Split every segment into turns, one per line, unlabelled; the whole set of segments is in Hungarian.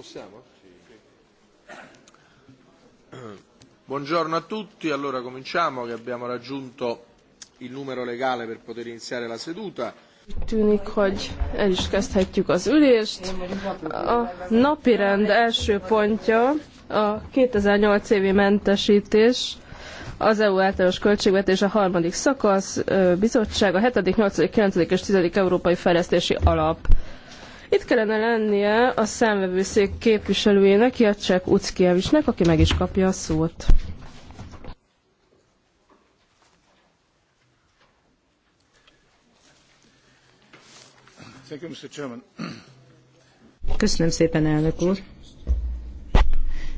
Possiamo? Buongiorno a tutti, allora cominciamo che abbiamo raggiunto il numero legale per poter iniziare la seduta.
Tűnik, hogy el is kezdhetjük az ülést. A első pontja a 2008 évi mentesítés, az EU általános költségvetés a harmadik szakasz, bizottság, a 7., 8., 9. és 10. Európai Fejlesztési Alap. Itt kellene lennie a számvevőszék képviselőjének, Jacek Uckievicsnek, aki meg is kapja a szót.
Köszönöm szépen, elnök úr.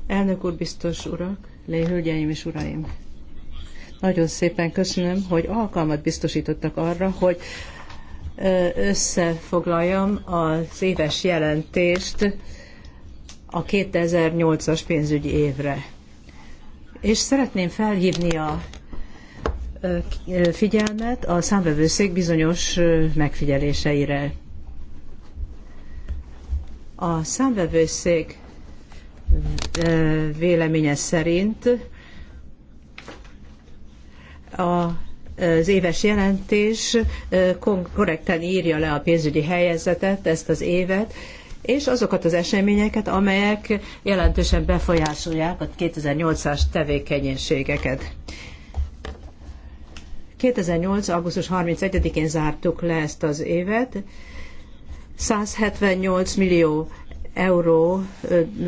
Elnök úr, biztos urak, hölgyeim és uraim! Nagyon szépen köszönöm, hogy alkalmat biztosítottak arra, hogy összefoglaljam az éves jelentést a 2008-as pénzügyi évre. És szeretném felhívni a figyelmet a számvevőszék bizonyos megfigyeléseire. A számvevőszék véleménye szerint a az éves jelentés korrekten írja le a pénzügyi helyzetet, ezt az évet, és azokat az eseményeket, amelyek jelentősen befolyásolják a 2008-as tevékenységeket. 2008. augusztus 31-én zártuk le ezt az évet. 178 millió euró,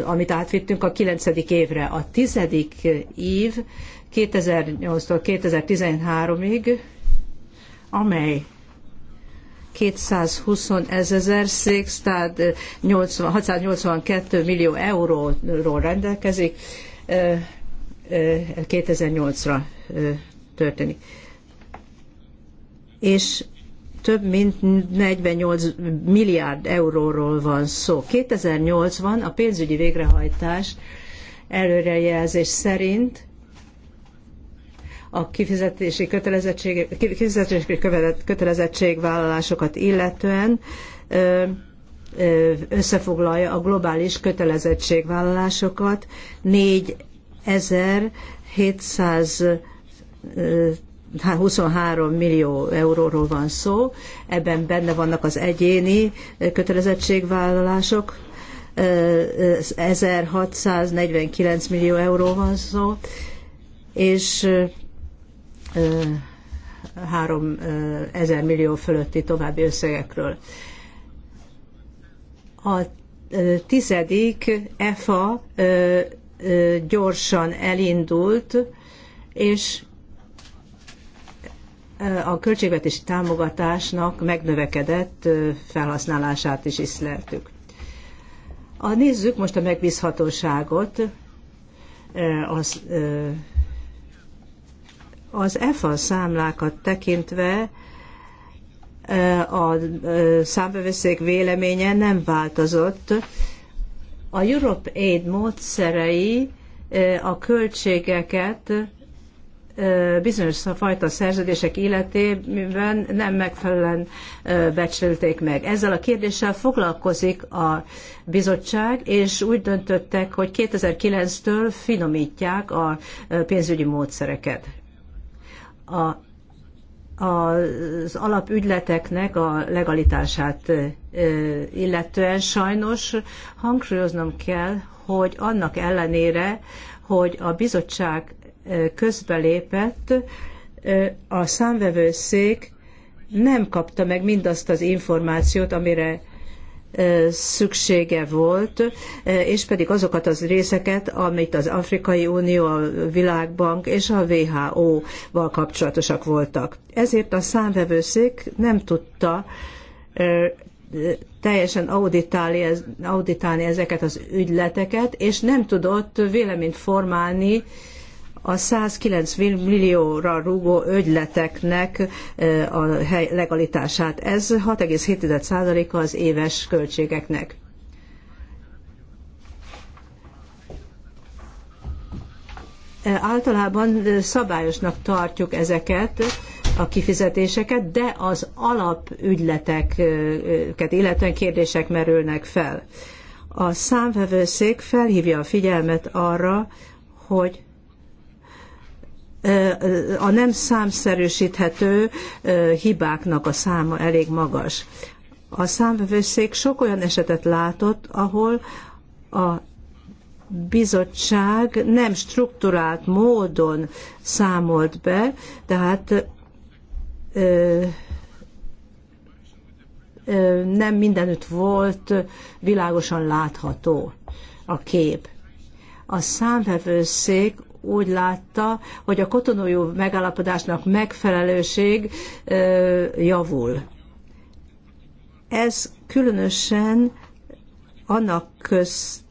amit átvittünk a 9. évre. A 10. év 2008-tól 2013-ig, amely 220 ezer 682 millió euróról rendelkezik, 2008-ra történik. És több mint 48 milliárd euróról van szó. 2008-ban a pénzügyi végrehajtás előrejelzés szerint a kifizetési, kötelezettség, kifizetési kötelezettségvállalásokat illetően összefoglalja a globális kötelezettségvállalásokat 4723 millió euróról van szó, ebben benne vannak az egyéni kötelezettségvállalások, 1649 millió euró van szó, és 3 ezer millió fölötti további összegekről. A tizedik EFA gyorsan elindult, és a költségvetési támogatásnak megnövekedett felhasználását is észleltük. A, nézzük most a megbízhatóságot, az az EFA számlákat tekintve e, a e, számbevőszék véleménye nem változott. A Europe Aid módszerei e, a költségeket bizonyos fajta szerződések életében nem megfelelően becsülték meg. Ezzel a kérdéssel foglalkozik a bizottság, és úgy döntöttek, hogy 2009-től finomítják a pénzügyi módszereket a, az alapügyleteknek a legalitását illetően sajnos hangsúlyoznom kell, hogy annak ellenére, hogy a bizottság közbelépett, a számvevőszék nem kapta meg mindazt az információt, amire szüksége volt, és pedig azokat az részeket, amit az Afrikai Unió, a Világbank és a WHO-val kapcsolatosak voltak. Ezért a számvevőszék nem tudta teljesen auditálni, auditálni ezeket az ügyleteket, és nem tudott véleményt formálni a 109 millióra rúgó ögyleteknek a legalitását. Ez 6,7%-a az éves költségeknek. Általában szabályosnak tartjuk ezeket, a kifizetéseket, de az alapügyleteket, illetően kérdések merülnek fel. A számvevőszék felhívja a figyelmet arra, hogy a nem számszerűsíthető hibáknak a száma elég magas. A számvevőszék sok olyan esetet látott, ahol a bizottság nem strukturált módon számolt be, tehát nem mindenütt volt világosan látható a kép. A számvevőszék úgy látta, hogy a kotonójú megállapodásnak megfelelőség javul. Ez különösen annak köz,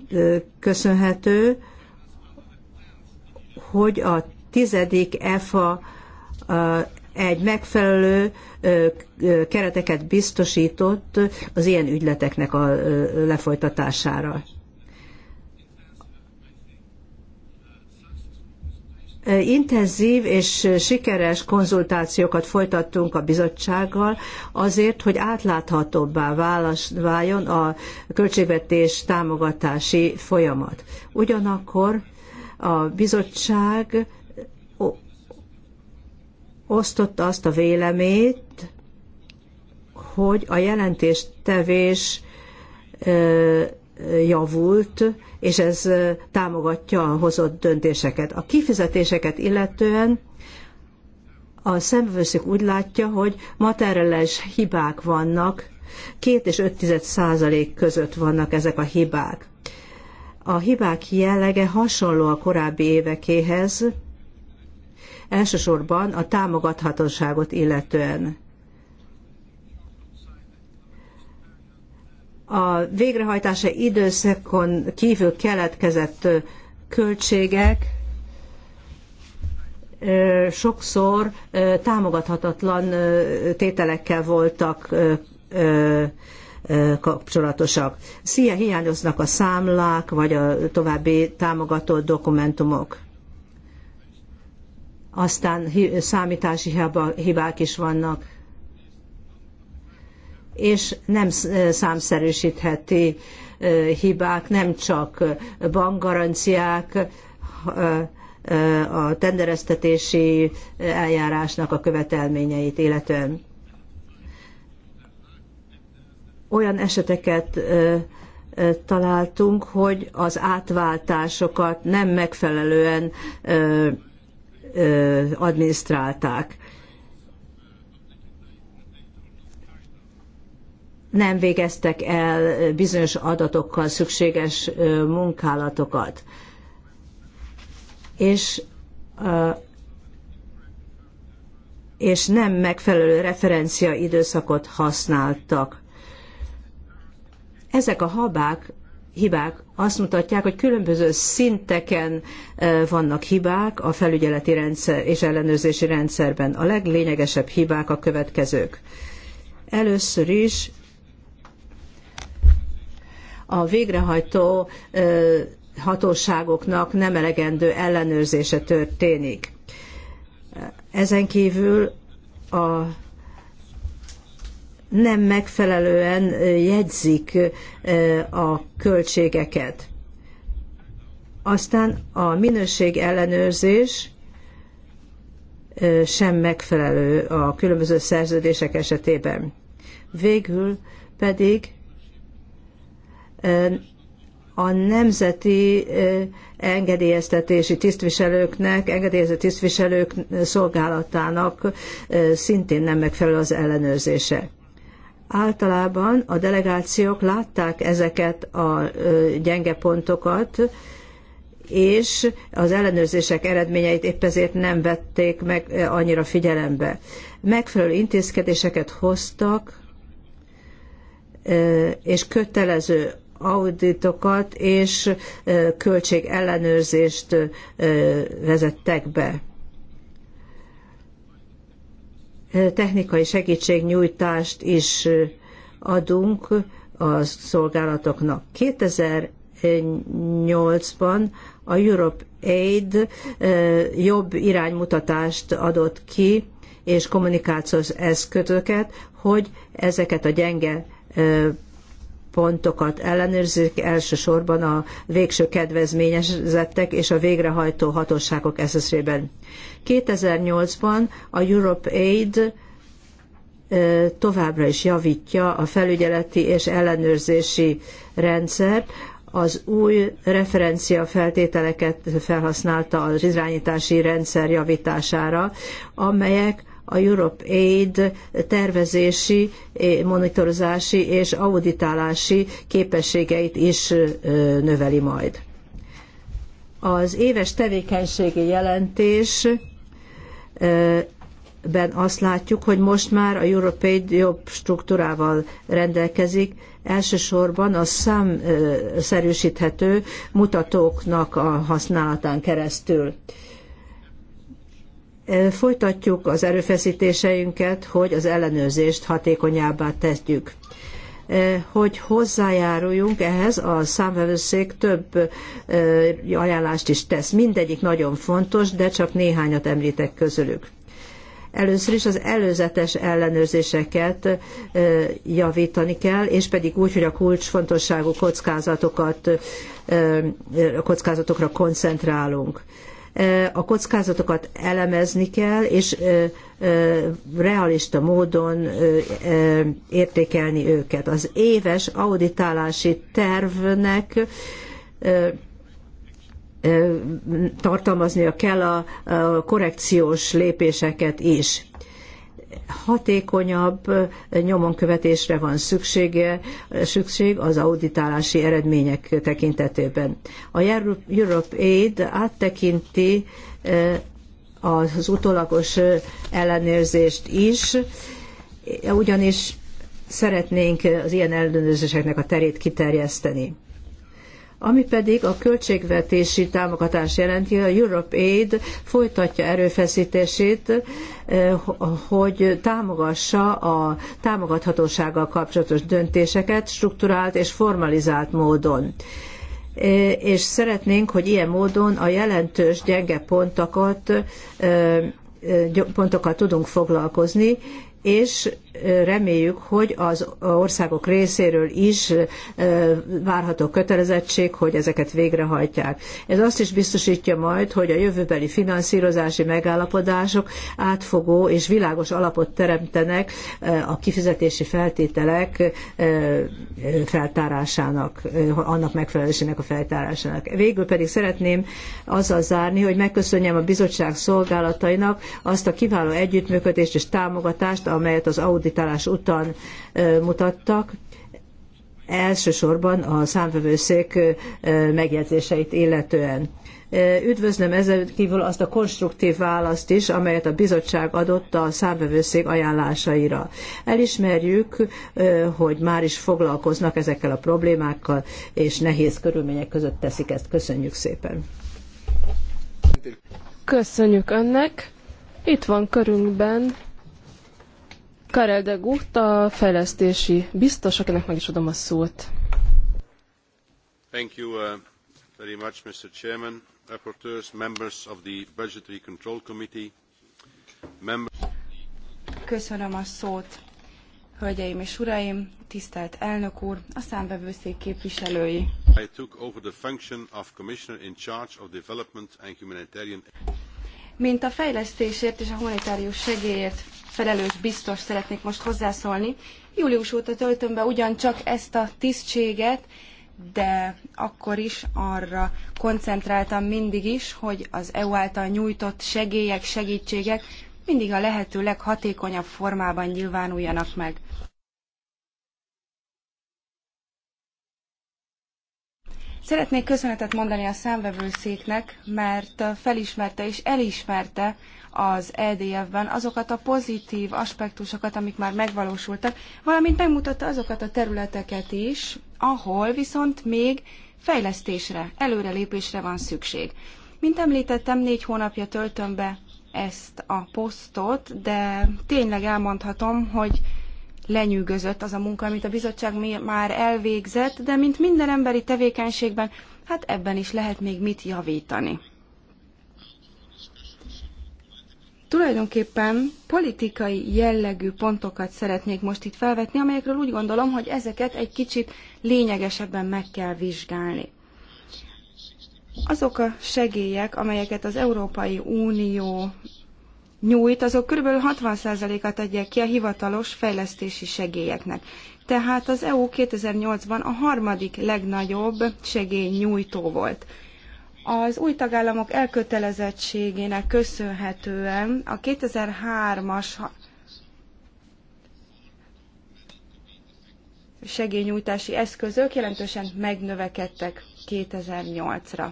köszönhető, hogy a tizedik EFA egy megfelelő kereteket biztosított az ilyen ügyleteknek a lefolytatására. Intenzív és sikeres konzultációkat folytattunk a bizottsággal azért, hogy átláthatóbbá váljon a költségvetés támogatási folyamat. Ugyanakkor a bizottság osztotta azt a véleményt, hogy a jelentéstevés javult, és ez támogatja a hozott döntéseket. A kifizetéseket illetően a szemvőszik úgy látja, hogy materiális hibák vannak, 2 és 5 százalék között vannak ezek a hibák. A hibák jellege hasonló a korábbi évekéhez, elsősorban a támogathatóságot illetően. a végrehajtása időszakon kívül keletkezett költségek sokszor támogathatatlan tételekkel voltak kapcsolatosak. Szia hiányoznak a számlák, vagy a további támogató dokumentumok. Aztán számítási hibák is vannak és nem számszerűsítheti hibák, nem csak bankgaranciák, a tendereztetési eljárásnak a követelményeit illetően. Olyan eseteket találtunk, hogy az átváltásokat nem megfelelően adminisztrálták. nem végeztek el bizonyos adatokkal szükséges munkálatokat. És és nem megfelelő referencia időszakot használtak. Ezek a habák, hibák azt mutatják, hogy különböző szinteken vannak hibák a felügyeleti rendszer és ellenőrzési rendszerben. A leglényegesebb hibák a következők. Először is a végrehajtó hatóságoknak nem elegendő ellenőrzése történik. Ezen kívül a nem megfelelően jegyzik a költségeket. Aztán a minőség ellenőrzés sem megfelelő a különböző szerződések esetében. Végül pedig a nemzeti engedélyeztetési tisztviselőknek, engedélyezett tisztviselők szolgálatának szintén nem megfelelő az ellenőrzése. Általában a delegációk látták ezeket a gyenge pontokat, és az ellenőrzések eredményeit épp ezért nem vették meg annyira figyelembe. Megfelelő intézkedéseket hoztak, és kötelező auditokat és költségellenőrzést vezettek be. Technikai segítségnyújtást is adunk a szolgálatoknak. 2008-ban a Europe Aid jobb iránymutatást adott ki, és kommunikációs eszközöket, hogy ezeket a gyenge pontokat ellenőrzik, elsősorban a végső kedvezményezettek és a végrehajtó hatóságok eszeszében. 2008-ban a Europe Aid továbbra is javítja a felügyeleti és ellenőrzési rendszert, az új referencia feltételeket felhasználta az irányítási rendszer javítására, amelyek a Europe Aid tervezési, eh, monitorozási és auditálási képességeit is eh, növeli majd. Az éves tevékenységi jelentés eh, ben azt látjuk, hogy most már a Europaid jobb struktúrával rendelkezik, elsősorban a számszerűsíthető mutatóknak a használatán keresztül. Folytatjuk az erőfeszítéseinket, hogy az ellenőrzést hatékonyabbá tegyük hogy hozzájáruljunk ehhez, a számvevőszék több ajánlást is tesz. Mindegyik nagyon fontos, de csak néhányat említek közülük. Először is az előzetes ellenőrzéseket javítani kell, és pedig úgy, hogy a kulcsfontosságú kockázatokat, kockázatokra koncentrálunk a kockázatokat elemezni kell, és realista módon értékelni őket. Az éves auditálási tervnek tartalmaznia kell a korrekciós lépéseket is hatékonyabb nyomonkövetésre van szüksége, szükség az auditálási eredmények tekintetében. A Europe Aid áttekinti eh, az utólagos eh, ellenőrzést is, ugyanis szeretnénk az ilyen ellenőrzéseknek a terét kiterjeszteni. Ami pedig a költségvetési támogatás jelenti, a Europe Aid folytatja erőfeszítését, eh, hogy támogassa a támogathatósággal kapcsolatos döntéseket strukturált és formalizált módon eh, és szeretnénk, hogy ilyen módon a jelentős gyenge pontokat eh, pontokkal tudunk foglalkozni, és reméljük, hogy az országok részéről is várható kötelezettség, hogy ezeket végrehajtják. Ez azt is biztosítja majd, hogy a jövőbeli finanszírozási megállapodások átfogó és világos alapot teremtenek a kifizetési feltételek feltárásának, annak megfelelésének a feltárásának. Végül pedig szeretném azzal zárni, hogy megköszönjem a bizottság szolgálatainak azt a kiváló együttműködést és támogatást, amelyet az auditálás után mutattak, elsősorban a számvevőszék megjegyzéseit illetően. Üdvözlöm ezen kívül azt a konstruktív választ is, amelyet a bizottság adott a számvevőszék ajánlásaira. Elismerjük, hogy már is foglalkoznak ezekkel a problémákkal, és nehéz körülmények között teszik ezt. Köszönjük szépen!
Köszönjük önnek! Itt van körünkben Karel de Gucht, a fejlesztési biztos, akinek meg is adom a szót.
Thank you uh, very much, Mr. Chairman, rapporteurs, members of the Budgetary Control Committee, members... Köszönöm a szót, hölgyeim és uraim, tisztelt elnök úr, a számvevőszék képviselői. I took over the function of Commissioner in charge of development and humanitarian mint a fejlesztésért és a humanitárius segélyért felelős biztos szeretnék most hozzászólni. Július óta töltöm be ugyancsak ezt a tisztséget, de akkor is arra koncentráltam mindig is, hogy az EU által nyújtott segélyek, segítségek mindig a lehető leghatékonyabb formában nyilvánuljanak meg. Szeretnék köszönetet mondani a számvevőszéknek, mert felismerte és elismerte az EDF-ben azokat a pozitív aspektusokat, amik már megvalósultak, valamint megmutatta azokat a területeket is, ahol viszont még fejlesztésre, előrelépésre van szükség. Mint említettem, négy hónapja töltöm be ezt a posztot, de tényleg elmondhatom, hogy lenyűgözött az a munka, amit a bizottság már elvégzett, de mint minden emberi tevékenységben, hát ebben is lehet még mit javítani. Tulajdonképpen politikai jellegű pontokat szeretnék most itt felvetni, amelyekről úgy gondolom, hogy ezeket egy kicsit lényegesebben meg kell vizsgálni. Azok a segélyek, amelyeket az Európai Unió nyújt, azok kb. 60 százalékát adják ki a hivatalos fejlesztési segélyeknek. Tehát az EU 2008-ban a harmadik legnagyobb segélynyújtó volt. Az új tagállamok elkötelezettségének köszönhetően a 2003-as segélynyújtási eszközök jelentősen megnövekedtek 2008-ra.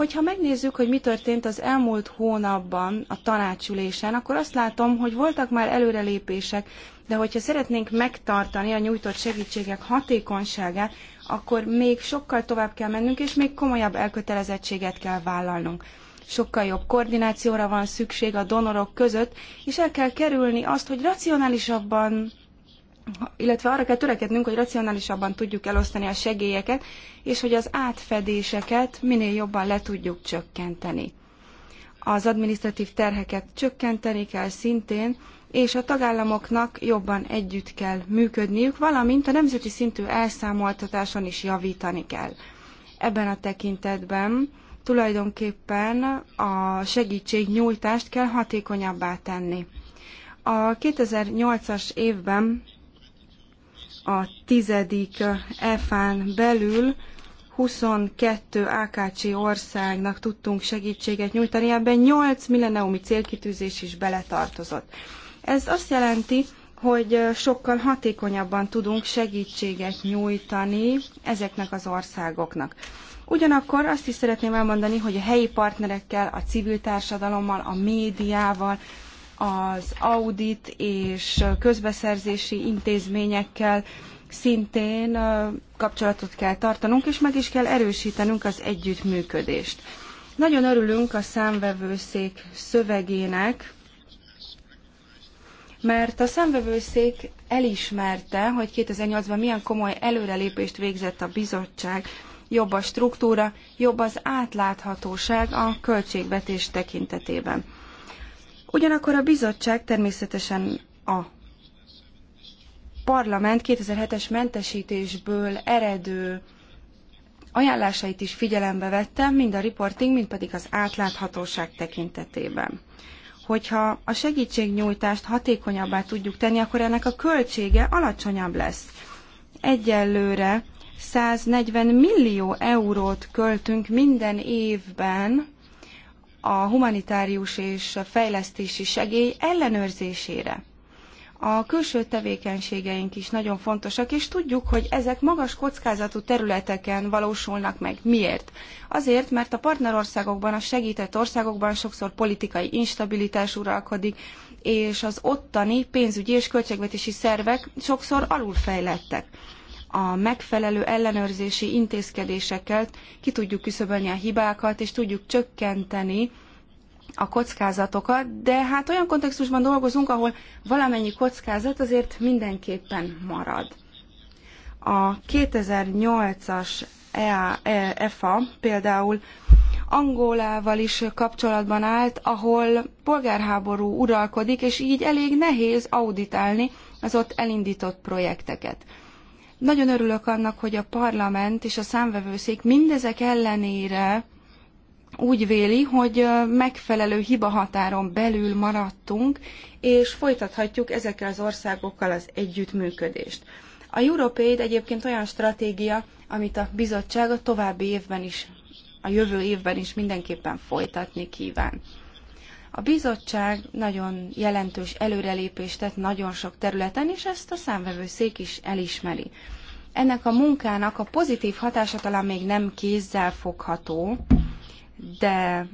Hogyha megnézzük, hogy mi történt az elmúlt hónapban a tanácsülésen, akkor azt látom, hogy voltak már előrelépések, de hogyha szeretnénk megtartani a nyújtott segítségek hatékonyságát, akkor még sokkal tovább kell mennünk, és még komolyabb elkötelezettséget kell vállalnunk. Sokkal jobb koordinációra van szükség a donorok között, és el kell kerülni azt, hogy racionálisabban illetve arra kell törekednünk, hogy racionálisabban tudjuk elosztani a segélyeket, és hogy az átfedéseket minél jobban le tudjuk csökkenteni. Az administratív terheket csökkenteni kell szintén, és a tagállamoknak jobban együtt kell működniük, valamint a nemzeti szintű elszámoltatáson is javítani kell. Ebben a tekintetben tulajdonképpen a segítségnyújtást kell hatékonyabbá tenni. A 2008-as évben a tizedik EFÁN eh, belül 22 AKC országnak tudtunk segítséget nyújtani, ebben 8 milleniumi célkitűzés is beletartozott. Ez azt jelenti, hogy eh, sokkal hatékonyabban tudunk segítséget nyújtani ezeknek az országoknak. Ugyanakkor azt is szeretném elmondani, hogy a helyi partnerekkel, a civil társadalommal, a médiával, az audit és közbeszerzési intézményekkel szintén kapcsolatot kell tartanunk, és meg is kell erősítenünk az együttműködést. Nagyon örülünk a számvevőszék szövegének, mert a számvevőszék elismerte, hogy 2008-ban milyen komoly előrelépést végzett a bizottság, jobb a struktúra, jobb az átláthatóság a költségvetés tekintetében. Ugyanakkor a bizottság természetesen a parlament 2007-es mentesítésből eredő ajánlásait is figyelembe vette, mind a reporting, mind pedig az átláthatóság tekintetében. Hogyha a segítségnyújtást hatékonyabbá tudjuk tenni, akkor ennek a költsége alacsonyabb lesz. Egyelőre 140 millió eurót költünk minden évben a humanitárius és fejlesztési segély ellenőrzésére. A külső tevékenységeink is nagyon fontosak, és tudjuk, hogy ezek magas kockázatú területeken valósulnak meg. Miért? Azért, mert a partnerországokban, a segített országokban sokszor politikai instabilitás uralkodik, és az ottani pénzügyi és költségvetési szervek sokszor alulfejlettek a megfelelő ellenőrzési intézkedésekkel ki tudjuk küszöbölni a hibákat, és tudjuk csökkenteni a kockázatokat, de hát olyan kontextusban dolgozunk, ahol valamennyi kockázat azért mindenképpen marad. A 2008-as EFA e, például Angolával is kapcsolatban állt, ahol polgárháború uralkodik, és így elég nehéz auditálni az ott elindított projekteket. Nagyon örülök annak, hogy a parlament és a számvevőszék mindezek ellenére úgy véli, hogy megfelelő hibahatáron belül maradtunk, és folytathatjuk ezekkel az országokkal az együttműködést. A Europaid egyébként olyan stratégia, amit a bizottság a további évben is, a jövő évben is mindenképpen folytatni kíván. A bizottság nagyon jelentős előrelépést tett nagyon sok területen, és ezt a számvevőszék is elismeri. Ennek a munkának a pozitív hatása talán még nem kézzel fogható, de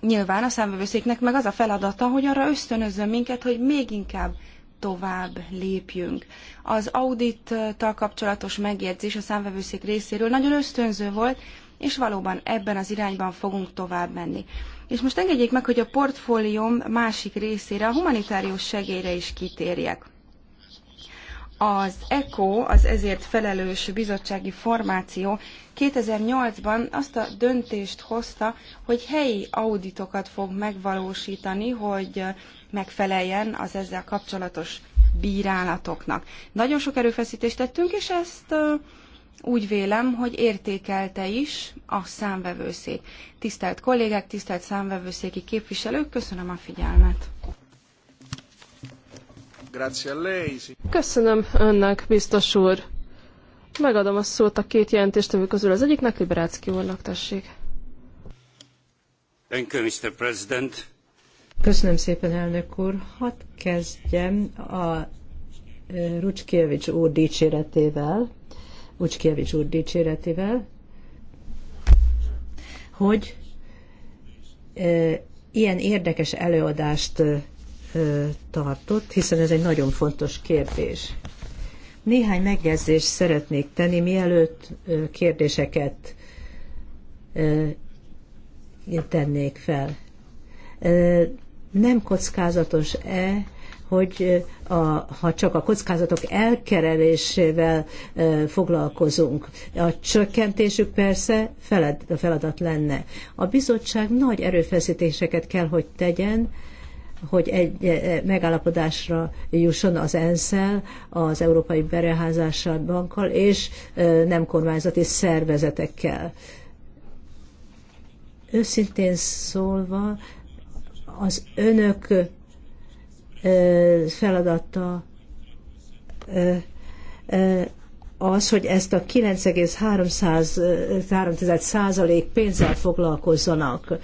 nyilván a számvevőszéknek meg az a feladata, hogy arra ösztönözzön minket, hogy még inkább tovább lépjünk. Az audittal kapcsolatos megjegyzés a számvevőszék részéről nagyon ösztönző volt, és valóban ebben az irányban fogunk tovább menni. És most engedjék meg, hogy a portfólióm másik részére, a humanitárius segélyre is kitérjek. Az ECO, az ezért felelős bizottsági formáció 2008-ban azt a döntést hozta, hogy helyi auditokat fog megvalósítani, hogy megfeleljen az ezzel kapcsolatos bírálatoknak. Nagyon sok erőfeszítést tettünk, és ezt úgy vélem, hogy értékelte is a számvevőszék. Tisztelt kollégák, tisztelt számvevőszéki képviselők, köszönöm a figyelmet. Köszönöm önnek, biztos
úr. Megadom a szót a két jelentéstevő közül. Az egyiknek Liberácki úrnak, tessék. Thank you, Mr. President. Köszönöm szépen, elnök
úr. Hadd kezdjem a eh, Rucskievics úr dicséretével, Ucskievics úr dicséretével, hogy ilyen érdekes előadást tartott, hiszen ez egy nagyon fontos kérdés. Néhány megjegyzést szeretnék tenni, mielőtt kérdéseket tennék fel. Nem kockázatos-e hogy a, ha csak a kockázatok elkerelésével foglalkozunk, a csökkentésük persze feled, a feladat lenne. A bizottság nagy erőfeszítéseket kell, hogy tegyen, hogy egy megállapodásra jusson az ensz az Európai Bereházással Bankkal és nem kormányzati szervezetekkel. Őszintén szólva, az önök feladata az, hogy ezt a 9,3 százalék pénzzel foglalkozzanak.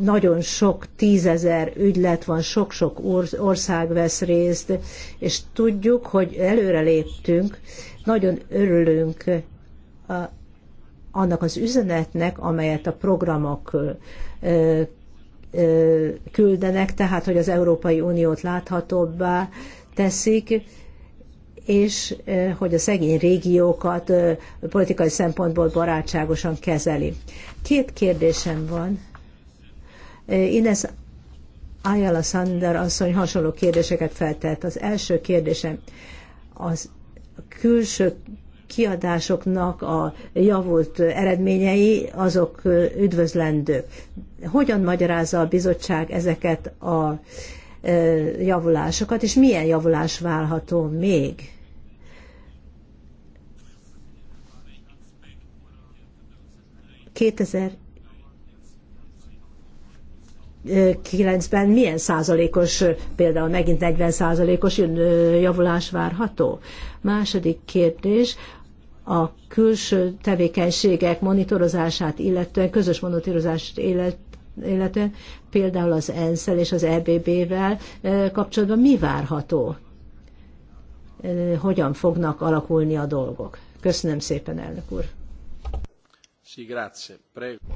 Nagyon sok tízezer ügylet van, sok-sok ország vesz részt, és tudjuk, hogy előreléptünk, nagyon örülünk annak az üzenetnek, amelyet a programok küldenek, tehát hogy az Európai Uniót láthatóbbá teszik, és hogy a szegény régiókat politikai szempontból barátságosan kezeli. Két kérdésem van. Ines Ayala Sander asszony hasonló kérdéseket feltett. Az első kérdésem az külső kiadásoknak a javult eredményei, azok üdvözlendők. Hogyan magyarázza a bizottság ezeket a javulásokat, és milyen javulás várható még? Kétezer ben milyen százalékos, például megint 40 százalékos javulás várható? Második kérdés, a külső tevékenységek monitorozását illetően, közös monitorozást illetően, illetően például az ensz és az EBB-vel kapcsolatban mi várható? Hogyan fognak alakulni a dolgok? Köszönöm szépen, elnök úr.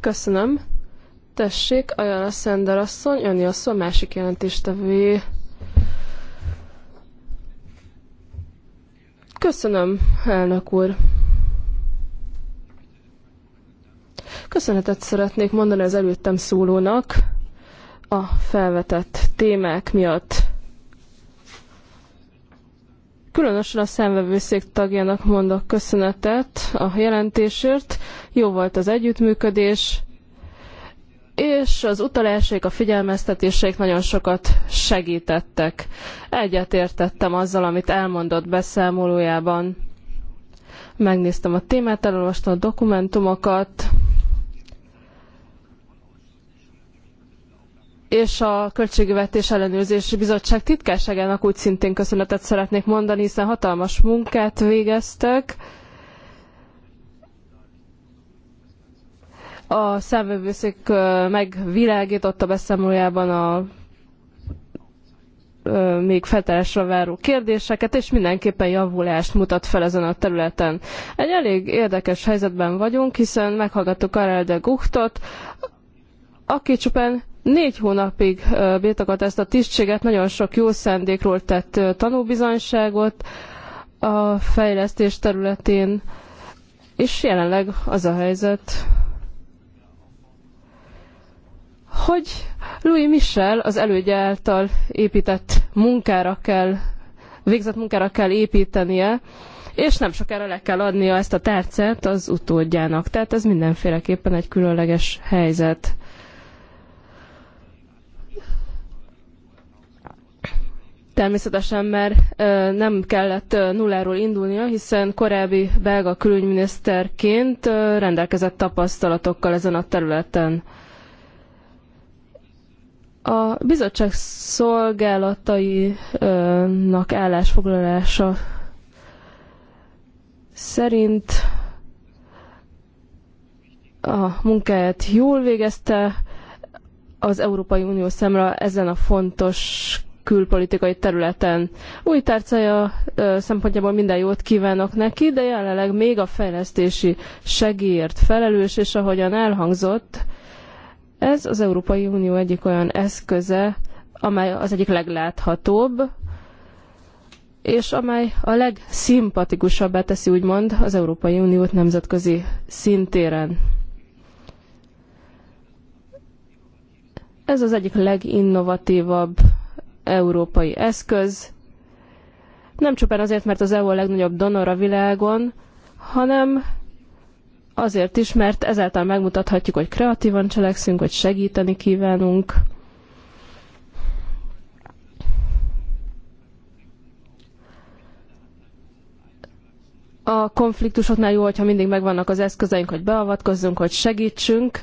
Köszönöm. Tessék, a Szender asszony, önni a szó, másik jelentéstevője. Köszönöm, elnök úr. Köszönetet szeretnék mondani az előttem szólónak a felvetett témák miatt. Különösen a szemvevőszék tagjának mondok köszönetet a jelentésért. Jó volt az együttműködés, és az utalásaik, a figyelmeztetéseik nagyon sokat segítettek. Egyetértettem azzal, amit elmondott beszámolójában. Megnéztem a témát, elolvastam a dokumentumokat, és a Költségvetés Ellenőrzési Bizottság titkárságának úgy szintén köszönetet szeretnék mondani, hiszen hatalmas munkát végeztek. A számvevőszék megvilágította beszámolójában a még feltárásra váró kérdéseket, és mindenképpen javulást mutat fel ezen a területen. Egy elég érdekes helyzetben vagyunk, hiszen meghallgattuk Karel de Guchtot, aki csupán Négy hónapig birtokolt ezt a tisztséget, nagyon sok jó szándékról tett tanúbizonyságot a fejlesztés területén, és jelenleg az a helyzet, hogy Louis Michel az elődje által épített munkára kell, végzett munkára kell építenie, és nem sokára le kell adnia ezt a tárcát az utódjának. Tehát ez mindenféleképpen egy különleges helyzet. Természetesen már nem kellett nulláról indulnia, hiszen korábbi belga külügyminiszterként rendelkezett tapasztalatokkal ezen a területen. A bizottság szolgálatainak állásfoglalása szerint a munkáját jól végezte, az Európai Unió számára ezen a fontos külpolitikai területen. Új tárcája szempontjából minden jót kívánok neki, de jelenleg még a fejlesztési segélyért felelős, és ahogyan elhangzott, ez az Európai Unió egyik olyan eszköze, amely az egyik legláthatóbb, és amely a legszimpatikusabbá teszi, úgymond, az Európai Uniót nemzetközi szintéren. Ez az egyik leginnovatívabb európai eszköz, nem csupán azért, mert az EU a legnagyobb donor a világon, hanem azért is, mert ezáltal megmutathatjuk, hogy kreatívan cselekszünk, hogy segíteni kívánunk. A konfliktusoknál jó, hogyha mindig megvannak az eszközeink, hogy beavatkozzunk, hogy segítsünk,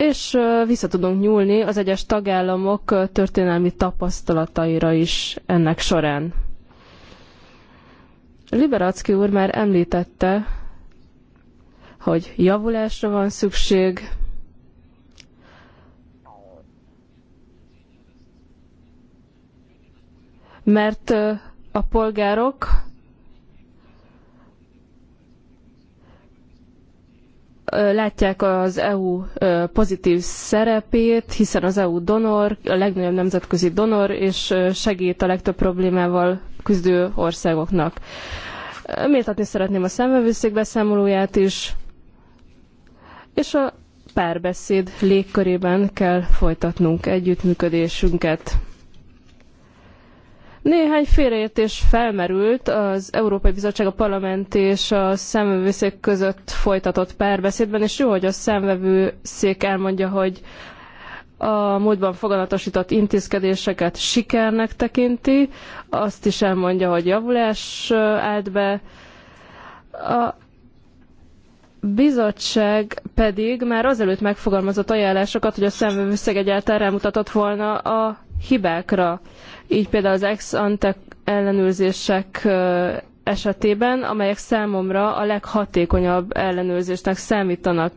és vissza tudunk nyúlni az egyes tagállamok történelmi tapasztalataira is ennek során. Liberacki úr már említette, hogy javulásra van szükség, mert a polgárok látják az EU pozitív szerepét, hiszen az EU donor, a legnagyobb nemzetközi donor, és segít a legtöbb problémával küzdő országoknak. Méltatni szeretném a szemvevőszék beszámolóját is, és a párbeszéd légkörében kell folytatnunk együttműködésünket. Néhány félreértés felmerült az Európai Bizottság, a Parlament és a szemvevőszék között folytatott párbeszédben, és jó, hogy a szemvevőszék elmondja, hogy a múltban foganatosított intézkedéseket sikernek tekinti, azt is elmondja, hogy javulás állt be. A bizottság pedig már azelőtt megfogalmazott ajánlásokat, hogy a szemvevőszeg egyáltalán rámutatott volna a hibákra, így például az ex-ante ellenőrzések esetében, amelyek számomra a leghatékonyabb ellenőrzésnek számítanak.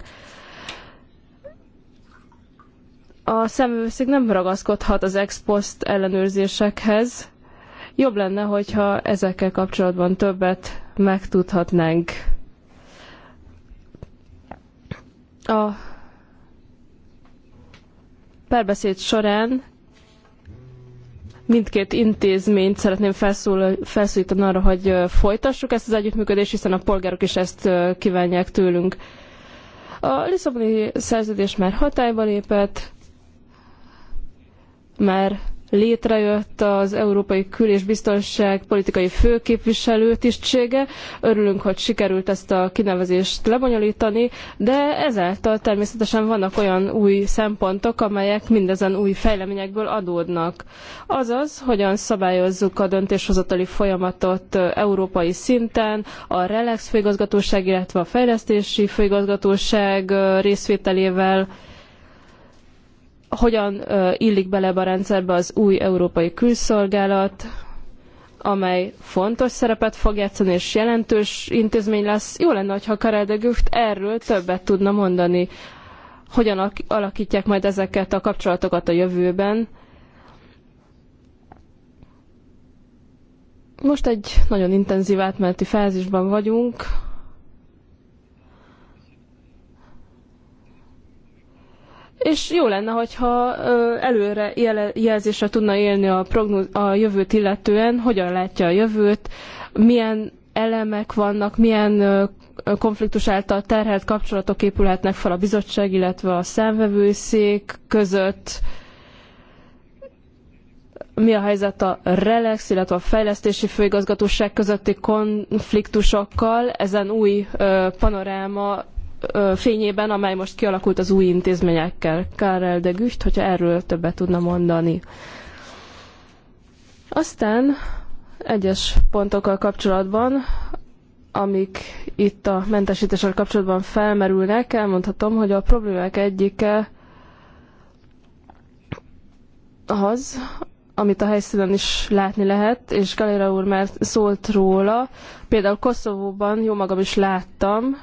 A szemvőszék nem ragaszkodhat az ex post ellenőrzésekhez. Jobb lenne, hogyha ezekkel kapcsolatban többet megtudhatnánk. A párbeszéd során mindkét intézményt szeretném felszólítani arra, hogy folytassuk ezt az együttműködést, hiszen a polgárok is ezt kívánják tőlünk. A Lisszaboni szerződés már hatályba lépett, már létrejött az Európai Kül- és Biztonságpolitikai Főképviselő tisztsége. Örülünk, hogy sikerült ezt a kinevezést lebonyolítani, de ezáltal természetesen vannak olyan új szempontok, amelyek mindezen új fejleményekből adódnak. Azaz, hogyan szabályozzuk a döntéshozatali folyamatot európai szinten, a Relax főigazgatóság, illetve a fejlesztési főigazgatóság részvételével, hogyan illik bele ebbe a rendszerbe az új európai külszolgálat, amely fontos szerepet fog játszani, és jelentős intézmény lesz. Jó lenne, ha Karel erről többet tudna mondani, hogyan alakítják majd ezeket a kapcsolatokat a jövőben. Most egy nagyon intenzív átmeneti fázisban vagyunk, és jó lenne, hogyha előre jelzésre tudna élni a, prognóz- a jövőt illetően, hogyan látja a jövőt, milyen elemek vannak, milyen konfliktus által terhelt kapcsolatok épülhetnek fel a bizottság, illetve a számvevőszék között, mi a helyzet a RELEX, illetve a fejlesztési főigazgatóság közötti konfliktusokkal, ezen új panoráma fényében, amely most kialakult az új intézményekkel. Karel de Gücht, hogyha erről többet tudna mondani. Aztán egyes pontokkal kapcsolatban, amik itt a mentesítéssel kapcsolatban felmerülnek, elmondhatom, hogy a problémák egyike az, amit a helyszínen is látni lehet, és Galera úr már szólt róla. Például Koszovóban jó magam is láttam,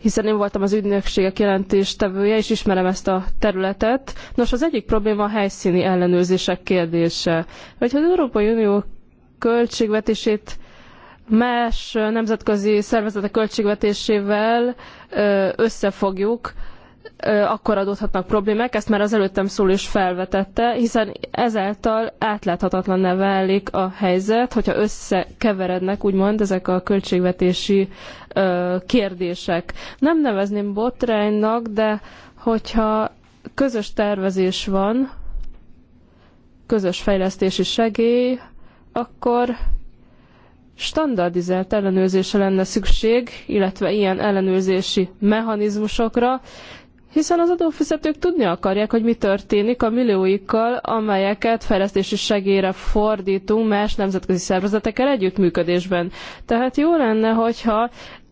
hiszen én voltam az ügynökségek jelentéstevője, és ismerem ezt a területet. Nos, az egyik probléma a helyszíni ellenőrzések kérdése. Vagy az Európai Unió költségvetését más nemzetközi szervezetek költségvetésével összefogjuk, akkor adódhatnak problémák, ezt már az előttem szól is felvetette, hiszen ezáltal átláthatatlan válik a helyzet, hogyha összekeverednek úgymond ezek a költségvetési kérdések. Nem nevezném botránynak, de hogyha közös tervezés van, közös fejlesztési segély, akkor standardizált ellenőrzésre lenne szükség, illetve ilyen ellenőrzési mechanizmusokra, hiszen az adófizetők tudni akarják, hogy mi történik a millióikkal, amelyeket fejlesztési segélyre fordítunk más nemzetközi szervezetekkel együttműködésben. Tehát jó lenne, hogyha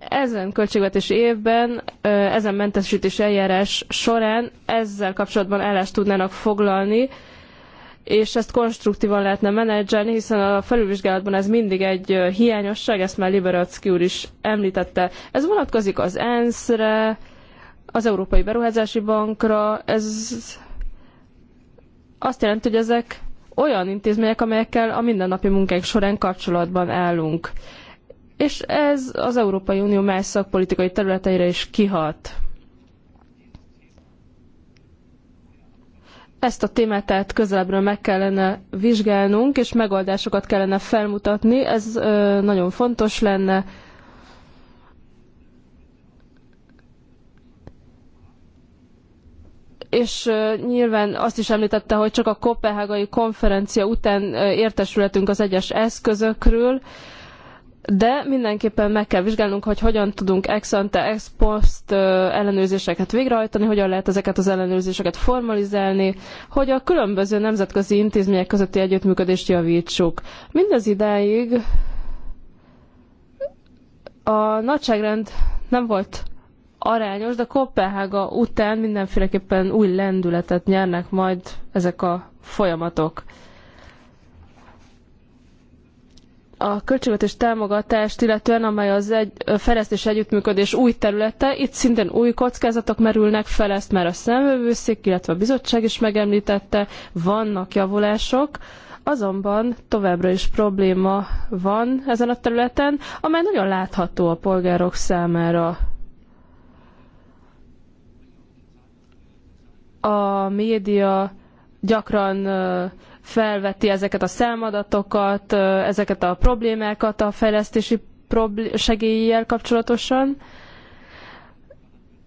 ezen költségvetési évben, ezen mentesítés eljárás során ezzel kapcsolatban állást tudnának foglalni, és ezt konstruktívan lehetne menedzselni, hiszen a felülvizsgálatban ez mindig egy hiányosság, ezt már Liberacki úr is említette. Ez vonatkozik az ENSZ-re, az Európai Beruházási Bankra. Ez azt jelenti, hogy ezek olyan intézmények, amelyekkel a mindennapi munkánk során kapcsolatban állunk. És ez az Európai Unió más szakpolitikai területeire is kihat. Ezt a témát tehát közelebbről meg kellene vizsgálnunk, és megoldásokat kellene felmutatni. Ez nagyon fontos lenne és nyilván azt is említette, hogy csak a kopenhágai konferencia után értesülhetünk az egyes eszközökről, de mindenképpen meg kell vizsgálnunk, hogy hogyan tudunk ex ante, ex post ellenőrzéseket végrehajtani, hogyan lehet ezeket az ellenőrzéseket formalizálni, hogy a különböző nemzetközi intézmények közötti együttműködést javítsuk. Mindez idáig a nagyságrend nem volt arányos, de Kopenhága után mindenféleképpen új lendületet nyernek majd ezek a folyamatok. a költségvetés támogatást, illetően amely az egy, fejlesztés együttműködés új területe, itt szintén új kockázatok merülnek fel, ezt már a szemvevőszék, illetve a bizottság is megemlítette, vannak javulások, azonban továbbra is probléma van ezen a területen, amely nagyon látható a polgárok számára. A média gyakran felveti ezeket a számadatokat, ezeket a problémákat a fejlesztési problé- segéllyel kapcsolatosan.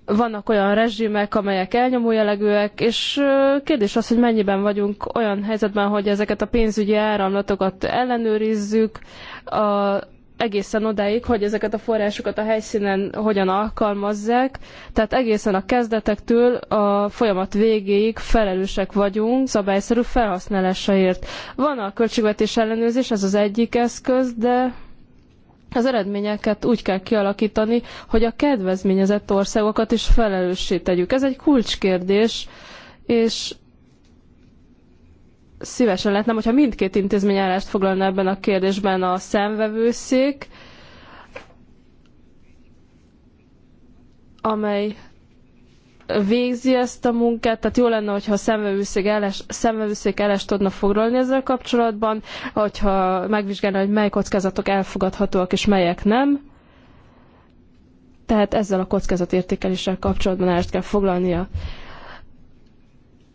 Vannak olyan rezsimek, amelyek elnyomó jellegűek, és kérdés az, hogy mennyiben vagyunk olyan helyzetben, hogy ezeket a pénzügyi áramlatokat ellenőrizzük, a egészen odáig, hogy ezeket a forrásokat a helyszínen hogyan alkalmazzák. Tehát egészen a kezdetektől a folyamat végéig felelősek vagyunk szabályszerű felhasználásaért. Van a költségvetés ellenőrzés, ez az egyik eszköz, de az eredményeket úgy kell kialakítani, hogy a kedvezményezett országokat is felelőssé tegyük. Ez egy kulcskérdés, és szívesen lehetne, hogyha mindkét intézmény állást foglalna ebben a kérdésben a szemvevőszék, amely végzi ezt a munkát, tehát jó lenne, hogyha a szemvevőszék eles, szemvevőszék eles tudna foglalni ezzel kapcsolatban, hogyha megvizsgálna, hogy mely kockázatok elfogadhatóak és melyek nem. Tehát ezzel a kockázatértékeléssel kapcsolatban állást kell foglalnia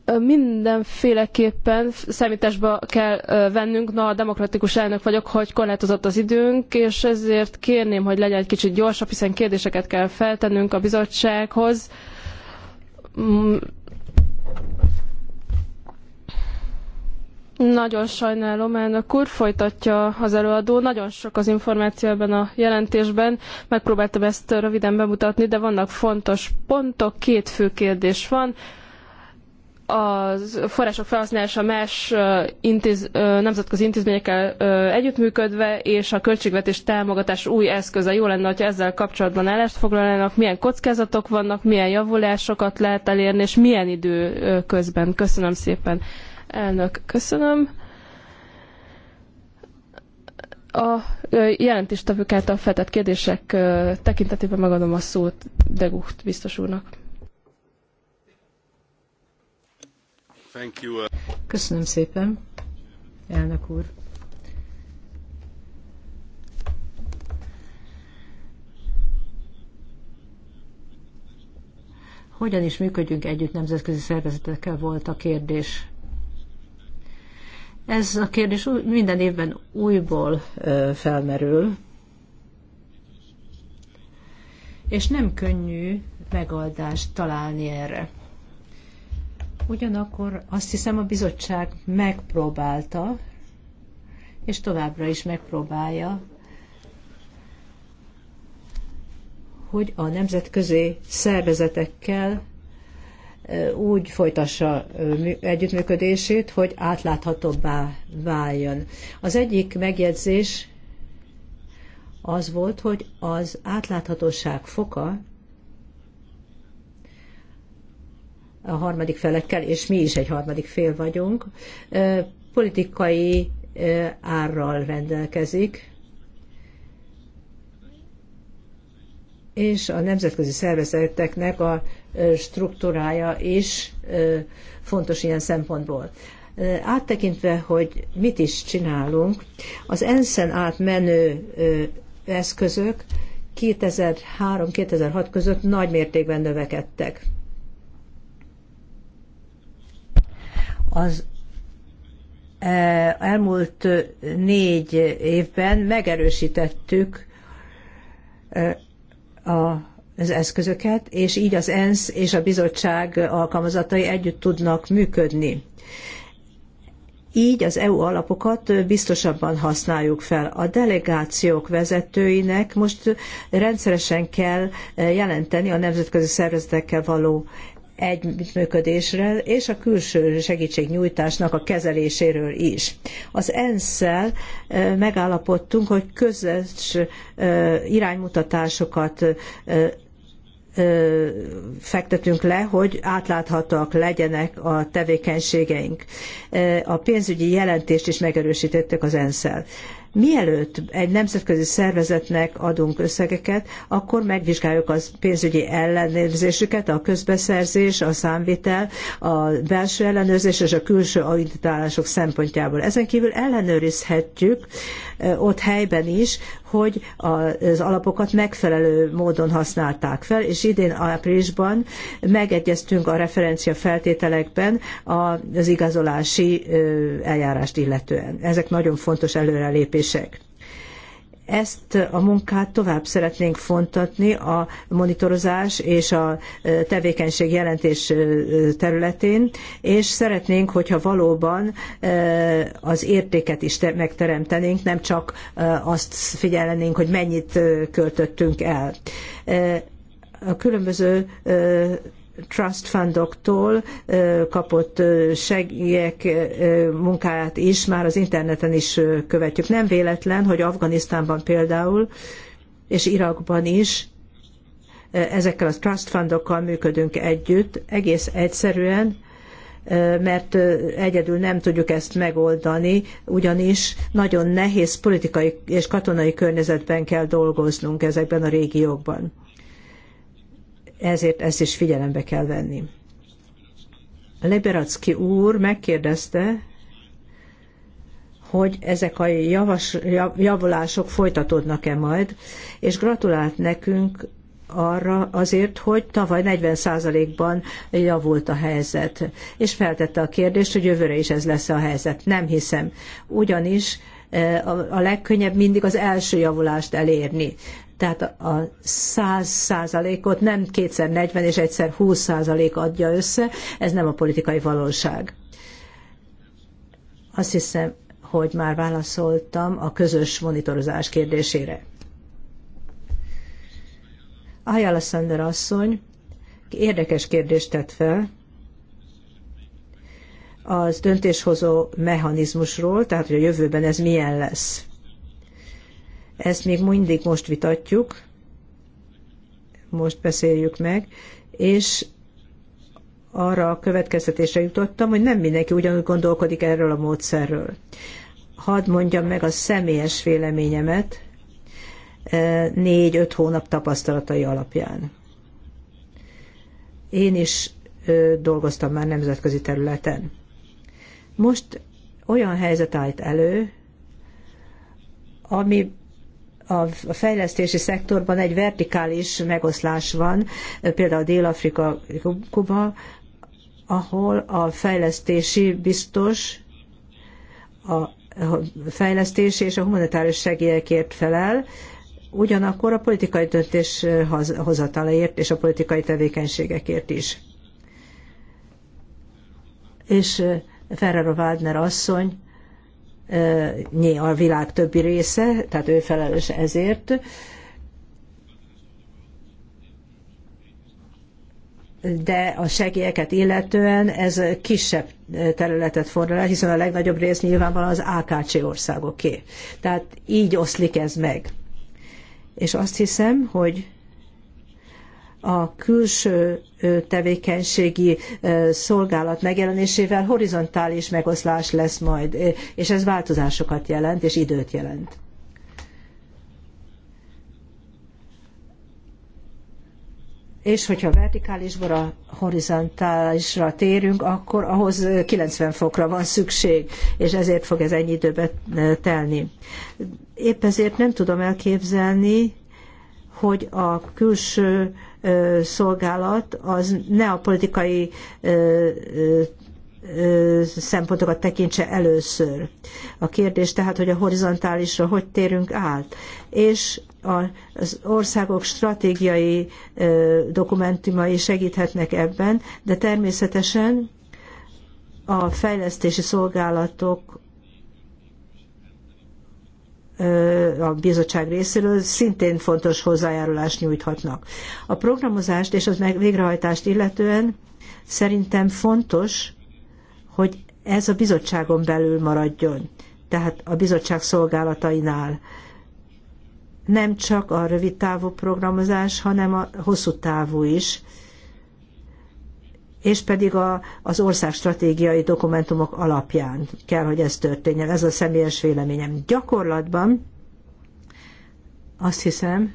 mindenféleképpen számításba kell vennünk, na a demokratikus elnök vagyok, hogy korlátozott az időnk, és ezért kérném, hogy legyen egy kicsit gyorsabb, hiszen kérdéseket kell feltennünk a bizottsághoz. Mm. Nagyon sajnálom, elnök úr, folytatja az előadó. Nagyon sok az információ ebben a jelentésben. Megpróbáltam ezt röviden bemutatni, de vannak fontos pontok. Két fő kérdés van a források felhasználása más intéz, nemzetközi intézményekkel együttműködve, és a költségvetés támogatás új eszköze. Jó lenne, ha ezzel kapcsolatban állást foglalnának, milyen kockázatok vannak, milyen javulásokat lehet elérni, és milyen idő közben. Köszönöm szépen. Elnök, köszönöm. A jelentéstevők által feltett kérdések tekintetében megadom a szót Degucht biztos úrnak.
Uh,
Köszönöm szépen, elnök úr. Hogyan is működjünk együtt nemzetközi szervezetekkel volt a kérdés. Ez a kérdés minden évben újból felmerül, és nem könnyű megoldást találni erre. Ugyanakkor azt hiszem a bizottság megpróbálta, és továbbra is megpróbálja, hogy a nemzetközi szervezetekkel úgy folytassa együttműködését, hogy átláthatóbbá váljon. Az egyik megjegyzés az volt, hogy az átláthatóság foka a harmadik felekkel, és mi is egy harmadik fél vagyunk, politikai árral rendelkezik, és a nemzetközi szervezeteknek a struktúrája is fontos ilyen szempontból. Áttekintve, hogy mit is csinálunk, az ENSZ-en átmenő eszközök 2003-2006 között nagy mértékben növekedtek. Az e, elmúlt négy évben megerősítettük e, az eszközöket, és így az ENSZ és a bizottság alkalmazatai együtt tudnak működni. Így az EU alapokat biztosabban használjuk fel. A delegációk vezetőinek most rendszeresen kell jelenteni a nemzetközi szervezetekkel való együttműködésről és a külső segítségnyújtásnak a kezeléséről is. Az ENSZ-szel megállapodtunk, hogy közös iránymutatásokat fektetünk le, hogy átláthatóak legyenek a tevékenységeink. A pénzügyi jelentést is megerősítettek az ENSZ-szel. Mielőtt egy nemzetközi szervezetnek adunk összegeket, akkor megvizsgáljuk az pénzügyi ellenőrzésüket, a közbeszerzés, a számvitel, a belső ellenőrzés és a külső auditálások szempontjából. Ezen kívül ellenőrizhetjük ott helyben is, hogy az alapokat megfelelő módon használták fel, és idén áprilisban megegyeztünk a referencia feltételekben az igazolási eljárást illetően. Ezek nagyon fontos előrelépés kérdések. Ezt a munkát tovább szeretnénk fontatni a monitorozás és a e, tevékenység jelentés e, területén, és szeretnénk, hogyha valóban e, az értéket is megteremtenénk, nem csak azt figyelnénk, hogy mennyit költöttünk el. A különböző trust fundoktól kapott segélyek munkáját is már az interneten is követjük. Nem véletlen, hogy Afganisztánban például és Irakban is ezekkel a trust fundokkal működünk együtt, egész egyszerűen, mert egyedül nem tudjuk ezt megoldani, ugyanis nagyon nehéz politikai és katonai környezetben kell dolgoznunk ezekben a régiókban ezért ezt is figyelembe kell venni. Liberacki úr megkérdezte, hogy ezek a javas, javulások folytatódnak-e majd, és gratulált nekünk arra azért, hogy tavaly 40%-ban javult a helyzet. És feltette a kérdést, hogy jövőre is ez lesz a helyzet. Nem hiszem. Ugyanis eh, a legkönnyebb mindig az első javulást elérni. Tehát a 100 százalékot nem kétszer 40 és egyszer 20 százalék adja össze, ez nem a politikai valóság. Azt hiszem, hogy már válaszoltam a közös monitorozás kérdésére. Ayala Sander asszony érdekes kérdést tett fel az döntéshozó mechanizmusról, tehát hogy a jövőben ez milyen lesz. Ezt még mindig most vitatjuk, most beszéljük meg, és arra a következtetésre jutottam, hogy nem mindenki ugyanúgy gondolkodik erről a módszerről. Hadd mondjam meg a személyes véleményemet eh, négy-öt hónap tapasztalatai alapján. Én is eh, dolgoztam már nemzetközi területen. Most olyan helyzet állt elő, ami a fejlesztési szektorban egy vertikális megoszlás van, például Dél-Afrika, Kuba, ahol a fejlesztési biztos a fejlesztési és a humanitárius segélyekért felel, ugyanakkor a politikai döntés hozatalaért és a politikai tevékenységekért is. És eh, Ferrero Waldner asszony a világ többi része, tehát ő felelős ezért. De a segélyeket illetően ez kisebb területet fordul el, hiszen a legnagyobb rész nyilvánvalóan az AKC országoké. Tehát így oszlik ez meg. És azt hiszem, hogy a külső tevékenységi szolgálat megjelenésével horizontális megoszlás lesz majd, és ez változásokat jelent, és időt jelent. és hogyha vertikálisból horizontálisra térünk, akkor ahhoz 90 fokra van szükség, és ezért fog ez ennyi időbe telni. Épp ezért nem tudom elképzelni, hogy a külső szolgálat az ne a politikai szempontokat tekintse először. A kérdés tehát, hogy a horizontálisra hogy térünk át. És az országok stratégiai dokumentumai segíthetnek ebben, de természetesen a fejlesztési szolgálatok a bizottság részéről szintén fontos hozzájárulást nyújthatnak. A programozást és az meg végrehajtást illetően szerintem fontos, hogy ez a bizottságon belül maradjon, tehát a bizottság szolgálatainál. Nem csak a rövid távú programozás, hanem a hosszú távú is és pedig a, az ország stratégiai dokumentumok alapján kell, hogy ez történjen. Ez a személyes véleményem. Gyakorlatban azt hiszem,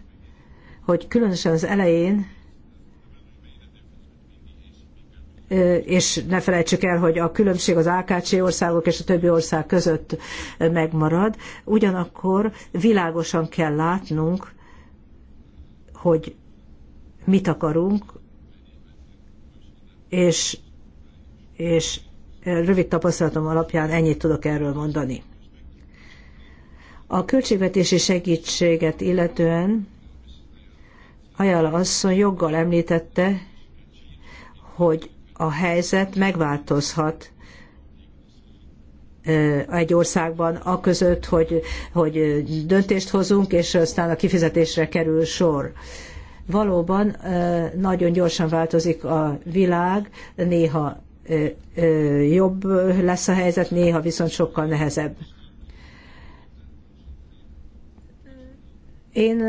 hogy különösen az elején és ne felejtsük el, hogy a különbség az AKC országok és a többi ország között megmarad. Ugyanakkor világosan kell látnunk, hogy mit akarunk, és, és eh, rövid tapasztalatom alapján ennyit tudok erről mondani. A költségvetési segítséget illetően Ajala asszony joggal említette, hogy a helyzet megváltozhat eh, egy országban a között, hogy, hogy döntést hozunk, és aztán a kifizetésre kerül sor. Valóban nagyon gyorsan változik a világ, néha jobb lesz a helyzet, néha viszont sokkal nehezebb. Én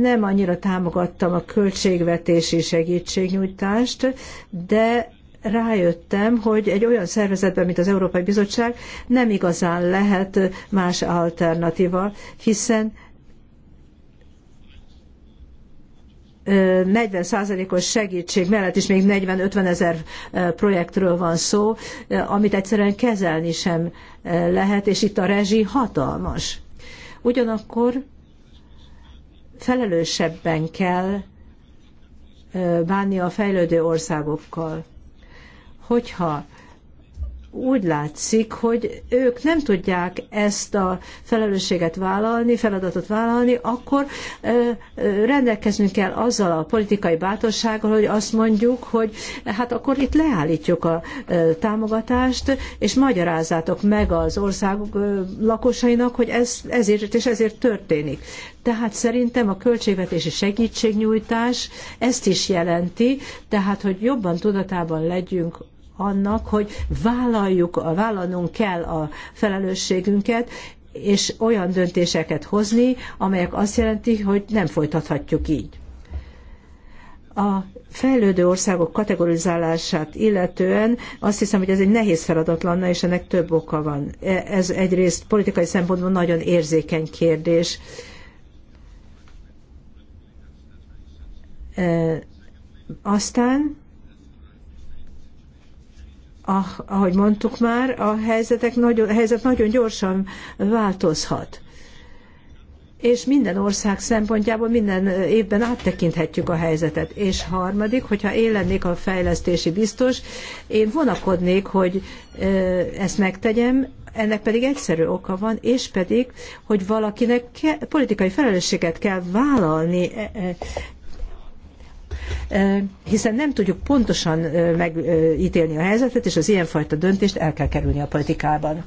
nem annyira támogattam a költségvetési segítségnyújtást, de rájöttem, hogy egy olyan szervezetben, mint az Európai Bizottság nem igazán lehet más alternatíva, hiszen 40%-os segítség mellett is még 40-50 ezer projektről van szó, amit egyszerűen kezelni sem lehet, és itt a rezsi hatalmas. Ugyanakkor felelősebben kell bánni a fejlődő országokkal. Hogyha úgy látszik, hogy ők nem tudják ezt a felelősséget vállalni, feladatot vállalni, akkor rendelkeznünk kell azzal a politikai bátorsággal, hogy azt mondjuk, hogy hát akkor itt leállítjuk a támogatást, és magyarázzátok meg az ország lakosainak, hogy ez, ezért és ezért történik. Tehát szerintem a költségvetési segítségnyújtás ezt is jelenti, tehát hogy jobban tudatában legyünk annak, hogy vállaljuk, vállalnunk kell a felelősségünket, és olyan döntéseket hozni, amelyek azt jelenti, hogy nem folytathatjuk így. A fejlődő országok kategorizálását illetően azt hiszem, hogy ez egy nehéz feladat lenne, és ennek több oka van. Ez egyrészt politikai szempontból nagyon érzékeny kérdés. E, aztán Ah, ahogy mondtuk már, a, helyzetek nagyon, a helyzet nagyon gyorsan változhat. És minden ország szempontjából minden évben áttekinthetjük a helyzetet. És harmadik, hogyha én lennék a fejlesztési biztos, én vonakodnék, hogy ezt megtegyem, ennek pedig egyszerű oka van, és pedig, hogy valakinek ke- politikai felelősséget kell vállalni e, e, hiszen nem tudjuk pontosan megítélni a helyzetet, és az ilyenfajta döntést el kell kerülni a politikában.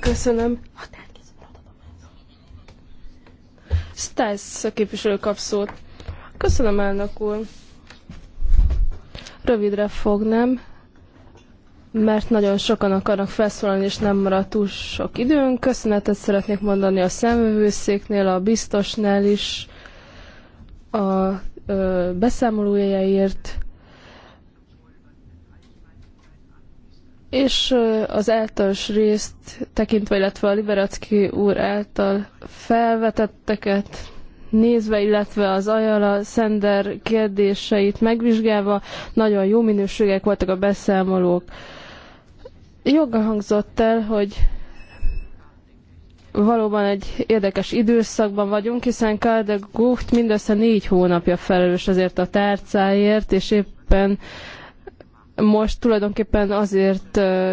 Köszönöm. Stiles képviselő kap szót. Köszönöm, elnök úr. Rövidre fognám mert nagyon sokan akarnak felszólalni, és nem maradt túl sok időnk. Köszönetet szeretnék mondani a szemvőszéknél, a biztosnál is, a ö, beszámolójáért, és az általános részt tekintve, illetve a Liberacki úr által felvetetteket nézve, illetve az Ajala Szender kérdéseit megvizsgálva, nagyon jó minőségek voltak a beszámolók. Joga hangzott el, hogy valóban egy érdekes időszakban vagyunk, hiszen Karde Gucht mindössze négy hónapja felelős azért a tárcáért, és éppen most tulajdonképpen azért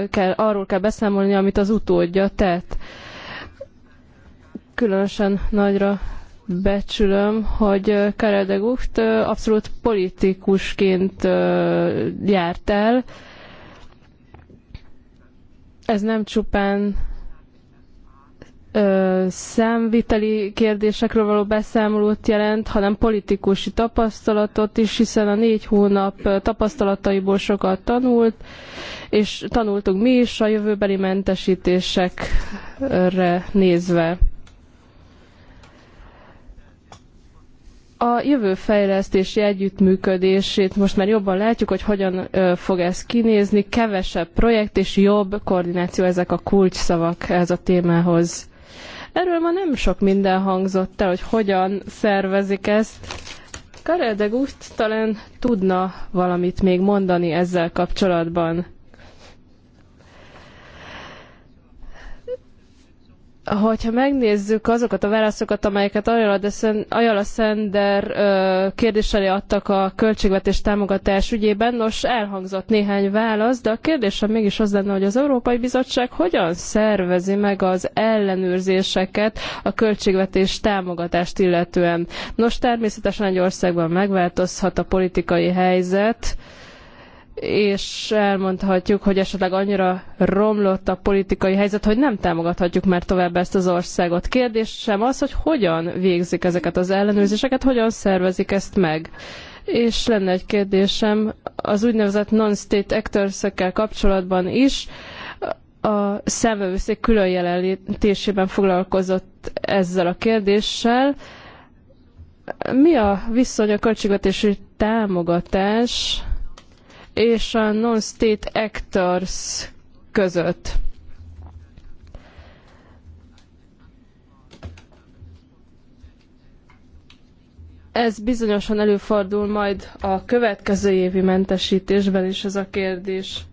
kell, arról kell beszámolni, amit az utódja tett. Különösen nagyra becsülöm, hogy Karel de Gucht abszolút politikusként járt el, ez nem csupán ö, számviteli kérdésekről való beszámolót jelent, hanem politikusi tapasztalatot is, hiszen a négy hónap tapasztalataiból sokat tanult, és tanultunk mi is a jövőbeli mentesítésekre nézve. A jövő fejlesztési együttműködését most már jobban látjuk, hogy hogyan fog ez kinézni. Kevesebb projekt és jobb koordináció ezek a kulcsszavak ez a témához. Erről ma nem sok minden hangzott el, hogy hogyan szervezik ezt. Karel de Gucht talán tudna valamit még mondani ezzel kapcsolatban. hogyha megnézzük azokat a válaszokat, amelyeket Ajala Szender kérdésre adtak a költségvetés támogatás ügyében, nos, elhangzott néhány válasz, de a kérdésem mégis az lenne, hogy az Európai Bizottság hogyan szervezi meg az ellenőrzéseket a költségvetés támogatást illetően. Nos, természetesen egy országban megváltozhat a politikai helyzet, és elmondhatjuk, hogy esetleg annyira romlott a politikai helyzet, hogy nem támogathatjuk már tovább ezt az országot. Kérdésem az, hogy hogyan végzik ezeket az ellenőrzéseket, hogyan szervezik ezt meg. És lenne egy kérdésem az úgynevezett non-state actors kapcsolatban is. A szemvevőszék külön jelenlétésében foglalkozott ezzel a kérdéssel. Mi a viszony a költségvetési támogatás és a non-state actors között. Ez bizonyosan előfordul majd a következő évi mentesítésben is ez a kérdés.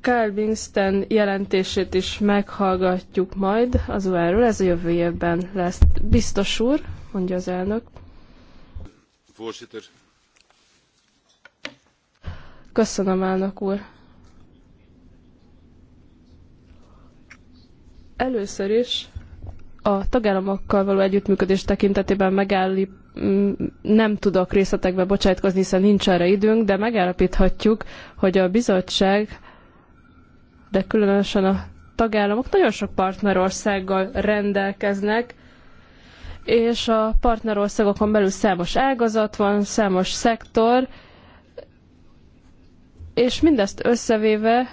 Carl Winston jelentését is meghallgatjuk majd az UR-ról, ez a jövő évben lesz. Biztos úr, mondja az elnök. Voorzitter, Köszönöm, elnök úr. Először is a tagállamokkal való együttműködés tekintetében megállí, nem tudok részletekbe bocsájtkozni, hiszen nincs erre időnk, de megállapíthatjuk, hogy a bizottság, de különösen a tagállamok nagyon sok partnerországgal rendelkeznek, és a partnerországokon belül számos ágazat van, számos szektor, és mindezt összevéve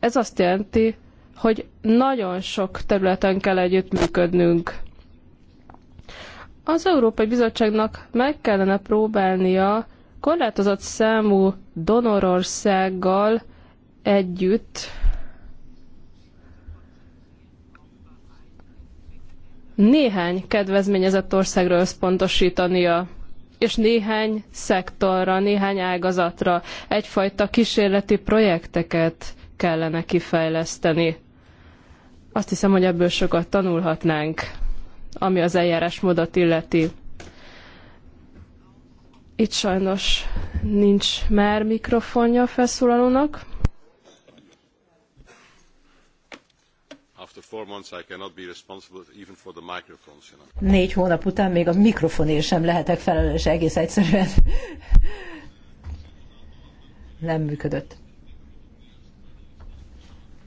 ez azt jelenti, hogy nagyon sok területen kell együttműködnünk. Az Európai Bizottságnak meg kellene próbálnia korlátozott számú donorországgal együtt néhány kedvezményezett országra összpontosítania és néhány szektorra, néhány ágazatra egyfajta kísérleti projekteket kellene kifejleszteni. Azt hiszem, hogy ebből sokat tanulhatnánk, ami az eljárásmódot illeti. Itt sajnos nincs már mikrofonja a felszólalónak.
Négy hónap után még a mikrofonért sem lehetek felelős egész egyszerűen. Nem működött.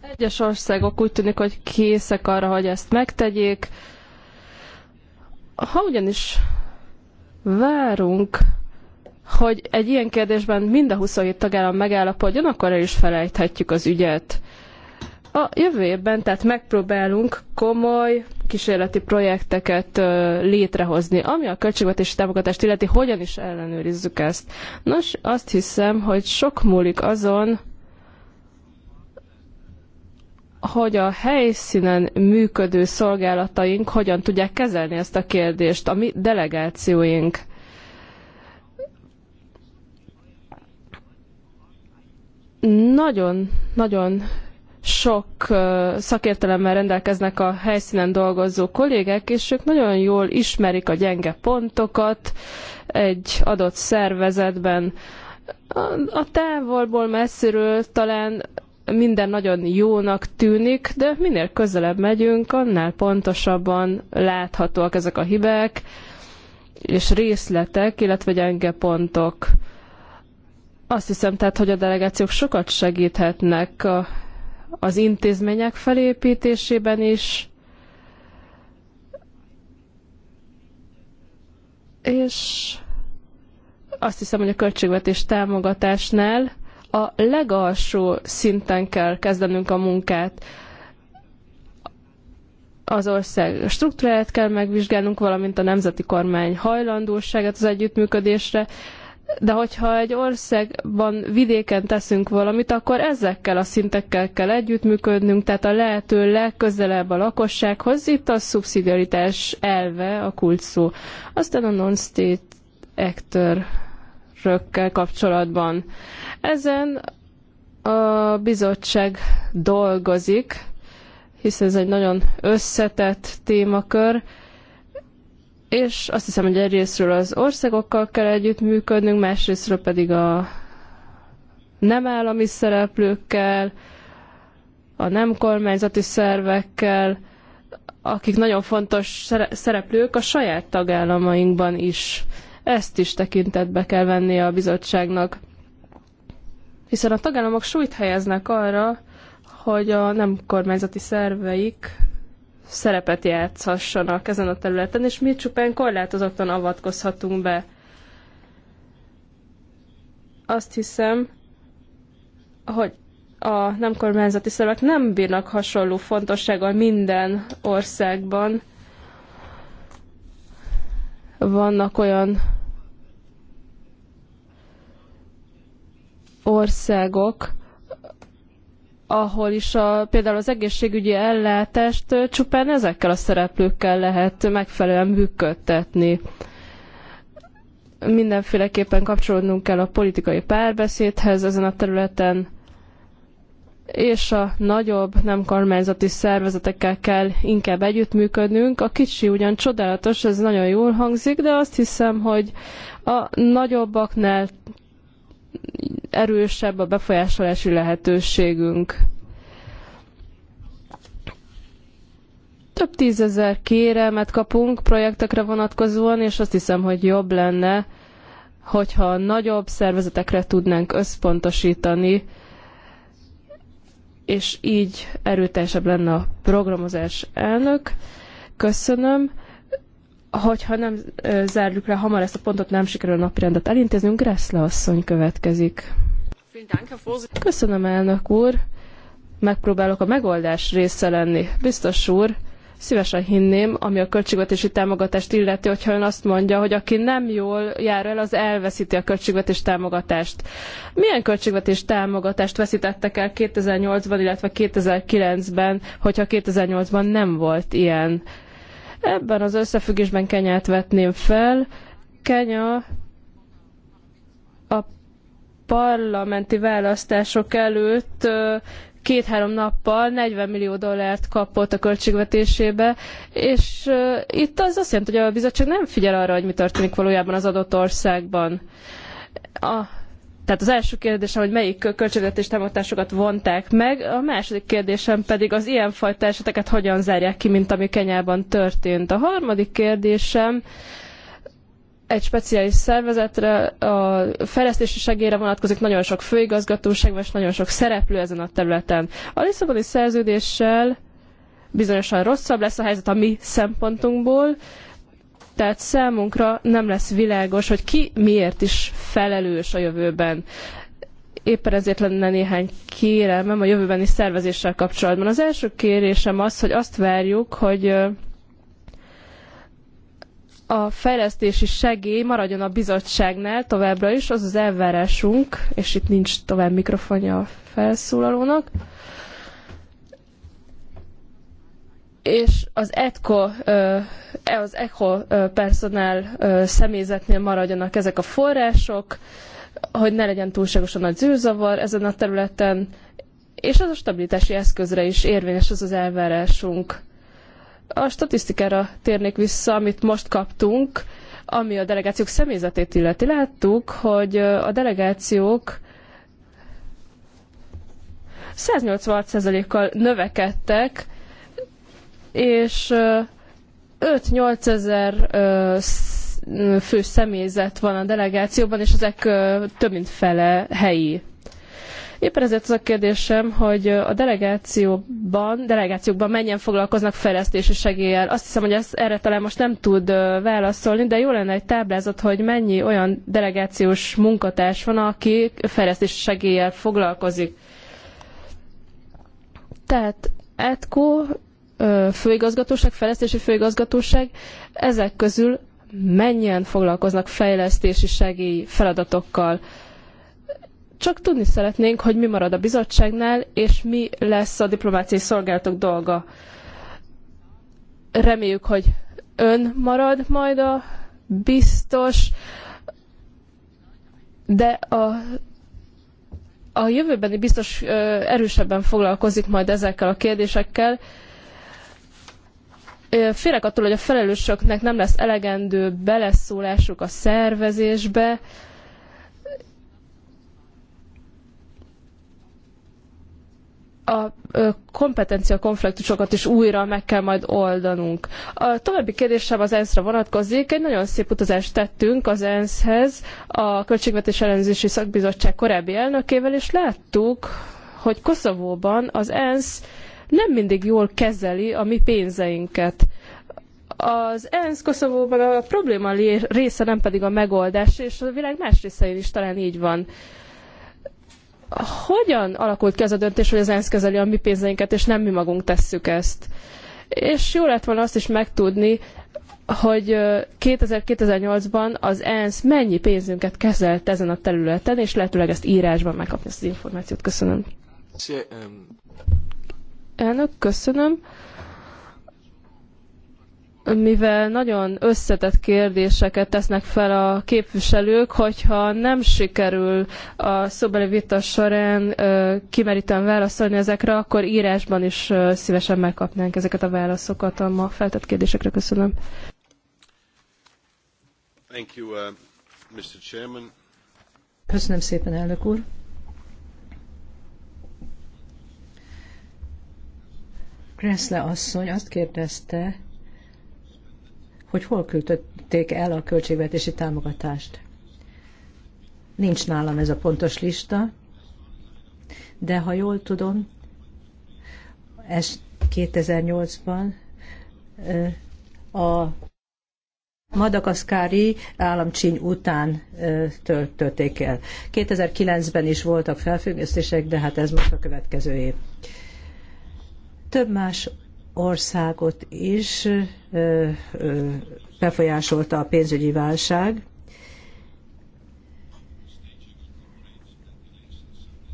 Egyes országok úgy tűnik, hogy készek arra, hogy ezt megtegyék. Ha ugyanis várunk hogy egy ilyen kérdésben mind a 27 tagállam megállapodjon, akkor el is felejthetjük az ügyet. A jövő évben tehát megpróbálunk komoly kísérleti projekteket létrehozni, ami a költségvetési támogatást illeti, hogyan is ellenőrizzük ezt. Nos, azt hiszem, hogy sok múlik azon, hogy a helyszínen működő szolgálataink hogyan tudják kezelni ezt a kérdést, a mi delegációink. Nagyon, nagyon sok szakértelemmel rendelkeznek a helyszínen dolgozó kollégek, és ők nagyon jól ismerik a gyenge pontokat egy adott szervezetben. A távolból messziről talán minden nagyon jónak tűnik, de minél közelebb megyünk, annál pontosabban láthatóak ezek a hibák és részletek, illetve gyenge pontok. Azt hiszem tehát, hogy a delegációk sokat segíthetnek a az intézmények felépítésében is, és azt hiszem, hogy a költségvetés támogatásnál a legalsó szinten kell kezdenünk a munkát. Az ország struktúráját kell megvizsgálnunk, valamint a nemzeti kormány hajlandóságát az együttműködésre, de hogyha egy országban vidéken teszünk valamit, akkor ezekkel a szintekkel kell együttműködnünk, tehát a lehető legközelebb a lakossághoz, itt a szubszidiaritás elve a kult szó. Aztán a non-state actor rökkel kapcsolatban. Ezen a bizottság dolgozik, hiszen ez egy nagyon összetett témakör, és azt hiszem, hogy egyrésztről az országokkal kell együttműködnünk, másrésztről pedig a nem állami szereplőkkel, a nem kormányzati szervekkel, akik nagyon fontos szereplők a saját tagállamainkban is. Ezt is tekintetbe kell vennie a bizottságnak. Hiszen a tagállamok súlyt helyeznek arra, hogy a nem kormányzati szerveik szerepet játszhassanak ezen a területen, és mi csupán korlátozottan avatkozhatunk be. Azt hiszem, hogy a nem kormányzati szervek nem bírnak hasonló fontossággal minden országban. Vannak olyan országok, ahol is a, például az egészségügyi ellátást csupán ezekkel a szereplőkkel lehet megfelelően működtetni. Mindenféleképpen kapcsolódnunk kell a politikai párbeszédhez ezen a területen, és a nagyobb nem kormányzati szervezetekkel kell inkább együttműködnünk. A kicsi ugyan csodálatos, ez nagyon jól hangzik, de azt hiszem, hogy a nagyobbaknál erősebb a befolyásolási lehetőségünk. Több tízezer kérelmet kapunk projektekre vonatkozóan, és azt hiszem, hogy jobb lenne, hogyha nagyobb szervezetekre tudnánk összpontosítani, és így erőteljesebb lenne a programozás elnök. Köszönöm hogyha nem zárjuk le hamar ezt a pontot, nem sikerül a napirendet elintéznünk, Gressle asszony következik. Köszönöm, elnök úr. Megpróbálok a megoldás része lenni. Biztos úr, szívesen hinném, ami a költségvetési támogatást illeti, hogyha ön azt mondja, hogy aki nem jól jár el, az elveszíti a költségvetési támogatást. Milyen költségvetési támogatást veszítettek el 2008-ban, illetve 2009-ben, hogyha 2008-ban nem volt ilyen? Ebben az összefüggésben Kenyát vetném fel. Kenya a parlamenti választások előtt két-három nappal 40 millió dollárt kapott a költségvetésébe, és itt az azt jelenti, hogy a bizottság nem figyel arra, hogy mi történik valójában az adott országban. A tehát az első kérdésem, hogy melyik költségvetés támogatásokat vonták meg, a második kérdésem pedig az ilyenfajta eseteket hogyan zárják ki, mint ami Kenyában történt. A harmadik kérdésem, egy speciális szervezetre, a fejlesztési segélyre vonatkozik nagyon sok főigazgatóság, és nagyon sok szereplő ezen a területen. A Lisszaboni szerződéssel bizonyosan rosszabb lesz a helyzet a mi szempontunkból, tehát számunkra nem lesz világos, hogy ki miért is felelős a jövőben. Éppen ezért lenne néhány kérelmem a jövőbeni szervezéssel kapcsolatban. Az első kérésem az, hogy azt várjuk, hogy a fejlesztési segély maradjon a bizottságnál továbbra is, az az elvárásunk, és itt nincs tovább mikrofonja a felszólalónak. Uh, és az ETCO, e, az ECHO personál személyzetnél maradjanak ezek a források, hogy ne legyen túlságosan nagy zűrzavar ezen a területen, és az a stabilitási eszközre is érvényes az az elvárásunk. A statisztikára térnék vissza, amit most kaptunk, ami a delegációk személyzetét illeti. Láttuk, hogy a delegációk 186%-kal növekedtek, és 5-8 ezer fő személyzet van a delegációban, és ezek több mint fele helyi. Éppen ezért az a kérdésem, hogy a delegációban, delegációkban mennyien foglalkoznak fejlesztési segéllyel. Azt hiszem, hogy ezt erre talán most nem tud válaszolni, de jó lenne egy táblázat, hogy mennyi olyan delegációs munkatárs van, aki fejlesztési segéllyel foglalkozik. Tehát ETCO főigazgatóság, fejlesztési főigazgatóság, ezek közül mennyien foglalkoznak fejlesztési segélyi feladatokkal. Csak tudni szeretnénk, hogy mi marad a bizottságnál, és mi lesz a diplomáciai szolgálatok dolga. Reméljük, hogy ön marad majd a biztos, de a a jövőbeni biztos erősebben foglalkozik majd ezekkel a kérdésekkel, félek attól, hogy a felelősöknek nem lesz elegendő beleszólásuk a szervezésbe, a kompetencia konfliktusokat is újra meg kell majd oldanunk. A további kérdésem az ENSZ-re vonatkozik. Egy nagyon szép utazást tettünk az ENSZ-hez, a Költségvetés Ellenzési Szakbizottság korábbi elnökével, és láttuk, hogy Koszovóban az ENSZ nem mindig jól kezeli a mi pénzeinket. Az ENSZ Koszovóban a probléma része nem pedig a megoldás, és a világ más részein is talán így van. Hogyan alakult ki az a döntés, hogy az ENSZ kezeli a mi pénzeinket, és nem mi magunk tesszük ezt? És jó lett volna azt is megtudni, hogy 2000-2008-ban az ENSZ mennyi pénzünket kezelt ezen a területen, és lehetőleg ezt írásban megkapni ezt az információt. Köszönöm. Elnök, köszönöm. Mivel nagyon összetett kérdéseket tesznek fel a képviselők, hogyha nem sikerül a szóbeli vita során kimerítően válaszolni ezekre, akkor írásban is szívesen megkapnánk ezeket a válaszokat a ma feltett kérdésekre. Köszönöm.
Thank you, uh, Mr. Chairman.
Köszönöm szépen, elnök úr. Kressle asszony azt kérdezte, hogy hol küldötték el a költségvetési támogatást. Nincs nálam ez a pontos lista, de ha jól tudom, ez 2008-ban a madagaszkári államcsíny után töltötték el. 2009-ben is voltak felfüggesztések, de hát ez most a következő év több más országot is befolyásolta a pénzügyi válság,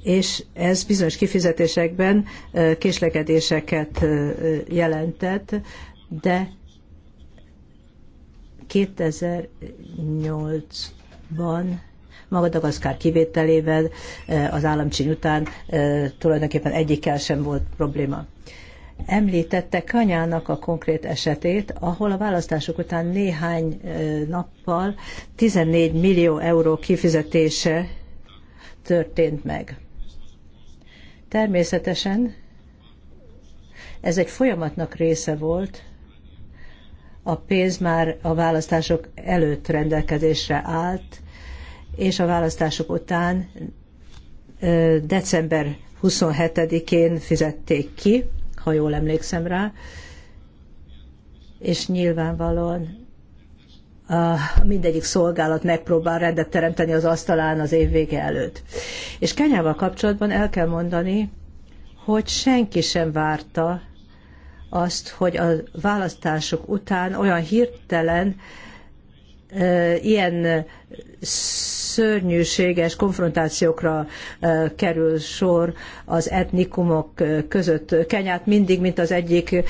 és ez bizonyos kifizetésekben késlekedéseket jelentett, de 2008-ban Magadagaszkár kivételével az államcsíny után tulajdonképpen egyikkel sem volt probléma. Említette Kanyának a konkrét esetét, ahol a választások után néhány nappal 14 millió euró kifizetése történt meg. Természetesen ez egy folyamatnak része volt, a pénz már a választások előtt rendelkezésre állt, és a választások után december 27-én fizették ki, ha jól emlékszem rá, és nyilvánvalóan a mindegyik szolgálat megpróbál rendet teremteni az asztalán az év vége előtt. És Kenyával kapcsolatban el kell mondani, hogy senki sem várta azt, hogy a választások után olyan hirtelen ilyen szörnyűséges konfrontációkra kerül sor az etnikumok között. Kenyát mindig, mint az egyik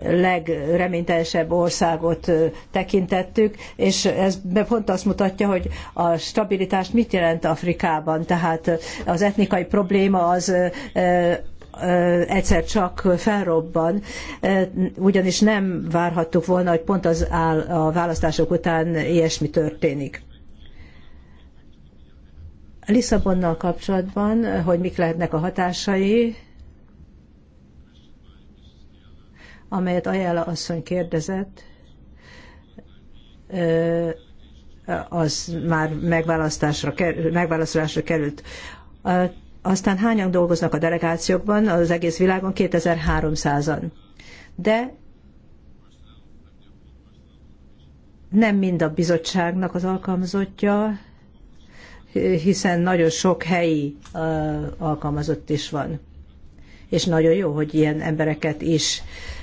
legreményteljesebb országot tekintettük, és ez pont azt mutatja, hogy a stabilitást mit jelent Afrikában. Tehát az etnikai probléma az egyszer csak felrobban, ugyanis nem várhattuk volna, hogy pont az áll a választások után ilyesmi történik. Lisszabonnal kapcsolatban, hogy mik lehetnek a hatásai, amelyet Ajala asszony kérdezett, az már megválasztásra, megválasztásra került. Aztán hányan dolgoznak a delegációkban az egész világon? 2300-an. De nem mind a bizottságnak az alkalmazottja, hiszen nagyon sok helyi alkalmazott is van. És nagyon jó, hogy ilyen embereket is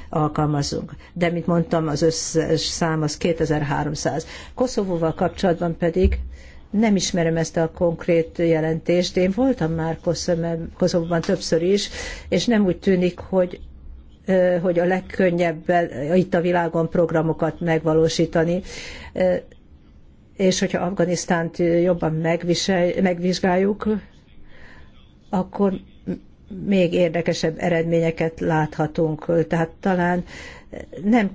alkalmazunk. De, mint mondtam, az összes szám az 2300. Koszovóval kapcsolatban pedig nem ismerem ezt a konkrét jelentést. Én voltam már Koszovóban többször is, és nem úgy tűnik, hogy hogy a legkönnyebb itt a világon programokat megvalósítani. És hogyha Afganisztánt jobban megvisel, megvizsgáljuk, akkor még érdekesebb eredményeket láthatunk. Tehát talán nem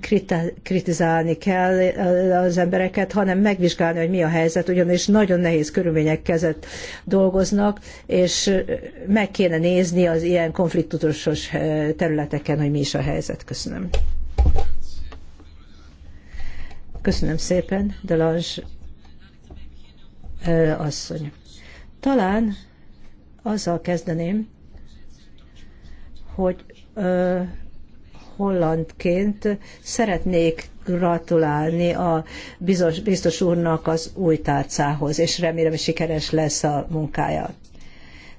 kritizálni kell eh, az embereket, hanem megvizsgálni, hogy mi a helyzet, ugyanis nagyon nehéz körülmények között dolgoznak, és eh, meg kéne nézni az ilyen konfliktusos eh, területeken, hogy mi is a helyzet. Köszönöm. Köszönöm szépen, Delange asszony. Talán azzal kezdeném, hogy hollandként szeretnék gratulálni a bizos, biztos úrnak az új tárcához, és remélem sikeres lesz a munkája.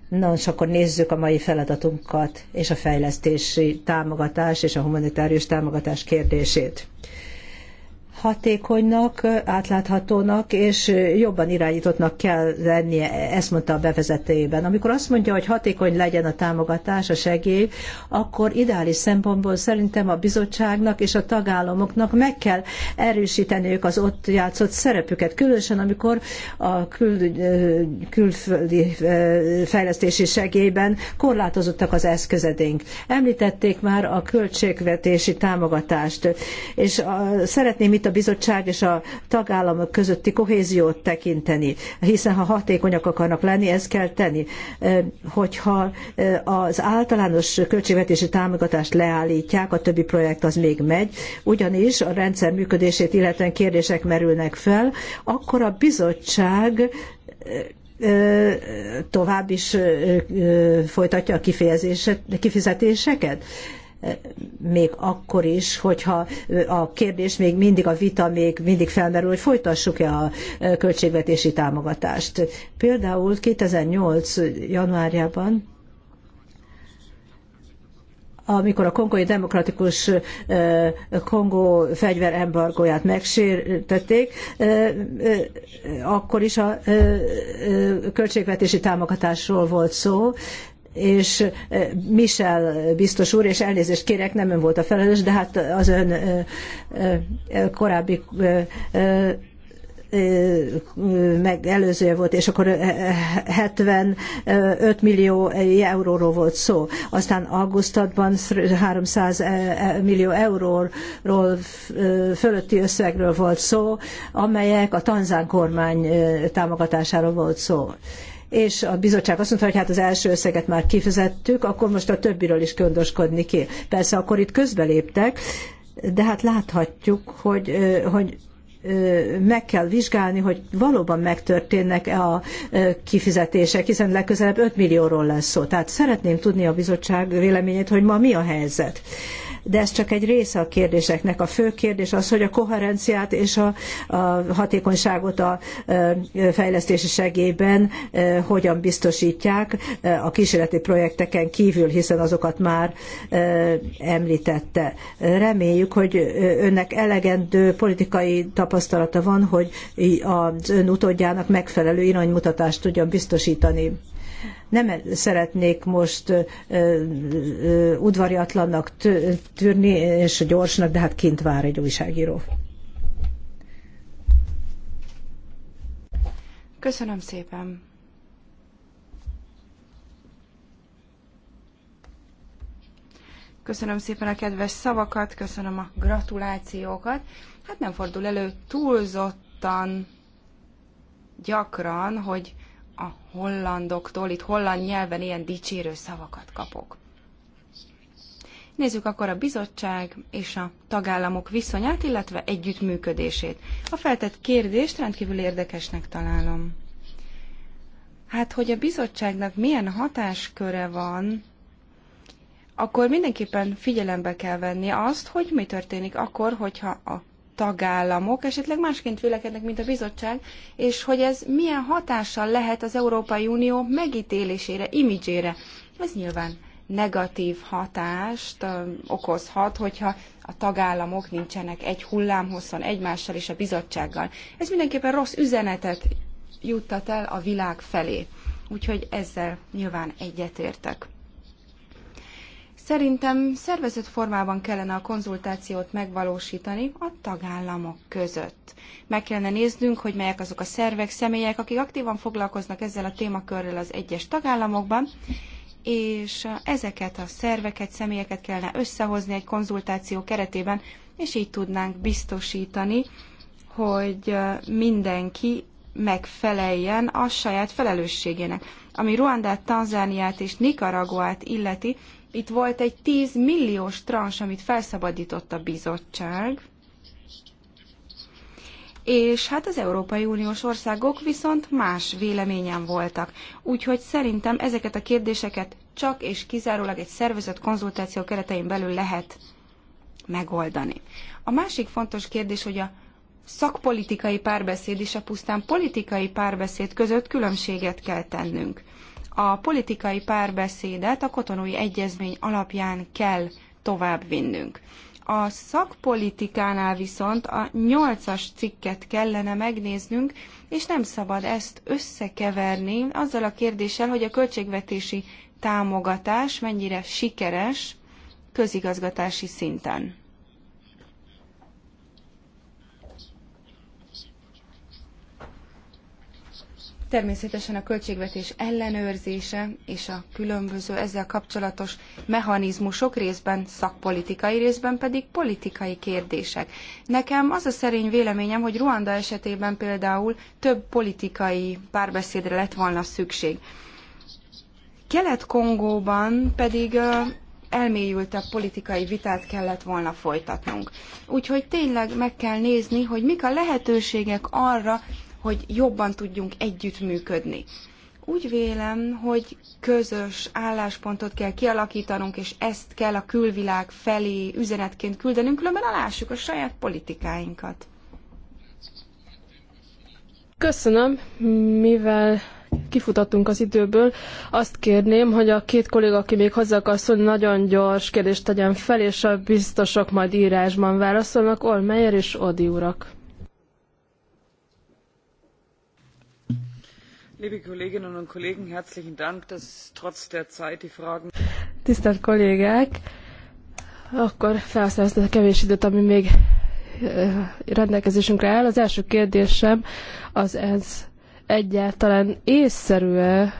Na, és akkor nézzük a mai feladatunkat és a fejlesztési támogatás és a humanitárius támogatás kérdését hatékonynak, átláthatónak és jobban irányítottnak kell lennie, ezt mondta a bevezetőjében. Amikor azt mondja, hogy hatékony legyen a támogatás, a segély, akkor ideális szempontból szerintem a bizottságnak és a tagállamoknak meg kell erősíteniük az ott játszott szerepüket, különösen amikor a kül, külföldi fejlesztési segélyben korlátozottak az eszközedénk. Említették már a költségvetési támogatást, és a, szeretném itt itt a bizottság és a tagállamok közötti kohéziót tekinteni, hiszen ha hatékonyak akarnak lenni, ezt kell tenni. Hogyha az általános költségvetési támogatást leállítják, a többi projekt az még megy, ugyanis a rendszer működését illetően kérdések merülnek fel, akkor a bizottság tovább is folytatja a kifizetéseket? még akkor is, hogyha a kérdés még mindig, a vita még mindig felmerül, hogy folytassuk-e a költségvetési támogatást. Például 2008. januárjában amikor a kongói demokratikus Kongó fegyverembargóját megsértették, akkor is a költségvetési támogatásról volt szó, és eh, Michel biztos úr, és elnézést kérek, nem ön volt a felelős, de hát az ön eh, eh, korábbi meg előzője volt, és akkor 75 millió euróról volt szó. Aztán augusztusban 300 millió euróról fölötti összegről volt szó, amelyek a tanzán kormány támogatásáról volt szó és a bizottság azt mondta, hogy hát az első összeget már kifizettük, akkor most a többiről is gondoskodni ki. Persze akkor itt közbeléptek, de hát láthatjuk, hogy, hogy meg kell vizsgálni, hogy valóban megtörténnek-e a kifizetések, hiszen legközelebb 5 millióról lesz szó. Tehát szeretném tudni a bizottság véleményét, hogy ma mi a helyzet de ez csak egy része a kérdéseknek. A fő kérdés az, hogy a koherenciát és a, a hatékonyságot a fejlesztési segélyben hogyan biztosítják a kísérleti projekteken kívül, hiszen azokat már említette. Reméljük, hogy önnek elegendő politikai tapasztalata van, hogy az ön utódjának megfelelő iránymutatást tudjon biztosítani nem szeretnék most udvariatlannak tűrni, és gyorsnak, de hát kint vár egy újságíró.
Köszönöm szépen. Köszönöm szépen a kedves szavakat, köszönöm a gratulációkat. Hát nem fordul elő túlzottan gyakran, hogy a hollandoktól, itt holland nyelven ilyen dicsérő szavakat kapok. Nézzük akkor a bizottság és a tagállamok viszonyát, illetve együttműködését. A feltett kérdést rendkívül érdekesnek találom. Hát, hogy a bizottságnak milyen hatásköre van, akkor mindenképpen figyelembe kell venni azt, hogy mi történik akkor, hogyha a tagállamok esetleg másként vélekednek, mint a bizottság, és hogy ez milyen hatással lehet az Európai Unió megítélésére, imidzsére. Ez nyilván negatív hatást okozhat, hogyha a tagállamok nincsenek egy hullámhosszon egymással és a bizottsággal. Ez mindenképpen rossz üzenetet juttat el a világ felé. Úgyhogy ezzel nyilván egyetértek. Szerintem szervezett formában kellene a konzultációt megvalósítani a tagállamok között. Meg kellene néznünk, hogy melyek azok a szervek, személyek, akik aktívan foglalkoznak ezzel a témakörrel az egyes tagállamokban, és ezeket a szerveket, személyeket kellene összehozni egy konzultáció keretében, és így tudnánk biztosítani, hogy mindenki megfeleljen a saját felelősségének. Ami Ruandát, Tanzániát és Nikaraguát illeti, itt volt egy 10 milliós trans, amit felszabadított a bizottság, és hát az Európai Uniós országok viszont más véleményen voltak. Úgyhogy szerintem ezeket a kérdéseket csak és kizárólag egy szervezett konzultáció keretein belül lehet megoldani. A másik fontos kérdés, hogy a szakpolitikai párbeszéd és a pusztán politikai párbeszéd között különbséget kell tennünk a politikai párbeszédet a kotonói egyezmény alapján kell tovább vinnünk. A szakpolitikánál viszont a nyolcas cikket kellene megnéznünk, és nem szabad ezt összekeverni azzal a kérdéssel, hogy a költségvetési támogatás mennyire sikeres közigazgatási szinten. Természetesen a költségvetés ellenőrzése és a különböző ezzel kapcsolatos mechanizmusok részben szakpolitikai, részben pedig politikai kérdések. Nekem az a szerény véleményem, hogy Ruanda esetében például több politikai párbeszédre lett volna szükség. Kelet-Kongóban pedig elmélyültebb politikai vitát kellett volna folytatnunk. Úgyhogy tényleg meg kell nézni, hogy mik a lehetőségek arra, hogy jobban tudjunk együttműködni. Úgy vélem, hogy közös álláspontot kell kialakítanunk, és ezt kell a külvilág felé üzenetként küldenünk, különben alássuk a saját politikáinkat.
Köszönöm, mivel kifutottunk az időből, azt kérném, hogy a két kolléga, aki még hozzá akar szólni, nagyon gyors kérdést tegyen fel, és a biztosok majd írásban válaszolnak, Olmeyer és Odi urak.
Liebe Kolleginnen und Kollegen, herzlichen Dank, dass trotz der Zeit die Fragen...
Tisztelt kollégák, akkor felhasználom a kevés időt, ami még rendelkezésünkre áll. Az első kérdésem az ENSZ egyáltalán észszerű-e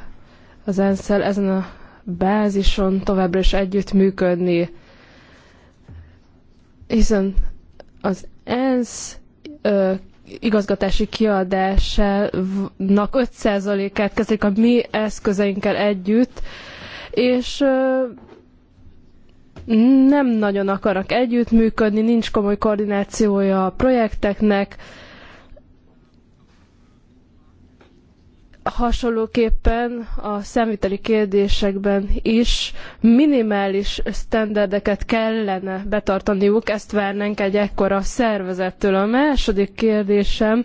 az ensz ezen a bázison továbbra is együtt működni, hiszen az ENSZ igazgatási kiadásának 5%-át kezdik a mi eszközeinkkel együtt, és nem nagyon akarnak együttműködni, nincs komoly koordinációja a projekteknek, hasonlóképpen a számviteli kérdésekben is minimális sztenderdeket kellene betartaniuk, ezt várnánk egy ekkora szervezettől. A második kérdésem,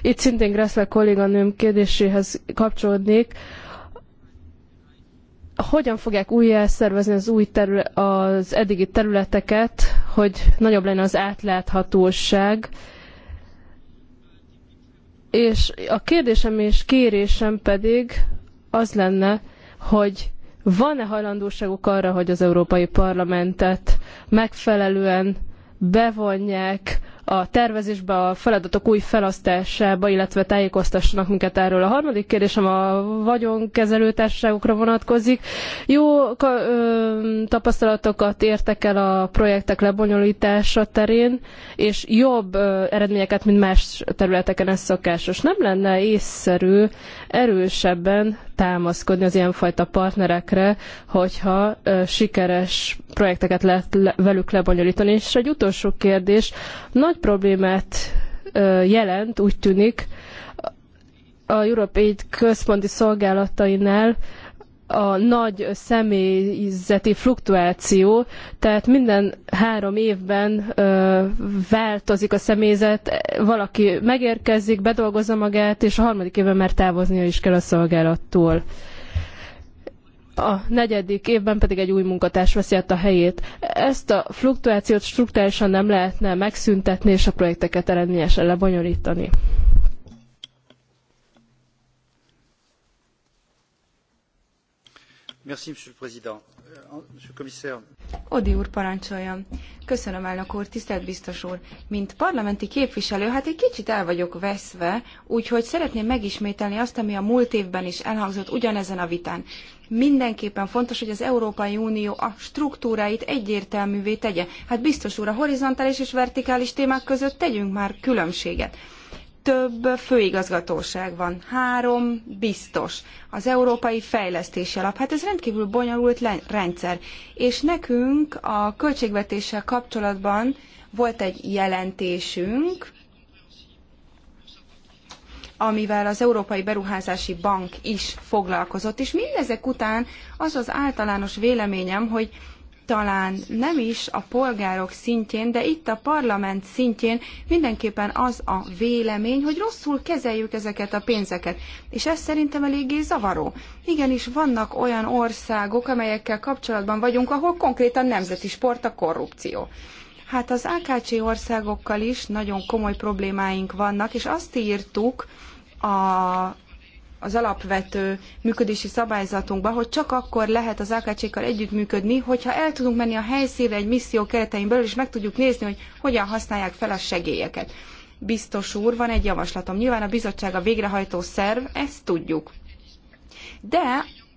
itt szintén Gressler kolléganőm kérdéséhez kapcsolódnék, hogyan fogják újjá szervezni az, új az eddigi területeket, hogy nagyobb legyen az átláthatóság, és a kérdésem és kérésem pedig az lenne, hogy van-e hajlandóságuk arra, hogy az Európai Parlamentet megfelelően bevonják a tervezésbe, a feladatok új felasztásába, illetve tájékoztassanak minket erről. A harmadik kérdésem a vagyonkezelő társaságokra vonatkozik. Jó ka, ö, tapasztalatokat értek el a projektek lebonyolítása terén, és jobb ö, eredményeket, mint más területeken ez szokásos. Nem lenne észszerű erősebben támaszkodni az ilyenfajta partnerekre, hogyha sikeres projekteket lehet velük lebonyolítani. És egy utolsó kérdés, nagy problémát jelent, úgy tűnik, a Europe Aid központi szolgálatainál, a nagy személyzeti fluktuáció, tehát minden három évben ö, változik a személyzet, valaki megérkezik, bedolgozza magát, és a harmadik évben már távoznia is kell a szolgálattól. A negyedik évben pedig egy új munkatárs veszi át a helyét. Ezt a fluktuációt strukturálisan nem lehetne megszüntetni, és a projekteket eredményesen lebonyolítani.
Euh, Odi úr, parancsoljon. Köszönöm, elnök úr, tisztelt biztos úr. Mint parlamenti képviselő, hát egy kicsit el vagyok veszve, úgyhogy szeretném megismételni azt, ami a múlt évben is elhangzott ugyanezen a vitán mindenképpen fontos, hogy az Európai Unió a struktúráit egyértelművé tegye. Hát biztos úr, a horizontális és vertikális témák között tegyünk már különbséget több főigazgatóság van, három biztos, az Európai Fejlesztési Alap. Hát ez rendkívül bonyolult rendszer. És nekünk a költségvetéssel kapcsolatban volt egy jelentésünk, amivel az Európai Beruházási Bank is foglalkozott, és mindezek után az az általános véleményem, hogy talán nem is a polgárok szintjén, de itt a parlament szintjén mindenképpen az a vélemény, hogy rosszul kezeljük ezeket a pénzeket. És ez szerintem eléggé zavaró. Igenis vannak olyan országok, amelyekkel kapcsolatban vagyunk, ahol konkrétan nemzeti sport a korrupció. Hát az AKC országokkal is nagyon komoly problémáink vannak, és azt írtuk a az alapvető működési szabályzatunkba, hogy csak akkor lehet az AKC-kkal együttműködni, hogyha el tudunk menni a helyszínre egy misszió keretein belül, és meg tudjuk nézni, hogy hogyan használják fel a segélyeket. Biztos úr, van egy javaslatom. Nyilván a bizottság a végrehajtó szerv, ezt tudjuk. De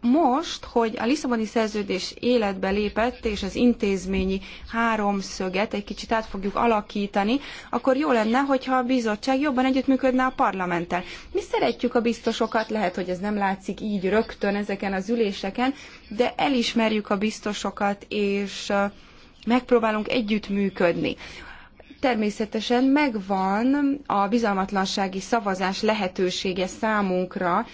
most, hogy a Lisszaboni szerződés életbe lépett, és az intézményi háromszöget egy kicsit át fogjuk alakítani, akkor jó lenne, hogyha a bizottság jobban együttműködne a parlamenttel. Mi szeretjük a biztosokat, lehet, hogy ez nem látszik így rögtön ezeken az üléseken, de elismerjük a biztosokat, és megpróbálunk együttműködni természetesen megvan a bizalmatlansági szavazás lehetősége számunkra,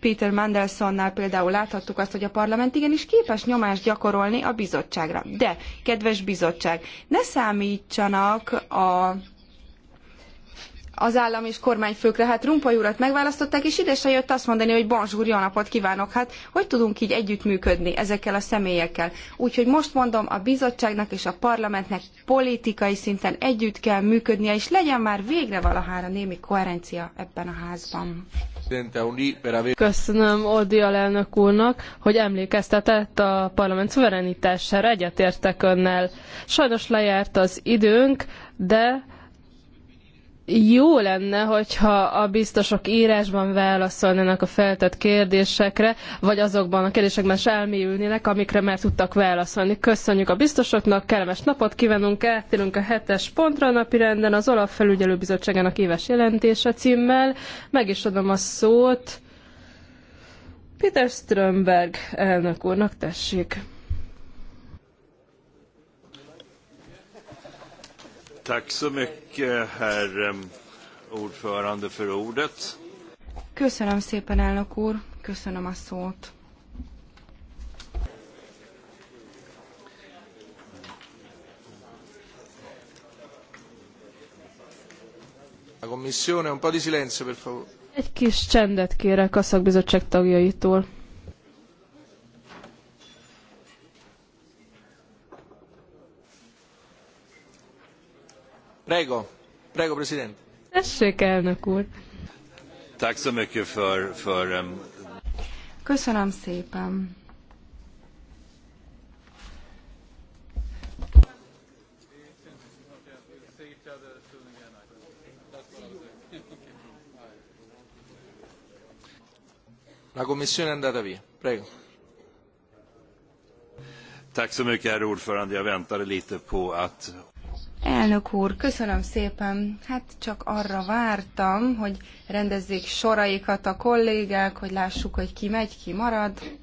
Peter Mandelsonnál például láthattuk azt, hogy a parlament igenis képes nyomást gyakorolni a bizottságra. De, kedves bizottság, ne számítsanak a az állam és kormányfőkre. Hát Rumpai urat megválasztották, és ide se jött azt mondani, hogy bonjour, jó napot kívánok. Hát hogy tudunk így együttműködni ezekkel a személyekkel? Úgyhogy most mondom, a bizottságnak és a parlamentnek politikai szinten együtt kell működnie, és legyen már végre valahára némi koherencia ebben a házban.
Köszönöm Odi alelnök úrnak, hogy emlékeztetett a parlament szuverenitására, egyetértek önnel. Sajnos lejárt az időnk, de jó lenne, hogyha a biztosok írásban válaszolnának a feltett kérdésekre, vagy azokban a kérdésekben is elmélyülnének, amikre már tudtak válaszolni. Köszönjük a biztosoknak, kellemes napot kívánunk, áttérünk a hetes pontra a napirenden, az Olaf felügyelőbizottságának éves jelentése címmel. Meg is adom a szót Peter Strömberg elnök úrnak, tessék.
Tack så mycket, herr ordförande, för ordet.
Köszönöm szépen, elnök úr. Köszönöm a szót.
A commissione, un po' di silenzio, per favore. Egy kis csendet kérek a szakbizottság tagjaitól.
Prego, prego,
president.
Tessék, elnök úr.
Köszönöm szépen.
La commissione è andata via. Prego. Tack så mycket, herr ordförande. Jag väntade lite på att
Elnök úr, köszönöm szépen. Hát csak arra vártam, hogy rendezzék soraikat a kollégák, hogy lássuk, hogy ki megy, ki marad.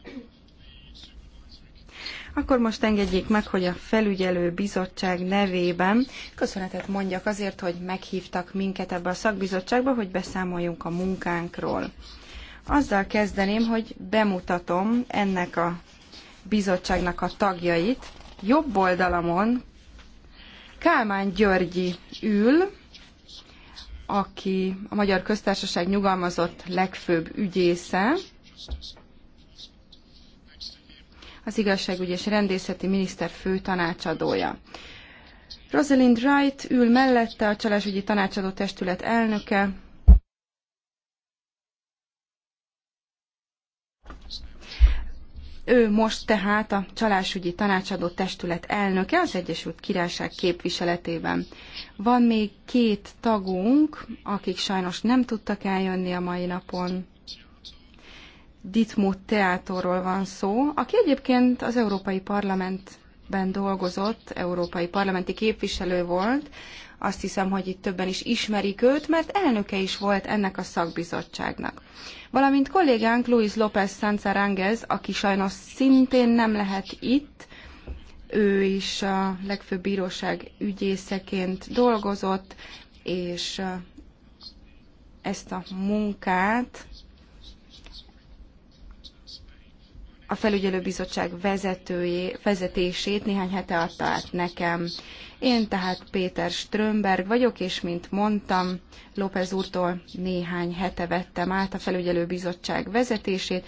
Akkor most engedjék meg, hogy a felügyelő bizottság nevében köszönetet mondjak azért, hogy meghívtak minket ebbe a szakbizottságba, hogy beszámoljunk a munkánkról. Azzal kezdeném, hogy bemutatom ennek a bizottságnak a tagjait. Jobb oldalamon Kálmán Györgyi ül, aki a Magyar Köztársaság nyugalmazott legfőbb ügyésze, az igazságügyi és rendészeti miniszter fő tanácsadója. Rosalind Wright ül mellette a csalásügyi tanácsadó testület elnöke, Ő most tehát a csalásügyi tanácsadó testület elnöke az Egyesült Királyság képviseletében. Van még két tagunk, akik sajnos nem tudtak eljönni a mai napon. Ditmut Teátorról van szó, aki egyébként az Európai Parlamentben dolgozott, európai parlamenti képviselő volt. Azt hiszem, hogy itt többen is ismerik őt, mert elnöke is volt ennek a szakbizottságnak valamint kollégánk Luis López Sanzarangez, aki sajnos szintén nem lehet itt, ő is a legfőbb bíróság ügyészeként dolgozott, és ezt a munkát a felügyelőbizottság vezetőjé, vezetését néhány hete adta át nekem. Én tehát Péter Strömberg vagyok, és mint mondtam, López úrtól néhány hete vettem át a felügyelőbizottság vezetését.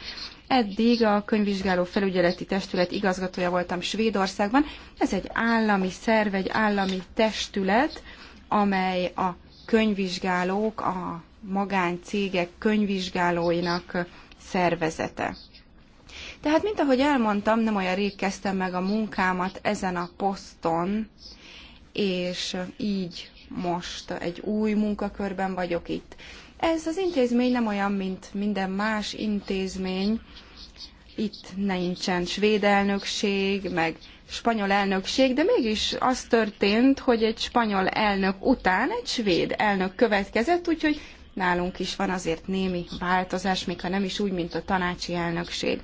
Eddig a könyvvizsgáló felügyeleti testület igazgatója voltam Svédországban. Ez egy állami szerv, egy állami testület, amely a könyvvizsgálók, a magáncégek könyvvizsgálóinak szervezete. Tehát, mint ahogy elmondtam, nem olyan rég kezdtem meg a munkámat ezen a poszton, és így most egy új munkakörben vagyok itt. Ez az intézmény nem olyan, mint minden más intézmény. Itt nincsen svéd elnökség, meg spanyol elnökség, de mégis az történt, hogy egy spanyol elnök után egy svéd elnök következett, úgyhogy nálunk is van azért némi változás, még ha nem is úgy, mint a tanácsi elnökség.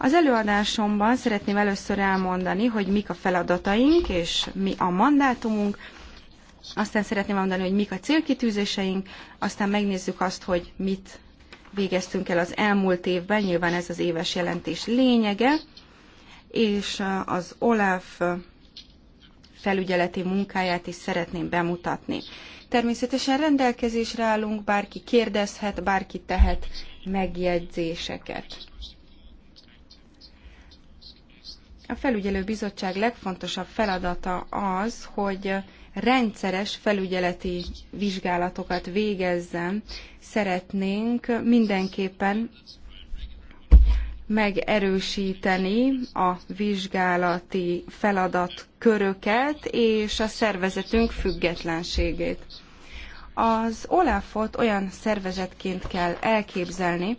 Az előadásomban szeretném először elmondani, hogy mik a feladataink és mi a mandátumunk, aztán szeretném elmondani, hogy mik a célkitűzéseink, aztán megnézzük azt, hogy mit végeztünk el az elmúlt évben, nyilván ez az éves jelentés lényege, és az OLAF felügyeleti munkáját is szeretném bemutatni. Természetesen rendelkezésre állunk, bárki kérdezhet, bárki tehet megjegyzéseket. A felügyelő bizottság legfontosabb feladata az, hogy rendszeres felügyeleti vizsgálatokat végezzen. Szeretnénk mindenképpen megerősíteni a vizsgálati feladatköröket és a szervezetünk függetlenségét. Az Olafot olyan szervezetként kell elképzelni,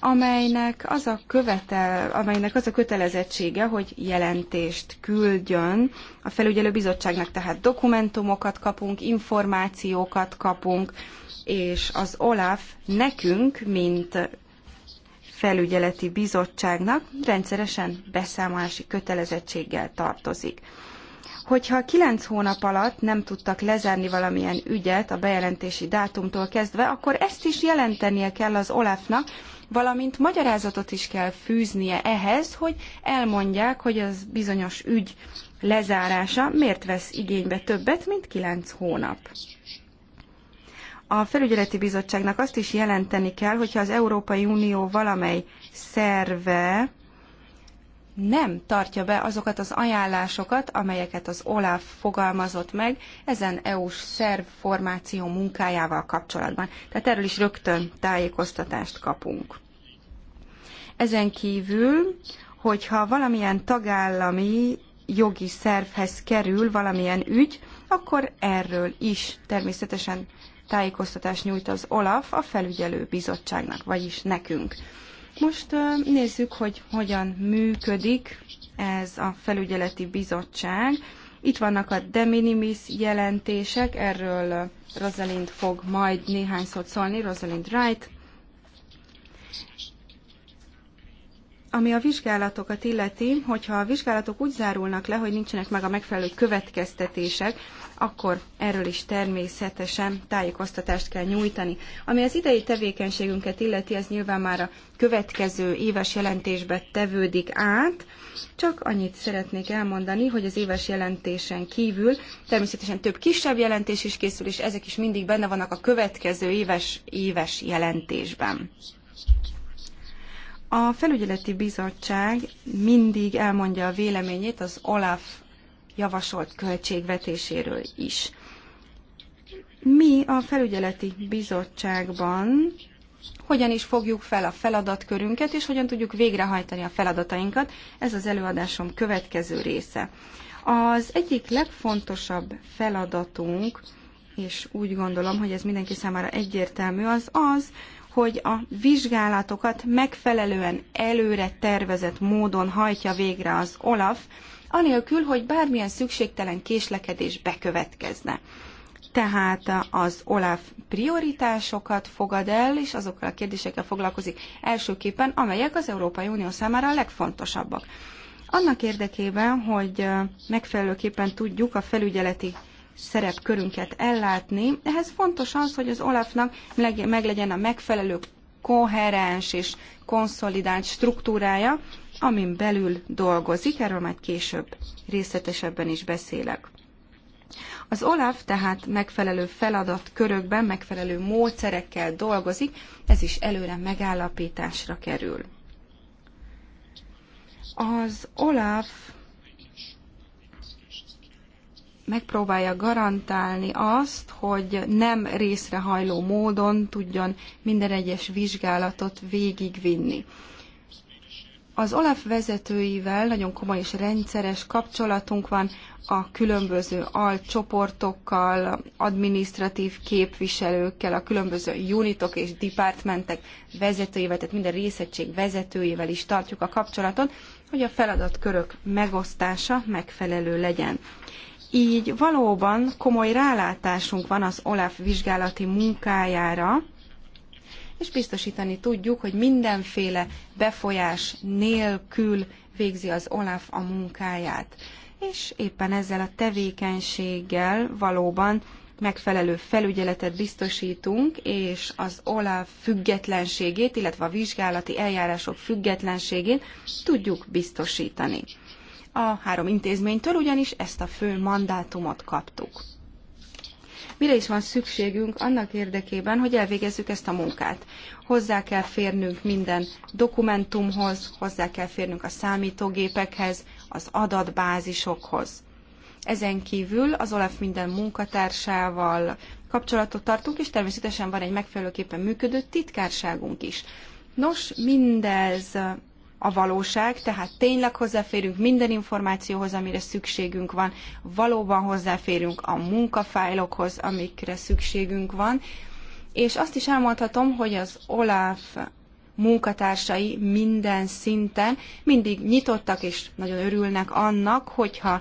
amelynek az a, követel, amelynek az a kötelezettsége, hogy jelentést küldjön. A felügyelő bizottságnak tehát dokumentumokat kapunk, információkat kapunk, és az OLAF nekünk, mint felügyeleti bizottságnak rendszeresen beszámolási kötelezettséggel tartozik. Hogyha kilenc hónap alatt nem tudtak lezárni valamilyen ügyet a bejelentési dátumtól kezdve, akkor ezt is jelentenie kell az OLAF-nak, valamint magyarázatot is kell fűznie ehhez, hogy elmondják, hogy az bizonyos ügy lezárása miért vesz igénybe többet, mint kilenc hónap. A felügyeleti bizottságnak azt is jelenteni kell, hogyha az Európai Unió valamely szerve nem tartja be azokat az ajánlásokat, amelyeket az OLAF fogalmazott meg ezen EU-s szervformáció munkájával kapcsolatban. Tehát erről is rögtön tájékoztatást kapunk. Ezen kívül, hogyha valamilyen tagállami jogi szervhez kerül valamilyen ügy, akkor erről is természetesen tájékoztatást nyújt az OLAF a felügyelő bizottságnak, vagyis nekünk. Most nézzük, hogy hogyan működik ez a felügyeleti bizottság. Itt vannak a de minimis jelentések, erről Rosalind fog majd néhány szót szólni, Rosalind Wright. Ami a vizsgálatokat illeti, hogyha a vizsgálatok úgy zárulnak le, hogy nincsenek meg a megfelelő következtetések, akkor erről is természetesen tájékoztatást kell nyújtani. Ami az idei tevékenységünket illeti, ez nyilván már a következő éves jelentésbe tevődik át. Csak annyit szeretnék elmondani, hogy az éves jelentésen kívül természetesen több kisebb jelentés is készül, és ezek is mindig benne vannak a következő éves, éves jelentésben. A felügyeleti bizottság mindig elmondja a véleményét az OLAF javasolt költségvetéséről is. Mi a felügyeleti bizottságban hogyan is fogjuk fel a feladatkörünket, és hogyan tudjuk végrehajtani a feladatainkat. Ez az előadásom következő része. Az egyik legfontosabb feladatunk, és úgy gondolom, hogy ez mindenki számára egyértelmű, az az, hogy a vizsgálatokat megfelelően előre tervezett módon hajtja végre az OLAF, anélkül, hogy bármilyen szükségtelen késlekedés bekövetkezne. Tehát az OLAF prioritásokat fogad el, és azokkal a kérdésekkel foglalkozik elsőképpen, amelyek az Európai Unió számára a legfontosabbak. Annak érdekében, hogy megfelelőképpen tudjuk a felügyeleti szerepkörünket ellátni, ehhez fontos az, hogy az OLAF-nak meglegyen a megfelelő koherens és konszolidált struktúrája, amin belül dolgozik, erről majd később részletesebben is beszélek. Az OLAF tehát megfelelő feladatkörökben, megfelelő módszerekkel dolgozik, ez is előre megállapításra kerül. Az OLAF megpróbálja garantálni azt, hogy nem részrehajló módon tudjon minden egyes vizsgálatot végigvinni. Az OLAF vezetőivel nagyon komoly és rendszeres kapcsolatunk van a különböző alcsoportokkal, administratív képviselőkkel, a különböző unitok és departmentek vezetőivel, tehát minden részegység vezetőivel is tartjuk a kapcsolatot, hogy a feladatkörök megosztása megfelelő legyen. Így valóban komoly rálátásunk van az OLAF vizsgálati munkájára, és biztosítani tudjuk, hogy mindenféle befolyás nélkül végzi az Olaf a munkáját. És éppen ezzel a tevékenységgel valóban megfelelő felügyeletet biztosítunk, és az OLAF függetlenségét, illetve a vizsgálati eljárások függetlenségét tudjuk biztosítani. A három intézménytől ugyanis ezt a fő mandátumot kaptuk. Mire is van szükségünk annak érdekében, hogy elvégezzük ezt a munkát? Hozzá kell férnünk minden dokumentumhoz, hozzá kell férnünk a számítógépekhez, az adatbázisokhoz. Ezen kívül az OLAF minden munkatársával kapcsolatot tartunk, és természetesen van egy megfelelőképpen működő titkárságunk is. Nos, mindez a valóság, tehát tényleg hozzáférünk minden információhoz, amire szükségünk van, valóban hozzáférünk a munkafájlokhoz, amikre szükségünk van, és azt is elmondhatom, hogy az OLAF munkatársai minden szinten mindig nyitottak és nagyon örülnek annak, hogyha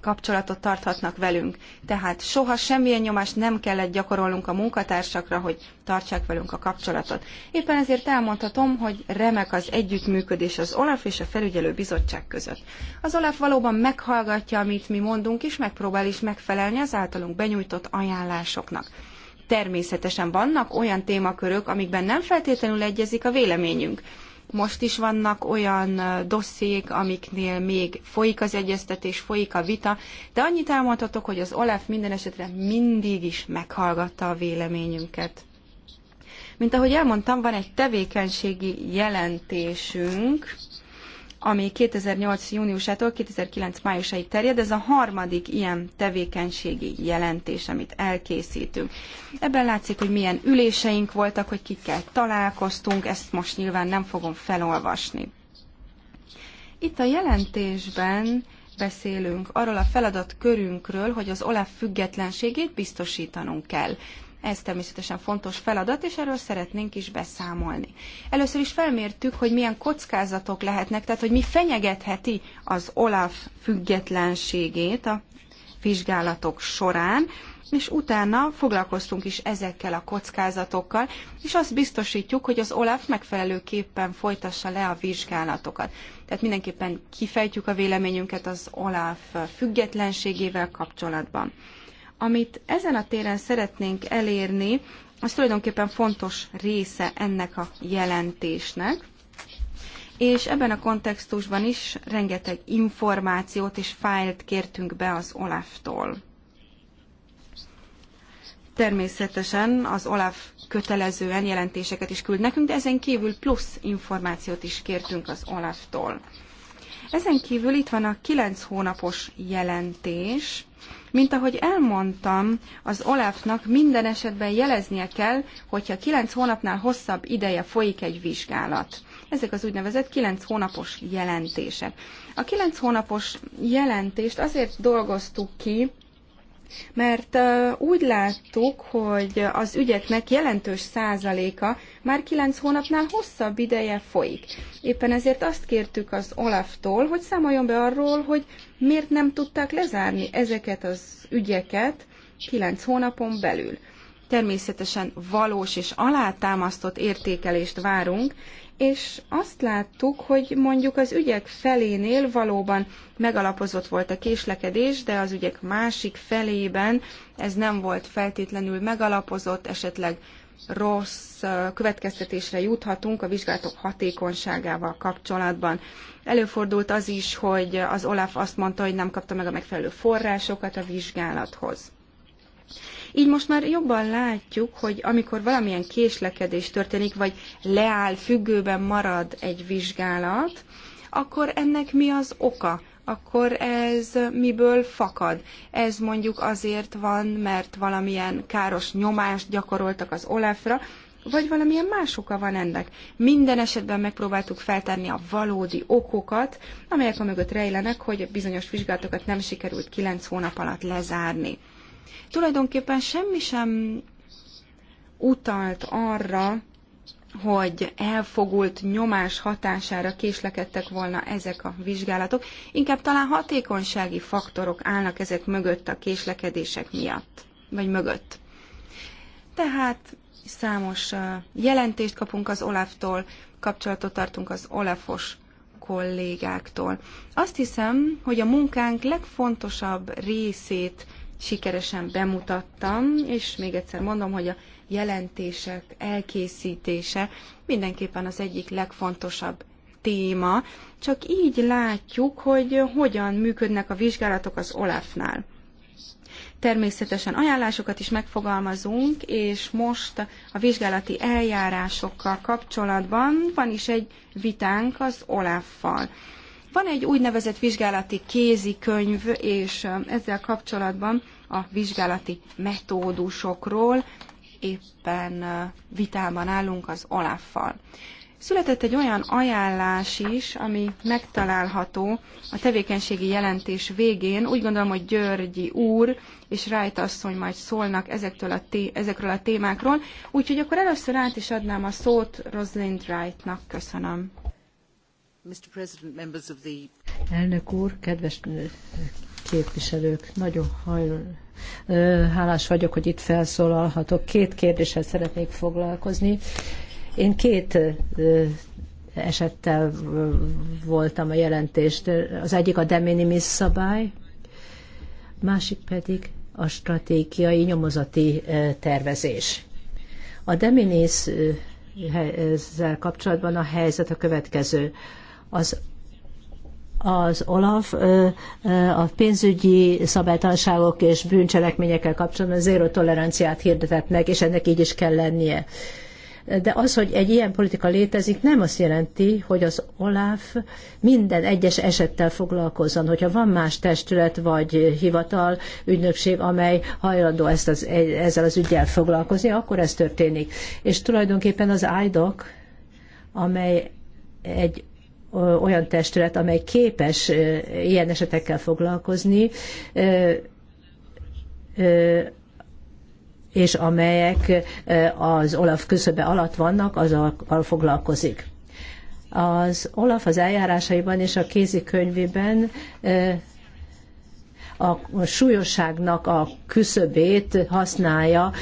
kapcsolatot tarthatnak velünk. Tehát soha semmilyen nyomást nem kellett gyakorolnunk a munkatársakra, hogy tartsák velünk a kapcsolatot. Éppen ezért elmondhatom, hogy remek az együttműködés az OLAF és a felügyelő bizottság között. Az OLAF valóban meghallgatja, amit mi mondunk, és megpróbál is megfelelni az általunk benyújtott ajánlásoknak. Természetesen vannak olyan témakörök, amikben nem feltétlenül egyezik a véleményünk most is vannak olyan dossziék, amiknél még folyik az egyeztetés, folyik a vita, de annyit elmondhatok, hogy az OLAF minden esetre mindig is meghallgatta a véleményünket. Mint ahogy elmondtam, van egy tevékenységi jelentésünk, ami 2008. júniusától 2009. májusáig terjed. Ez a harmadik ilyen tevékenységi jelentés, amit elkészítünk. Ebben látszik, hogy milyen üléseink voltak, hogy kikkel találkoztunk, ezt most nyilván nem fogom felolvasni. Itt a jelentésben beszélünk arról a feladatkörünkről, hogy az OLAF függetlenségét biztosítanunk kell. Ez természetesen fontos feladat, és erről szeretnénk is beszámolni. Először is felmértük, hogy milyen kockázatok lehetnek, tehát hogy mi fenyegetheti az OLAF függetlenségét a vizsgálatok során, és utána foglalkoztunk is ezekkel a kockázatokkal, és azt biztosítjuk, hogy az OLAF megfelelőképpen folytassa le a vizsgálatokat. Tehát mindenképpen kifejtjük a véleményünket az OLAF függetlenségével kapcsolatban. Amit ezen a téren szeretnénk elérni, az tulajdonképpen fontos része ennek a jelentésnek, és ebben a kontextusban is rengeteg információt és fájlt kértünk be az Olaf-tól. Természetesen az Olaf kötelezően jelentéseket is küld nekünk, de ezen kívül plusz információt is kértünk az Olaf-tól. Ezen kívül itt van a 9 hónapos jelentés, mint ahogy elmondtam, az Olafnak minden esetben jeleznie kell, hogyha 9 hónapnál hosszabb ideje folyik egy vizsgálat. Ezek az úgynevezett 9 hónapos jelentések. A 9 hónapos jelentést azért dolgoztuk ki, mert úgy láttuk, hogy az ügyeknek jelentős százaléka már kilenc hónapnál hosszabb ideje folyik. Éppen ezért azt kértük az Olaftól, hogy számoljon be arról, hogy miért nem tudták lezárni ezeket az ügyeket kilenc hónapon belül. Természetesen valós és alátámasztott értékelést várunk, és azt láttuk, hogy mondjuk az ügyek felénél valóban megalapozott volt a késlekedés, de az ügyek másik felében ez nem volt feltétlenül megalapozott, esetleg rossz következtetésre juthatunk a vizsgálatok hatékonyságával kapcsolatban. Előfordult az is, hogy az Olaf azt mondta, hogy nem kapta meg a megfelelő forrásokat a vizsgálathoz. Így most már jobban látjuk, hogy amikor valamilyen késlekedés történik, vagy leáll, függőben marad egy vizsgálat, akkor ennek mi az oka? akkor ez miből fakad? Ez mondjuk azért van, mert valamilyen káros nyomást gyakoroltak az Olafra, vagy valamilyen más oka van ennek. Minden esetben megpróbáltuk feltárni a valódi okokat, amelyek a mögött rejlenek, hogy bizonyos vizsgálatokat nem sikerült kilenc hónap alatt lezárni. Tulajdonképpen semmi sem utalt arra, hogy elfogult nyomás hatására késlekedtek volna ezek a vizsgálatok, inkább talán hatékonysági faktorok állnak ezek mögött a késlekedések miatt, vagy mögött. Tehát számos jelentést kapunk az Olaftól, kapcsolatot tartunk az Olafos kollégáktól. Azt hiszem, hogy a munkánk legfontosabb részét sikeresen bemutattam, és még egyszer mondom, hogy a jelentések elkészítése mindenképpen az egyik legfontosabb téma, csak így látjuk, hogy hogyan működnek a vizsgálatok az Olafnál. Természetesen ajánlásokat is megfogalmazunk, és most a vizsgálati eljárásokkal kapcsolatban van is egy vitánk az OLAF-fal. Van egy úgynevezett vizsgálati kézikönyv, és ezzel kapcsolatban a vizsgálati metódusokról éppen vitában állunk az Olaffal. Született egy olyan ajánlás is, ami megtalálható a tevékenységi jelentés végén. Úgy gondolom, hogy Györgyi úr és Rájt asszony majd szólnak ezektől a té- ezekről a témákról. Úgyhogy akkor először át is adnám a szót Rosalind Wrightnak. Köszönöm. Elnök
úr, kedves képviselők, nagyon hajl... hálás vagyok, hogy itt felszólalhatok. Két kérdéssel szeretnék foglalkozni. Én két esettel voltam a jelentést. Az egyik a de minimis szabály, másik pedig a stratégiai nyomozati tervezés. A de minimis ezzel kapcsolatban a helyzet a következő. Az az OLAF a pénzügyi szabálytalanságok és bűncselekményekkel kapcsolatban zéró toleranciát hirdetett meg, és ennek így is kell lennie. De az, hogy egy ilyen politika létezik, nem azt jelenti, hogy az OLAF minden egyes esettel foglalkozzon. Hogyha van más testület vagy hivatal, ügynökség, amely hajlandó ezt az, ezzel az ügyel foglalkozni, akkor ez történik. És tulajdonképpen az IDOC, amely egy olyan testület, amely képes ilyen esetekkel foglalkozni, és amelyek az Olaf küszöbe alatt vannak, azokkal foglalkozik. Az Olaf az eljárásaiban és a kézikönyvében a súlyosságnak a küszöbét használja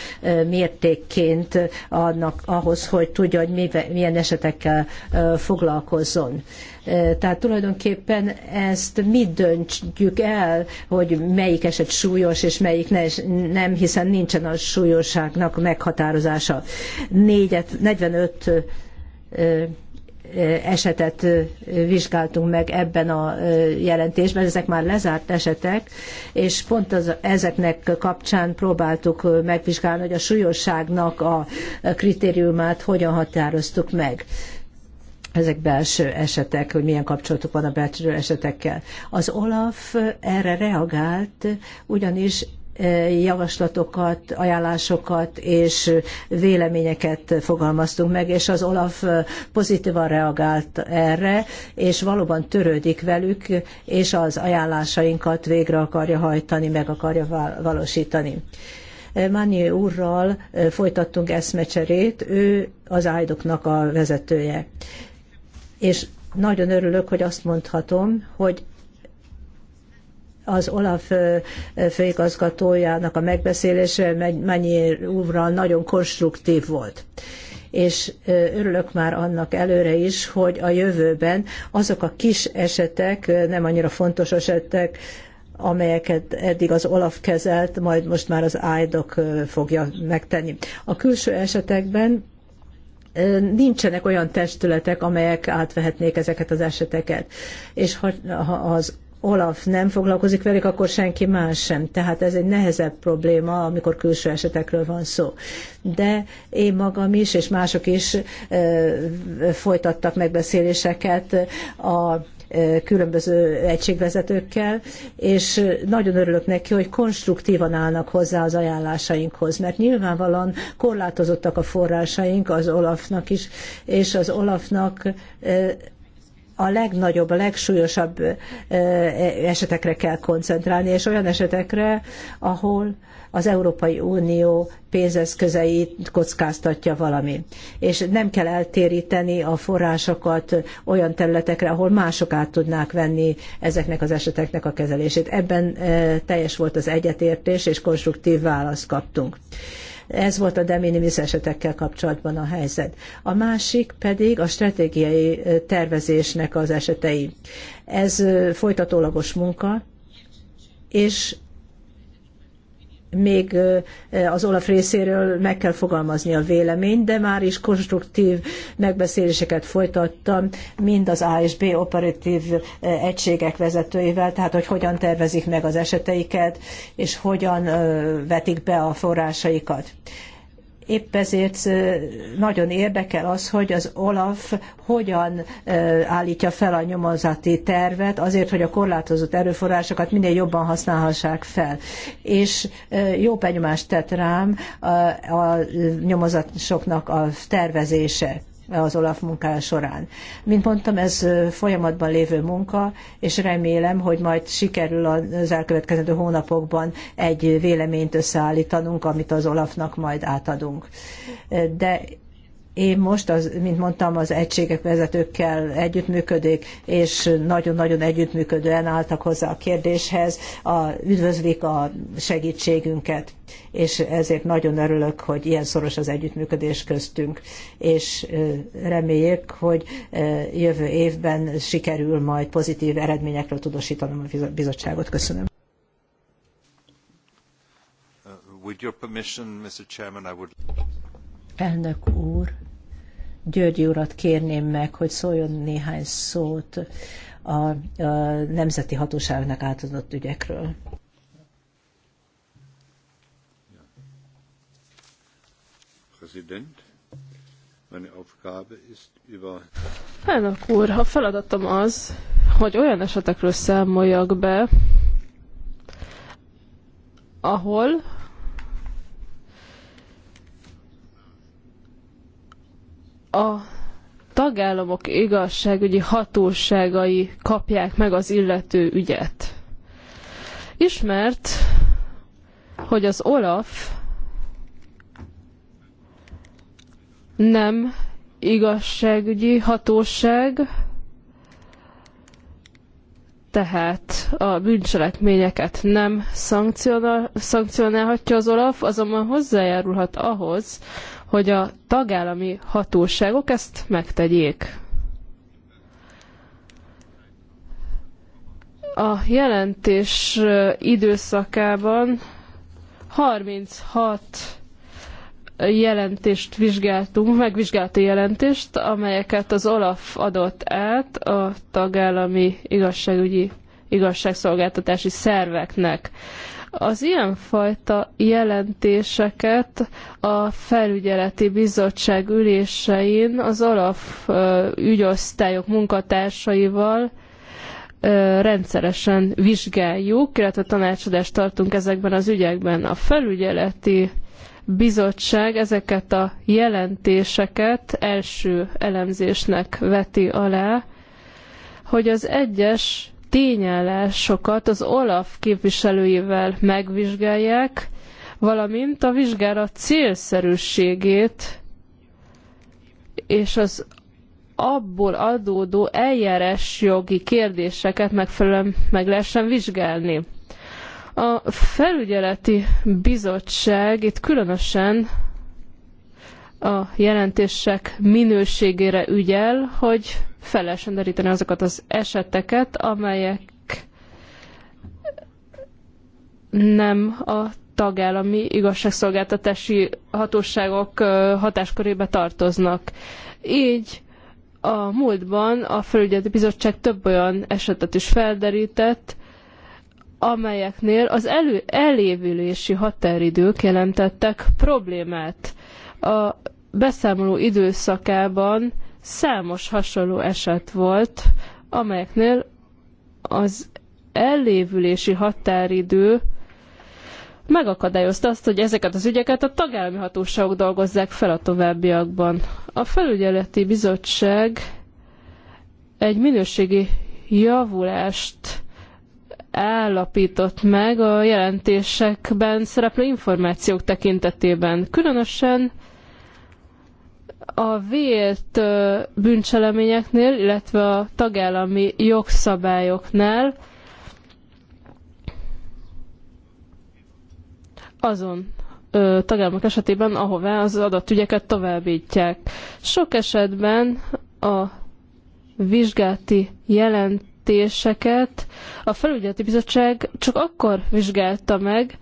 mértékként annak, ahhoz, hogy tudja, hogy milyen esetekkel foglalkozzon. Tehát tulajdonképpen ezt mi döntjük el, hogy melyik eset súlyos és melyik nem, hiszen nincsen a súlyosságnak meghatározása. 4, 45 Eh, esetet eh, vizsgáltunk meg ebben a eh, jelentésben, ezek már lezárt esetek, és pont az, ezeknek kapcsán próbáltuk megvizsgálni, hogy a súlyosságnak a kritériumát hogyan határoztuk meg ezek belső esetek, hogy milyen kapcsolatuk van a belső esetekkel. Az Olaf erre reagált, ugyanis javaslatokat, ajánlásokat és véleményeket fogalmaztunk meg, és az Olaf pozitívan reagált erre, és valóban törődik velük, és az ajánlásainkat végre akarja hajtani, meg akarja valósítani. Mányi úrral folytattunk eszmecserét, ő az ájdoknak a vezetője. És nagyon örülök, hogy azt mondhatom, hogy az Olaf főigazgatójának a megbeszélése mennyi úrral nagyon konstruktív volt és örülök már annak előre is, hogy a jövőben azok a kis esetek, nem annyira fontos esetek, amelyeket eddig az Olaf kezelt, majd most már az IDOC fogja megtenni. A külső esetekben nincsenek olyan testületek, amelyek átvehetnék ezeket az eseteket. És ha az Olaf nem foglalkozik velük, akkor senki más sem. Tehát ez egy nehezebb probléma, amikor külső esetekről van szó. De én magam is, és mások is folytattak megbeszéléseket a különböző egységvezetőkkel, és nagyon örülök neki, hogy konstruktívan állnak hozzá az ajánlásainkhoz, mert nyilvánvalóan korlátozottak a forrásaink az Olafnak is, és az Olafnak a legnagyobb, a legsúlyosabb esetekre kell koncentrálni, és olyan esetekre, ahol az Európai Unió pénzeszközeit kockáztatja valami. És nem kell eltéríteni a forrásokat olyan területekre, ahol mások át tudnák venni ezeknek az eseteknek a kezelését. Ebben teljes volt az egyetértés, és konstruktív választ kaptunk. Ez volt a de minimis esetekkel kapcsolatban a helyzet. A másik pedig a stratégiai tervezésnek az esetei. Ez folytatólagos munka, és még az Olaf részéről meg kell fogalmazni a vélemény, de már is konstruktív megbeszéléseket folytattam mind az A és B operatív egységek vezetőivel, tehát hogy hogyan tervezik meg az eseteiket, és hogyan vetik be a forrásaikat. Épp ezért nagyon érdekel az, hogy az Olaf hogyan állítja fel a nyomozati tervet azért, hogy a korlátozott erőforrásokat minél jobban használhassák fel. És jó benyomást tett rám a, a a tervezése az Olaf munkája során. Mint mondtam, ez folyamatban lévő munka, és remélem, hogy majd sikerül az elkövetkező hónapokban egy véleményt összeállítanunk, amit az Olafnak majd átadunk. De én most, az, mint mondtam, az egységek vezetőkkel együttműködik, és nagyon-nagyon együttműködően álltak hozzá a kérdéshez, a, üdvözlik a segítségünket, és ezért nagyon örülök, hogy ilyen szoros az együttműködés köztünk, és reméljük, hogy jövő évben sikerül majd pozitív eredményekről tudósítanom a bizottságot. Köszönöm. Uh, with your permission, Mr. Chairman, I would... Elnök úr, Györgyi urat kérném meg, hogy szóljon néhány szót a, a nemzeti hatóságnak átadott ügyekről.
Elnök úr, a feladatom az, hogy olyan esetekről számoljak be, ahol a tagállamok igazságügyi hatóságai kapják meg az illető ügyet. Ismert, hogy az Olaf nem igazságügyi hatóság, tehát a bűncselekményeket nem szankcionálhatja az Olaf, azonban hozzájárulhat ahhoz, hogy a tagállami hatóságok ezt megtegyék. A jelentés időszakában 36 jelentést vizsgáltunk, megvizsgálta jelentést, amelyeket az OLAF adott át a tagállami igazságügyi igazságszolgáltatási szerveknek. Az ilyenfajta jelentéseket a felügyeleti bizottság ülésein az alap ügyosztályok munkatársaival rendszeresen vizsgáljuk, illetve tanácsadást tartunk ezekben az ügyekben. A felügyeleti bizottság ezeket a jelentéseket első elemzésnek veti alá, hogy az egyes tényállásokat az OLAF képviselőivel megvizsgálják, valamint a vizsgálat célszerűségét és az abból adódó eljárás jogi kérdéseket megfelelően meg lehessen vizsgálni. A felügyeleti bizottság itt különösen a jelentések minőségére ügyel, hogy fel lehessen deríteni azokat az eseteket, amelyek nem a tagállami igazságszolgáltatási hatóságok hatáskörébe tartoznak. Így a múltban a Felügyeleti Bizottság több olyan esetet is felderített, amelyeknél az elő, elévülési határidők jelentettek problémát. A beszámoló időszakában számos hasonló eset volt, amelyeknél az ellévülési határidő megakadályozta azt, hogy ezeket az ügyeket a tagállami hatóságok dolgozzák fel a továbbiakban. A felügyeleti bizottság egy minőségi javulást állapított meg a jelentésekben szereplő információk tekintetében. Különösen a vélt bűncseleményeknél, illetve a tagállami jogszabályoknál azon ö, tagállamok esetében, ahová az adott ügyeket továbbítják. Sok esetben a vizsgálati jelentéseket a felügyeleti bizottság csak akkor vizsgálta meg,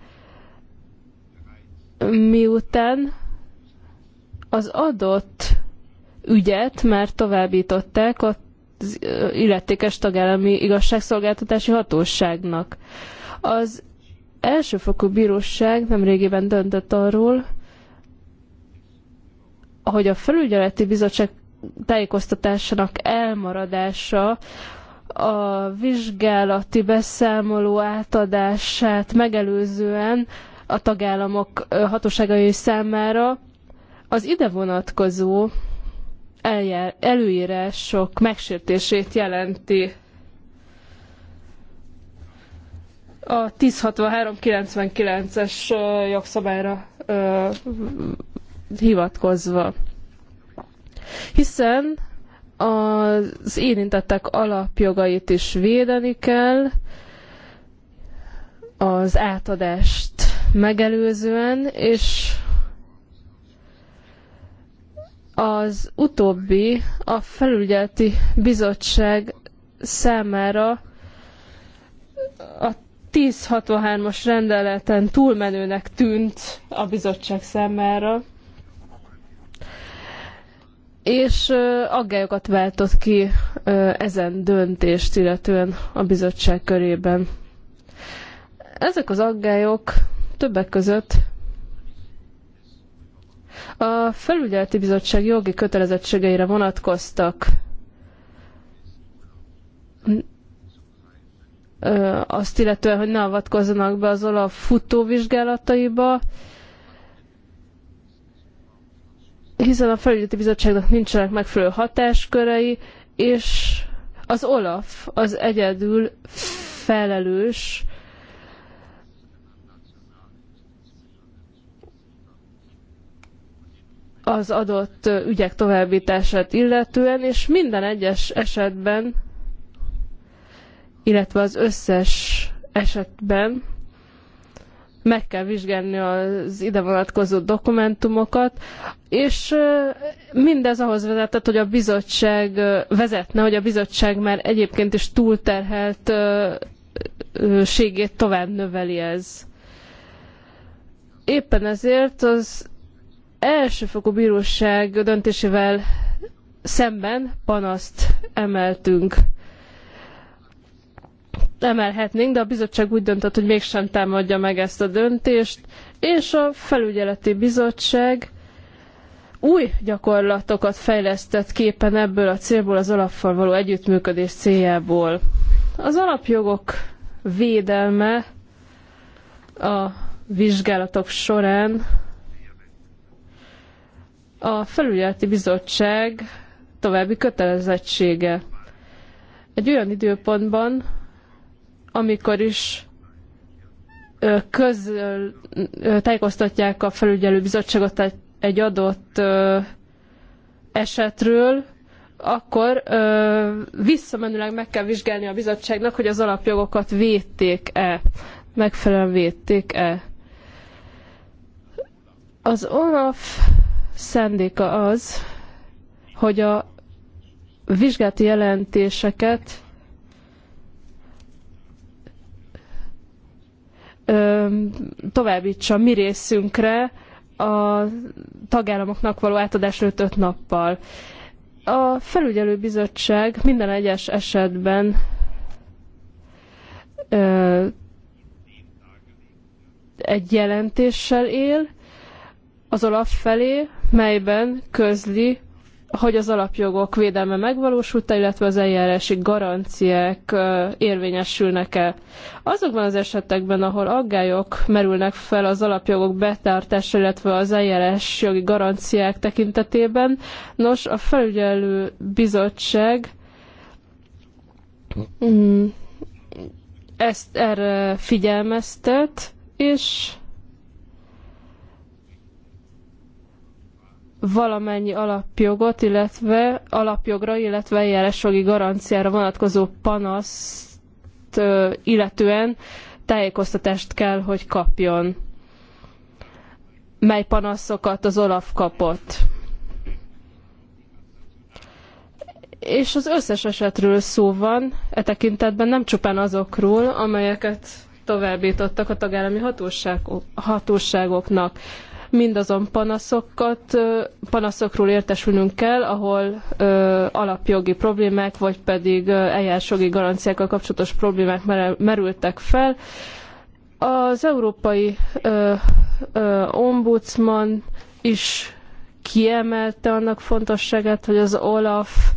miután az adott ügyet már továbbították az illetékes tagállami igazságszolgáltatási hatóságnak. Az elsőfokú bíróság nemrégiben döntött arról, hogy a felügyeleti bizottság tájékoztatásának elmaradása a vizsgálati beszámoló átadását megelőzően a tagállamok hatóságai számára az ide vonatkozó eljel, előírások megsértését jelenti a 1063-99-es jogszabályra ö, hivatkozva. Hiszen az érintettek alapjogait is védeni kell, az átadást megelőzően, és Az utóbbi a felügyeleti bizottság számára a 1063-as rendeleten túlmenőnek tűnt a bizottság számára, és aggályokat váltott ki ezen döntést, illetően a bizottság körében. Ezek az aggályok többek között a felügyeleti bizottság jogi kötelezettségeire vonatkoztak azt illetően, hogy ne avatkozzanak be az olaf futóvizsgálataiba, hiszen a felügyeleti bizottságnak nincsenek megfelelő hatáskörei, és az Olaf az egyedül felelős az adott ügyek továbbítását illetően, és minden egyes esetben, illetve az összes esetben meg kell vizsgálni az ide vonatkozó dokumentumokat, és mindez ahhoz vezetett, hogy a bizottság vezetne, hogy a bizottság már egyébként is túlterhelt ségét tovább növeli ez. Éppen ezért az elsőfokú bíróság döntésével szemben panaszt emeltünk. Emelhetnénk, de a bizottság úgy döntött, hogy mégsem támadja meg ezt a döntést, és a felügyeleti bizottság új gyakorlatokat fejlesztett képen ebből a célból az alapfal való együttműködés céljából. Az alapjogok védelme a vizsgálatok során a felügyeleti bizottság további kötelezettsége. Egy olyan időpontban, amikor is köz tájékoztatják a felügyelő bizottságot egy adott esetről, akkor ö, visszamenőleg meg kell vizsgálni a bizottságnak, hogy az alapjogokat védték-e, megfelelően védték-e. Az OLAF szándéka az, hogy a vizsgálati jelentéseket továbbítsa mi részünkre a tagállamoknak való átadás öt nappal. A felügyelőbizottság minden egyes esetben egy jelentéssel él az Olaf felé, melyben közli, hogy az alapjogok védelme megvalósult, illetve az eljárási garanciák érvényesülnek-e. Azokban az esetekben, ahol aggályok merülnek fel az alapjogok betartása, illetve az eljárás jogi garanciák tekintetében, nos, a felügyelő bizottság mm, ezt erre figyelmeztet, és valamennyi alapjogot, illetve alapjogra, illetve eljárásjogi garanciára vonatkozó panaszt illetően tájékoztatást kell, hogy kapjon. Mely panaszokat az Olaf kapott. És az összes esetről szó van, e tekintetben nem csupán azokról, amelyeket továbbítottak a tagállami hatóságok, hatóságoknak mindazon panaszokat, panaszokról értesülnünk kell, ahol ö, alapjogi problémák, vagy pedig eljárásjogi garanciákkal kapcsolatos problémák merültek fel. Az Európai ö, ö, Ombudsman is kiemelte annak fontosságát, hogy az OLAF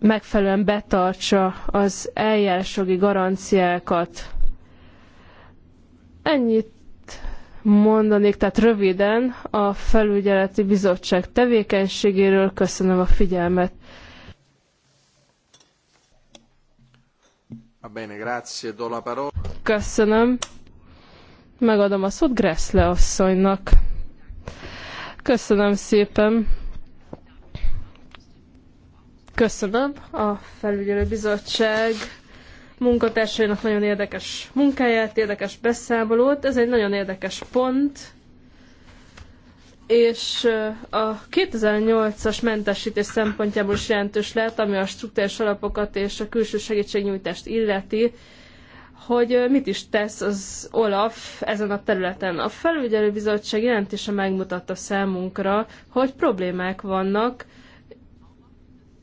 megfelelően betartsa az eljárásjogi garanciákat. Ennyit mondanék, tehát röviden a felügyeleti bizottság tevékenységéről köszönöm a figyelmet.
Bene, grazie, do la
parola. Köszönöm. Megadom a szót Gressle asszonynak. Köszönöm szépen. Köszönöm a felügyelő bizottság munkatársainak nagyon érdekes munkáját, érdekes beszámolót. Ez egy nagyon érdekes pont, és a 2008-as mentesítés szempontjából is jelentős lehet, ami a struktúrás alapokat és a külső segítségnyújtást illeti, hogy mit is tesz az OLAF ezen a területen. A felügyelőbizottság jelentése megmutatta számunkra, hogy problémák vannak,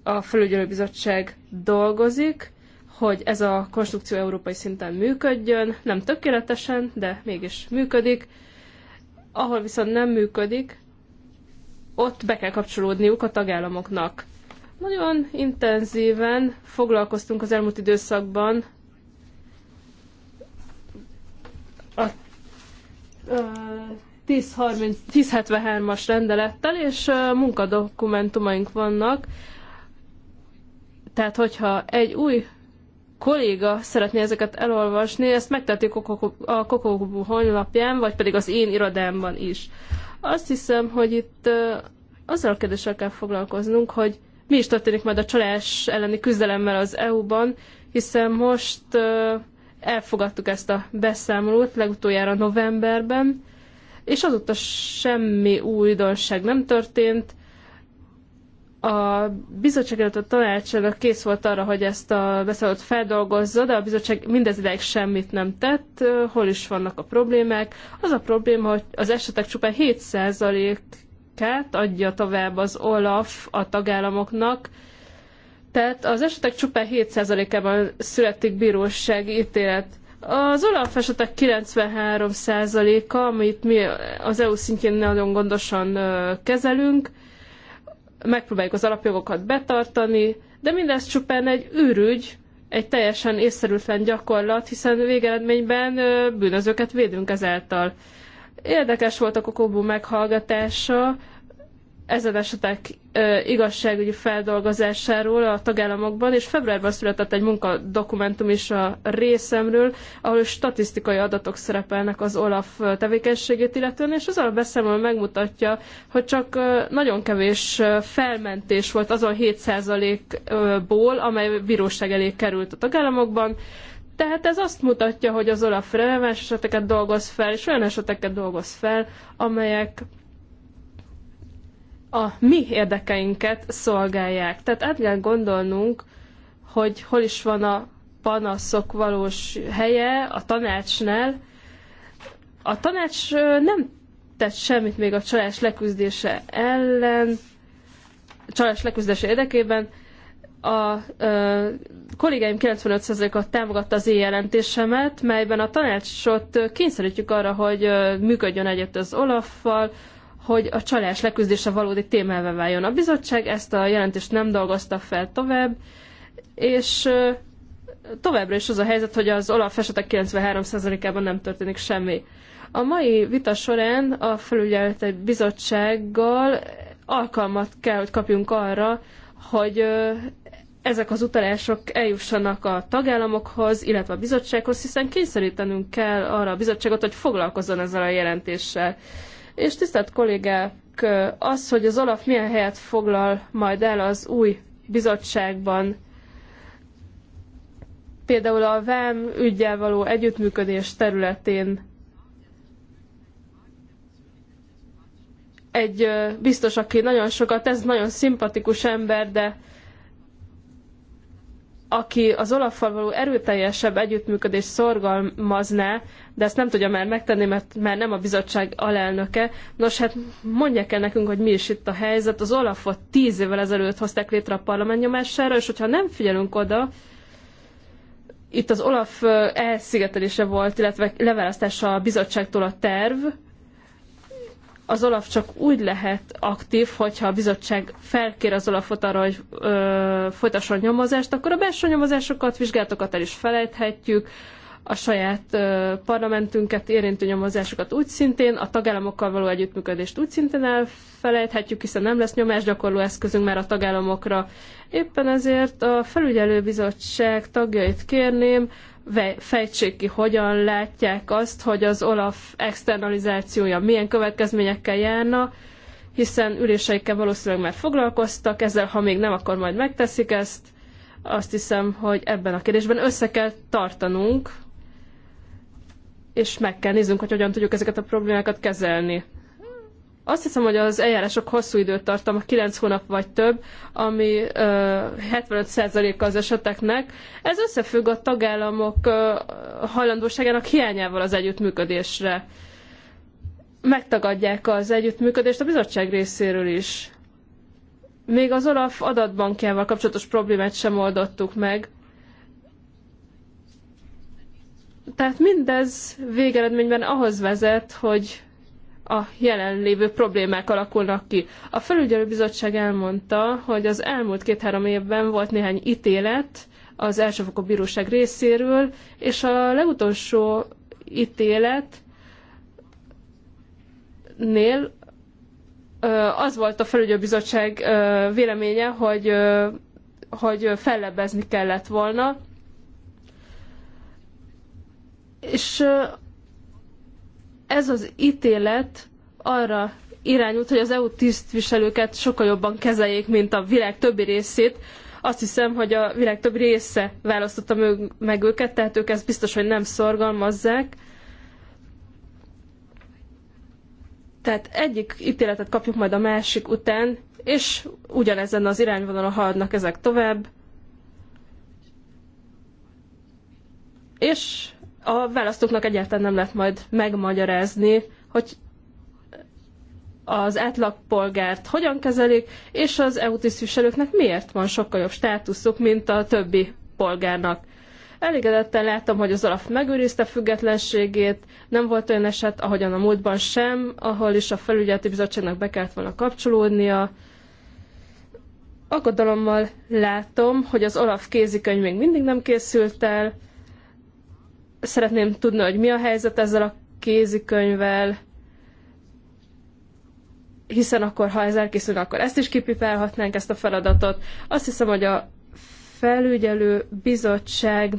a felügyelőbizottság dolgozik, hogy ez a konstrukció európai szinten működjön, nem tökéletesen, de mégis működik. Ahol viszont nem működik, ott be kell kapcsolódniuk a tagállamoknak. Nagyon intenzíven foglalkoztunk az elmúlt időszakban a 1073-as rendelettel, és munkadokumentumaink vannak. Tehát, hogyha egy új kolléga szeretné ezeket elolvasni, ezt megteheti a Kokobu honlapján, vagy pedig az én irodámban is. Azt hiszem, hogy itt azzal a kérdéssel kell foglalkoznunk, hogy mi is történik majd a csalás elleni küzdelemmel az EU-ban, hiszen most elfogadtuk ezt a beszámolót legutoljára novemberben, és azóta semmi újdonság nem történt, a bizottság előtt a tanács előtt kész volt arra, hogy ezt a beszállót feldolgozza, de a bizottság mindez ideig semmit nem tett. Hol is vannak a problémák? Az a probléma, hogy az esetek csupán 7%-át adja tovább az OLAF a tagállamoknak, tehát az esetek csupán 7%-ában születik bírósági ítélet. Az olaf esetek 93%-a, amit mi az EU szintjén nagyon gondosan kezelünk, megpróbáljuk az alapjogokat betartani, de mindez csupán egy űrügy, egy teljesen észszerűtlen gyakorlat, hiszen végeredményben bűnözőket védünk ezáltal. Érdekes volt a Kokóbú meghallgatása, ezen esetek igazságügyi feldolgozásáról a tagállamokban, és februárban született egy munkadokumentum is a részemről, ahol statisztikai adatok szerepelnek az OLAF tevékenységét illetően, és az a beszámoló megmutatja, hogy csak nagyon kevés felmentés volt azon 7%-ból, amely bíróság elé került a tagállamokban, tehát ez azt mutatja, hogy az OLAF releváns eseteket dolgoz fel, és olyan eseteket dolgoz fel, amelyek a mi érdekeinket szolgálják. Tehát át kell gondolnunk, hogy hol is van a panaszok valós helye a tanácsnál. A tanács nem tett semmit még a csalás leküzdése ellen, csalás leküzdése érdekében. A a kollégáim 95%-a támogatta az én jelentésemet, melyben a tanácsot kényszerítjük arra, hogy működjön együtt az Olaffal, hogy a csalás leküzdése valódi témává váljon. A bizottság ezt a jelentést nem dolgozta fel tovább, és továbbra is az a helyzet, hogy az olaf esetek 93%-ában nem történik semmi. A mai vita során a felügyeleti bizottsággal alkalmat kell, hogy kapjunk arra, hogy ezek az utalások eljussanak a tagállamokhoz, illetve a bizottsághoz, hiszen kényszerítenünk kell arra a bizottságot, hogy foglalkozzon ezzel a jelentéssel. És tisztelt kollégák, az, hogy az Olaf milyen helyet foglal majd el az új bizottságban, például a VEM ügyel való együttműködés területén egy biztos, aki nagyon sokat, ez nagyon szimpatikus ember, de aki az Olaffal való erőteljesebb együttműködést szorgalmazná, de ezt nem tudja már megtenni, mert már nem a bizottság alelnöke. Nos, hát mondják el nekünk, hogy mi is itt a helyzet. Az Olafot tíz évvel ezelőtt hozták létre a parlament nyomására, és hogyha nem figyelünk oda, itt az Olaf elszigetelése volt, illetve leválasztása a bizottságtól a terv, az Olaf csak úgy lehet aktív, hogyha a bizottság felkér az Olafot arra, hogy ö, folytasson nyomozást, akkor a belső nyomozásokat, vizsgálatokat el is felejthetjük, a saját ö, parlamentünket érintő nyomozásokat úgy szintén, a tagállamokkal való együttműködést úgy szintén elfelejthetjük, hiszen nem lesz nyomásgyakorló eszközünk már a tagállamokra. Éppen ezért a felügyelőbizottság tagjait kérném, fejtsék ki, hogyan látják azt, hogy az Olaf externalizációja milyen következményekkel járna, hiszen üléseikkel valószínűleg már foglalkoztak, ezzel ha még nem, akkor majd megteszik ezt. Azt hiszem, hogy ebben a kérdésben össze kell tartanunk, és meg kell néznünk, hogy hogyan tudjuk ezeket a problémákat kezelni. Azt hiszem, hogy az eljárások hosszú időt tartama, 9 hónap vagy több, ami 75%-a az eseteknek. Ez összefügg a tagállamok hajlandóságának hiányával az együttműködésre. Megtagadják az együttműködést a bizottság részéről is. Még az Olaf adatbankjával kapcsolatos problémát sem oldottuk meg. Tehát mindez végeredményben ahhoz vezet, hogy a jelenlévő problémák alakulnak ki. A felügyelőbizottság elmondta, hogy az elmúlt két-három évben volt néhány ítélet az elsőfokú bíróság részéről, és a legutolsó ítéletnél az volt a felügyelőbizottság véleménye, hogy, hogy fellebbezni kellett volna, és ez az ítélet arra irányult, hogy az EU tisztviselőket sokkal jobban kezeljék, mint a világ többi részét. Azt hiszem, hogy a világ többi része választotta meg őket, tehát ők ezt biztos, hogy nem szorgalmazzák. Tehát egyik ítéletet kapjuk majd a másik után, és ugyanezen az irányvonalon haladnak ezek tovább. És a választóknak egyáltalán nem lehet majd megmagyarázni, hogy az átlagpolgárt hogyan kezelik, és az EU tisztviselőknek miért van sokkal jobb státuszuk, mint a többi polgárnak. Elégedetten látom, hogy az alap megőrizte függetlenségét, nem volt olyan eset, ahogyan a múltban sem, ahol is a felügyeleti bizottságnak be kellett volna kapcsolódnia. Aggodalommal látom, hogy az Olaf kézikönyv még mindig nem készült el, Szeretném tudni, hogy mi a helyzet ezzel a kézikönyvvel, hiszen akkor, ha ez elkészül, akkor ezt is kipipálhatnánk, ezt a feladatot. Azt hiszem, hogy a felügyelő bizottság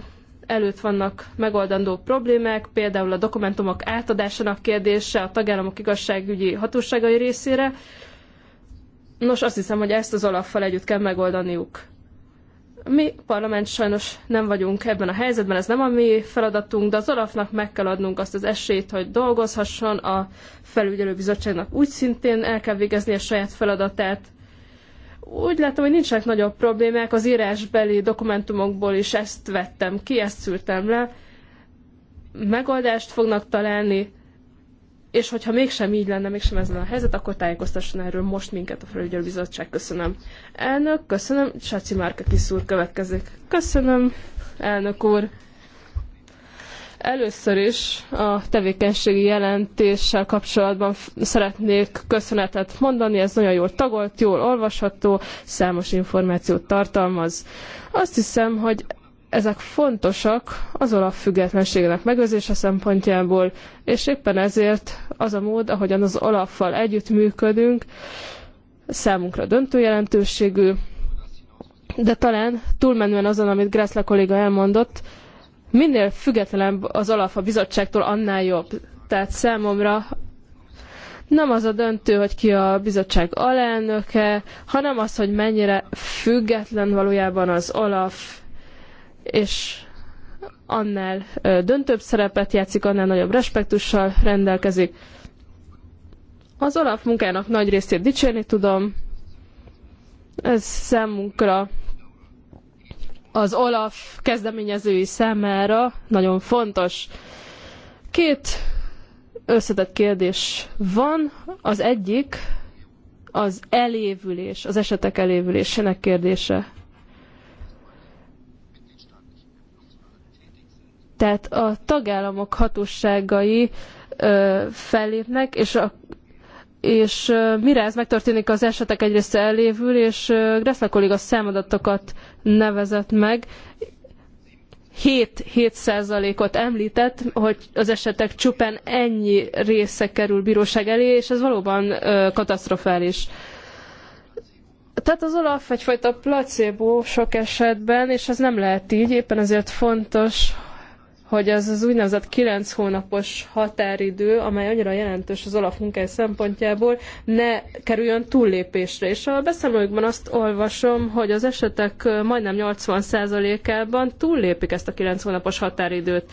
előtt vannak megoldandó problémák, például a dokumentumok átadásának kérdése a tagállamok igazságügyi hatóságai részére. Nos, azt hiszem, hogy ezt az alaffal együtt kell megoldaniuk. Mi parlament sajnos nem vagyunk ebben a helyzetben, ez nem a mi feladatunk, de az Olafnak meg kell adnunk azt az esélyt, hogy dolgozhasson, a felügyelőbizottságnak úgy szintén el kell végezni a saját feladatát. Úgy látom, hogy nincsenek nagyobb problémák, az írásbeli dokumentumokból is ezt vettem ki, ezt szültem le. Megoldást fognak találni, és hogyha mégsem így lenne, mégsem ez lenne a helyzet, akkor tájékoztasson erről most minket a Felügyelőbizottság. Köszönöm. Elnök, köszönöm. Csaci Márka kiszúr következik. Köszönöm, elnök úr. Először is a tevékenységi jelentéssel kapcsolatban szeretnék köszönetet mondani, ez nagyon jól tagolt, jól olvasható, számos információt tartalmaz. Azt hiszem, hogy ezek fontosak az olaf függetlenségének megőrzése szempontjából, és éppen ezért az a mód, ahogyan az olaffal együttműködünk, számunkra döntő jelentőségű, de talán túlmenően azon, amit Gressle kolléga elmondott, minél függetlenebb az olaf a bizottságtól, annál jobb. Tehát számomra nem az a döntő, hogy ki a bizottság alelnöke, hanem az, hogy mennyire független valójában az Olaf, és annál döntőbb szerepet játszik, annál nagyobb respektussal rendelkezik. Az Olaf munkának nagy részét dicsérni tudom. Ez számunkra az Olaf kezdeményezői számára nagyon fontos. Két összetett kérdés van. Az egyik az elévülés, az esetek elévülésének kérdése. Tehát a tagállamok hatóságai ö, fellépnek, és a és mire ez megtörténik, az esetek egyrészt elévül, és Gressler kolléga számadatokat nevezett meg, 7-7%-ot említett, hogy az esetek csupán ennyi része kerül bíróság elé, és ez valóban ö, katasztrofális. Tehát az Olaf egyfajta placebo sok esetben, és ez nem lehet így, éppen ezért fontos, hogy az az úgynevezett 9 hónapos határidő, amely annyira jelentős az munkája szempontjából, ne kerüljön túllépésre. És a beszámolókban azt olvasom, hogy az esetek majdnem 80%-ában túllépik ezt a 9 hónapos határidőt.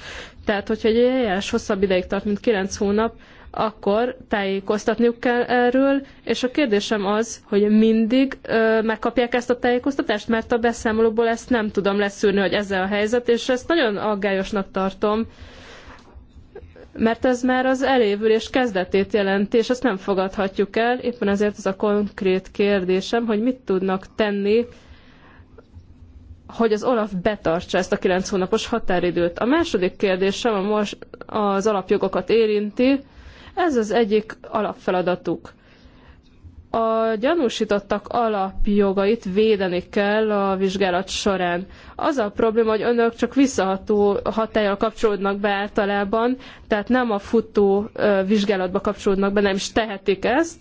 Tehát, hogyha egy eljárás hosszabb ideig tart, mint 9 hónap, akkor tájékoztatniuk kell erről, és a kérdésem az, hogy mindig ö, megkapják ezt a tájékoztatást, mert a beszámolóból ezt nem tudom leszűrni, hogy ez a helyzet, és ezt nagyon aggályosnak tartom, mert ez már az elévülés kezdetét jelenti, és ezt nem fogadhatjuk el, éppen ezért ez a konkrét kérdésem, hogy mit tudnak tenni, hogy az Olaf betartsa ezt a 9 hónapos határidőt. A második kérdésem a most az alapjogokat érinti. Ez az egyik alapfeladatuk. A gyanúsítottak alapjogait védeni kell a vizsgálat során. Az a probléma, hogy önök csak visszaható hatállyal kapcsolódnak be általában, tehát nem a futó vizsgálatba kapcsolódnak be, nem is tehetik ezt.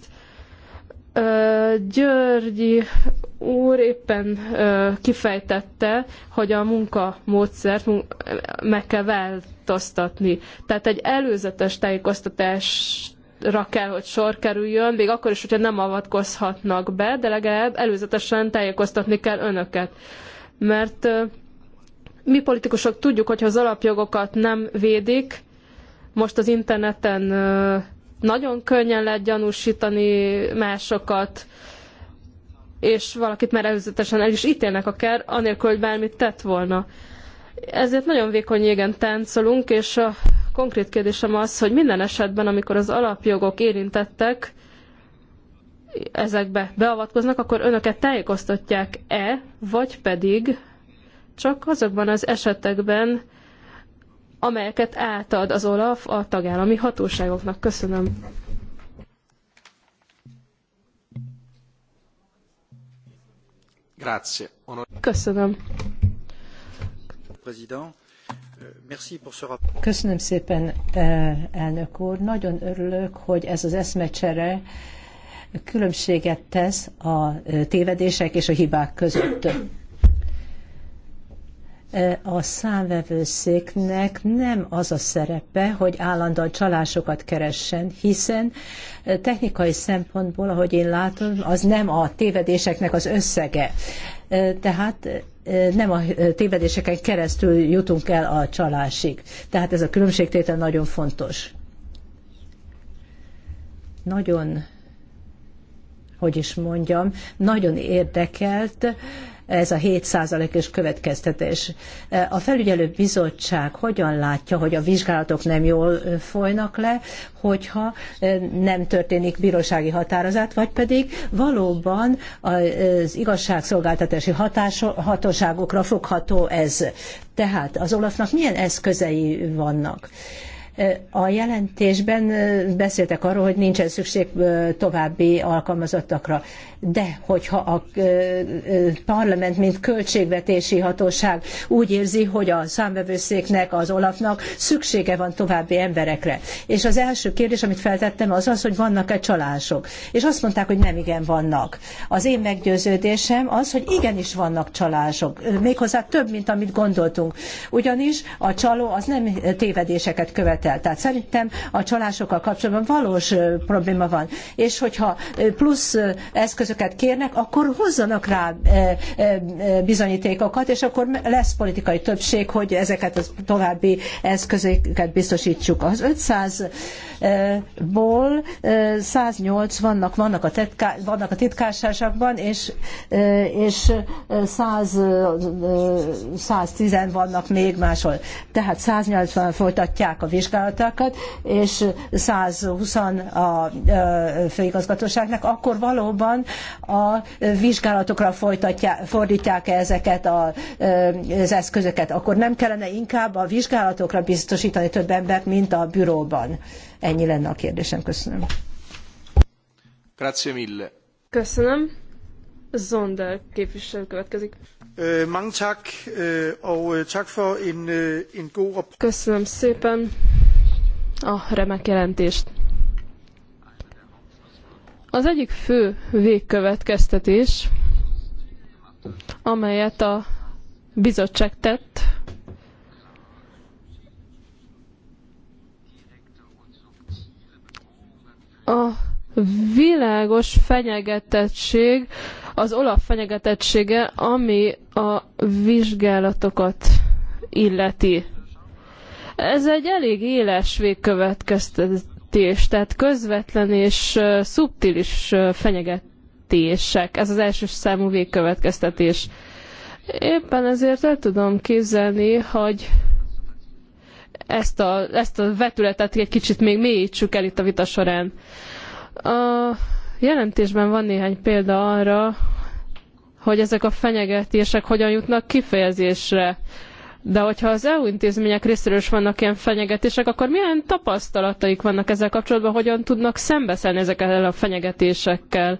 Györgyi úr éppen kifejtette, hogy a munkamódszert meg kell változtatni. Tehát egy előzetes tájékoztatásra kell, hogy sor kerüljön, még akkor is, hogyha nem avatkozhatnak be, de legalább előzetesen tájékoztatni kell önöket. Mert mi politikusok tudjuk, hogy ha az alapjogokat nem védik, most az interneten nagyon könnyen lehet gyanúsítani másokat, és valakit már előzetesen el is ítélnek akár, anélkül, hogy bármit tett volna. Ezért nagyon vékony jégen táncolunk, és a konkrét kérdésem az, hogy minden esetben, amikor az alapjogok érintettek, ezekbe beavatkoznak, akkor önöket tájékoztatják-e, vagy pedig csak azokban az esetekben, amelyeket átad az OLAF a tagállami hatóságoknak. Köszönöm. Grazie. Köszönöm.
Euh, Köszönöm
szépen, eh, elnök úr. Nagyon örülök, hogy ez az eszmecsere különbséget tesz a eh, tévedések és a hibák között. Eh, a számvevőszéknek nem az a szerepe, hogy állandóan csalásokat keressen, hiszen technikai szempontból, ahogy én látom, az nem a tévedéseknek az összege. Tehát nem a tévedéseken keresztül jutunk el a csalásig. Tehát ez a különbségtétel nagyon fontos. Nagyon, hogy is mondjam, nagyon érdekelt, ez a 7%-os következtetés. A felügyelő bizottság hogyan látja, hogy a vizsgálatok nem jól folynak le, hogyha nem történik bírósági határozat, vagy pedig valóban az igazságszolgáltatási hatóságokra fogható ez. Tehát az Olafnak milyen eszközei vannak? A jelentésben beszéltek arról, hogy nincsen szükség további alkalmazottakra. De hogyha a parlament, mint költségvetési hatóság úgy érzi, hogy a számvevőszéknek, az Olafnak szüksége van további emberekre. És az első kérdés, amit feltettem, az az, hogy vannak-e csalások. És azt mondták, hogy nem igen vannak. Az én meggyőződésem az, hogy igenis vannak csalások. Méghozzá több, mint amit gondoltunk. Ugyanis a csaló az nem tévedéseket követel. Tehát szerintem a csalásokkal kapcsolatban valós probléma van. És hogyha plusz eszközök pénzeket kérnek, akkor hozzanak rá eh, eh, eh, bizonyítékokat, és akkor lesz politikai többség, hogy ezeket a további eszközöket biztosítsuk. Az 500-ból 108 vannak, vannak a, tetká, vannak a titkárságokban, és, és 100, 110 vannak még máshol. Tehát 180 folytatják a vizsgálatokat, és 120 a főigazgatóságnak, akkor valóban a vizsgálatokra fordítják ezeket a, az eszközöket, akkor nem kellene inkább a vizsgálatokra biztosítani több embert, mint a büróban. Ennyi lenne a kérdésem. Köszönöm.
Grazie mille. Köszönöm. Zonda képviselő következik. Mange tak, og tak for en, en god Köszönöm szépen a remek jelentést. Az egyik fő végkövetkeztetés, amelyet a bizottság tett, a világos fenyegetettség, az olaf fenyegetettsége, ami a vizsgálatokat illeti. Ez egy elég éles végkövetkeztetés fenyegetés, tehát közvetlen és szubtilis fenyegetések. Ez az első számú végkövetkeztetés. Éppen ezért el tudom képzelni, hogy ezt a, ezt a vetületet egy kicsit még mélyítsük el itt a vita során. A jelentésben van néhány példa arra, hogy ezek a fenyegetések hogyan jutnak kifejezésre de hogyha az EU intézmények részéről is vannak ilyen fenyegetések, akkor milyen tapasztalataik vannak ezzel kapcsolatban, hogyan tudnak szembeszállni ezekkel a fenyegetésekkel?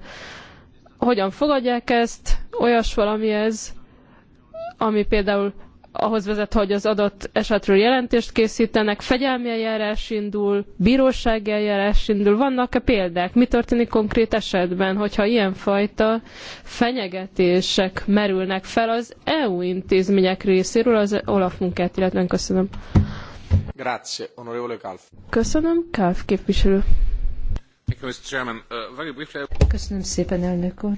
Hogyan fogadják ezt? Olyas valami ez, ami például ahhoz vezet, hogy az adott esetről jelentést készítenek, fegyelmi eljárás indul, bírósági eljárás indul. Vannak-e példák? Mi történik konkrét esetben, hogyha ilyenfajta fenyegetések merülnek fel az EU intézmények részéről az Olaf munkát, illetve köszönöm. Grazie, onorevole Kalf. Köszönöm, Kalf képviselő. Uh, köszönöm szépen, elnök úr.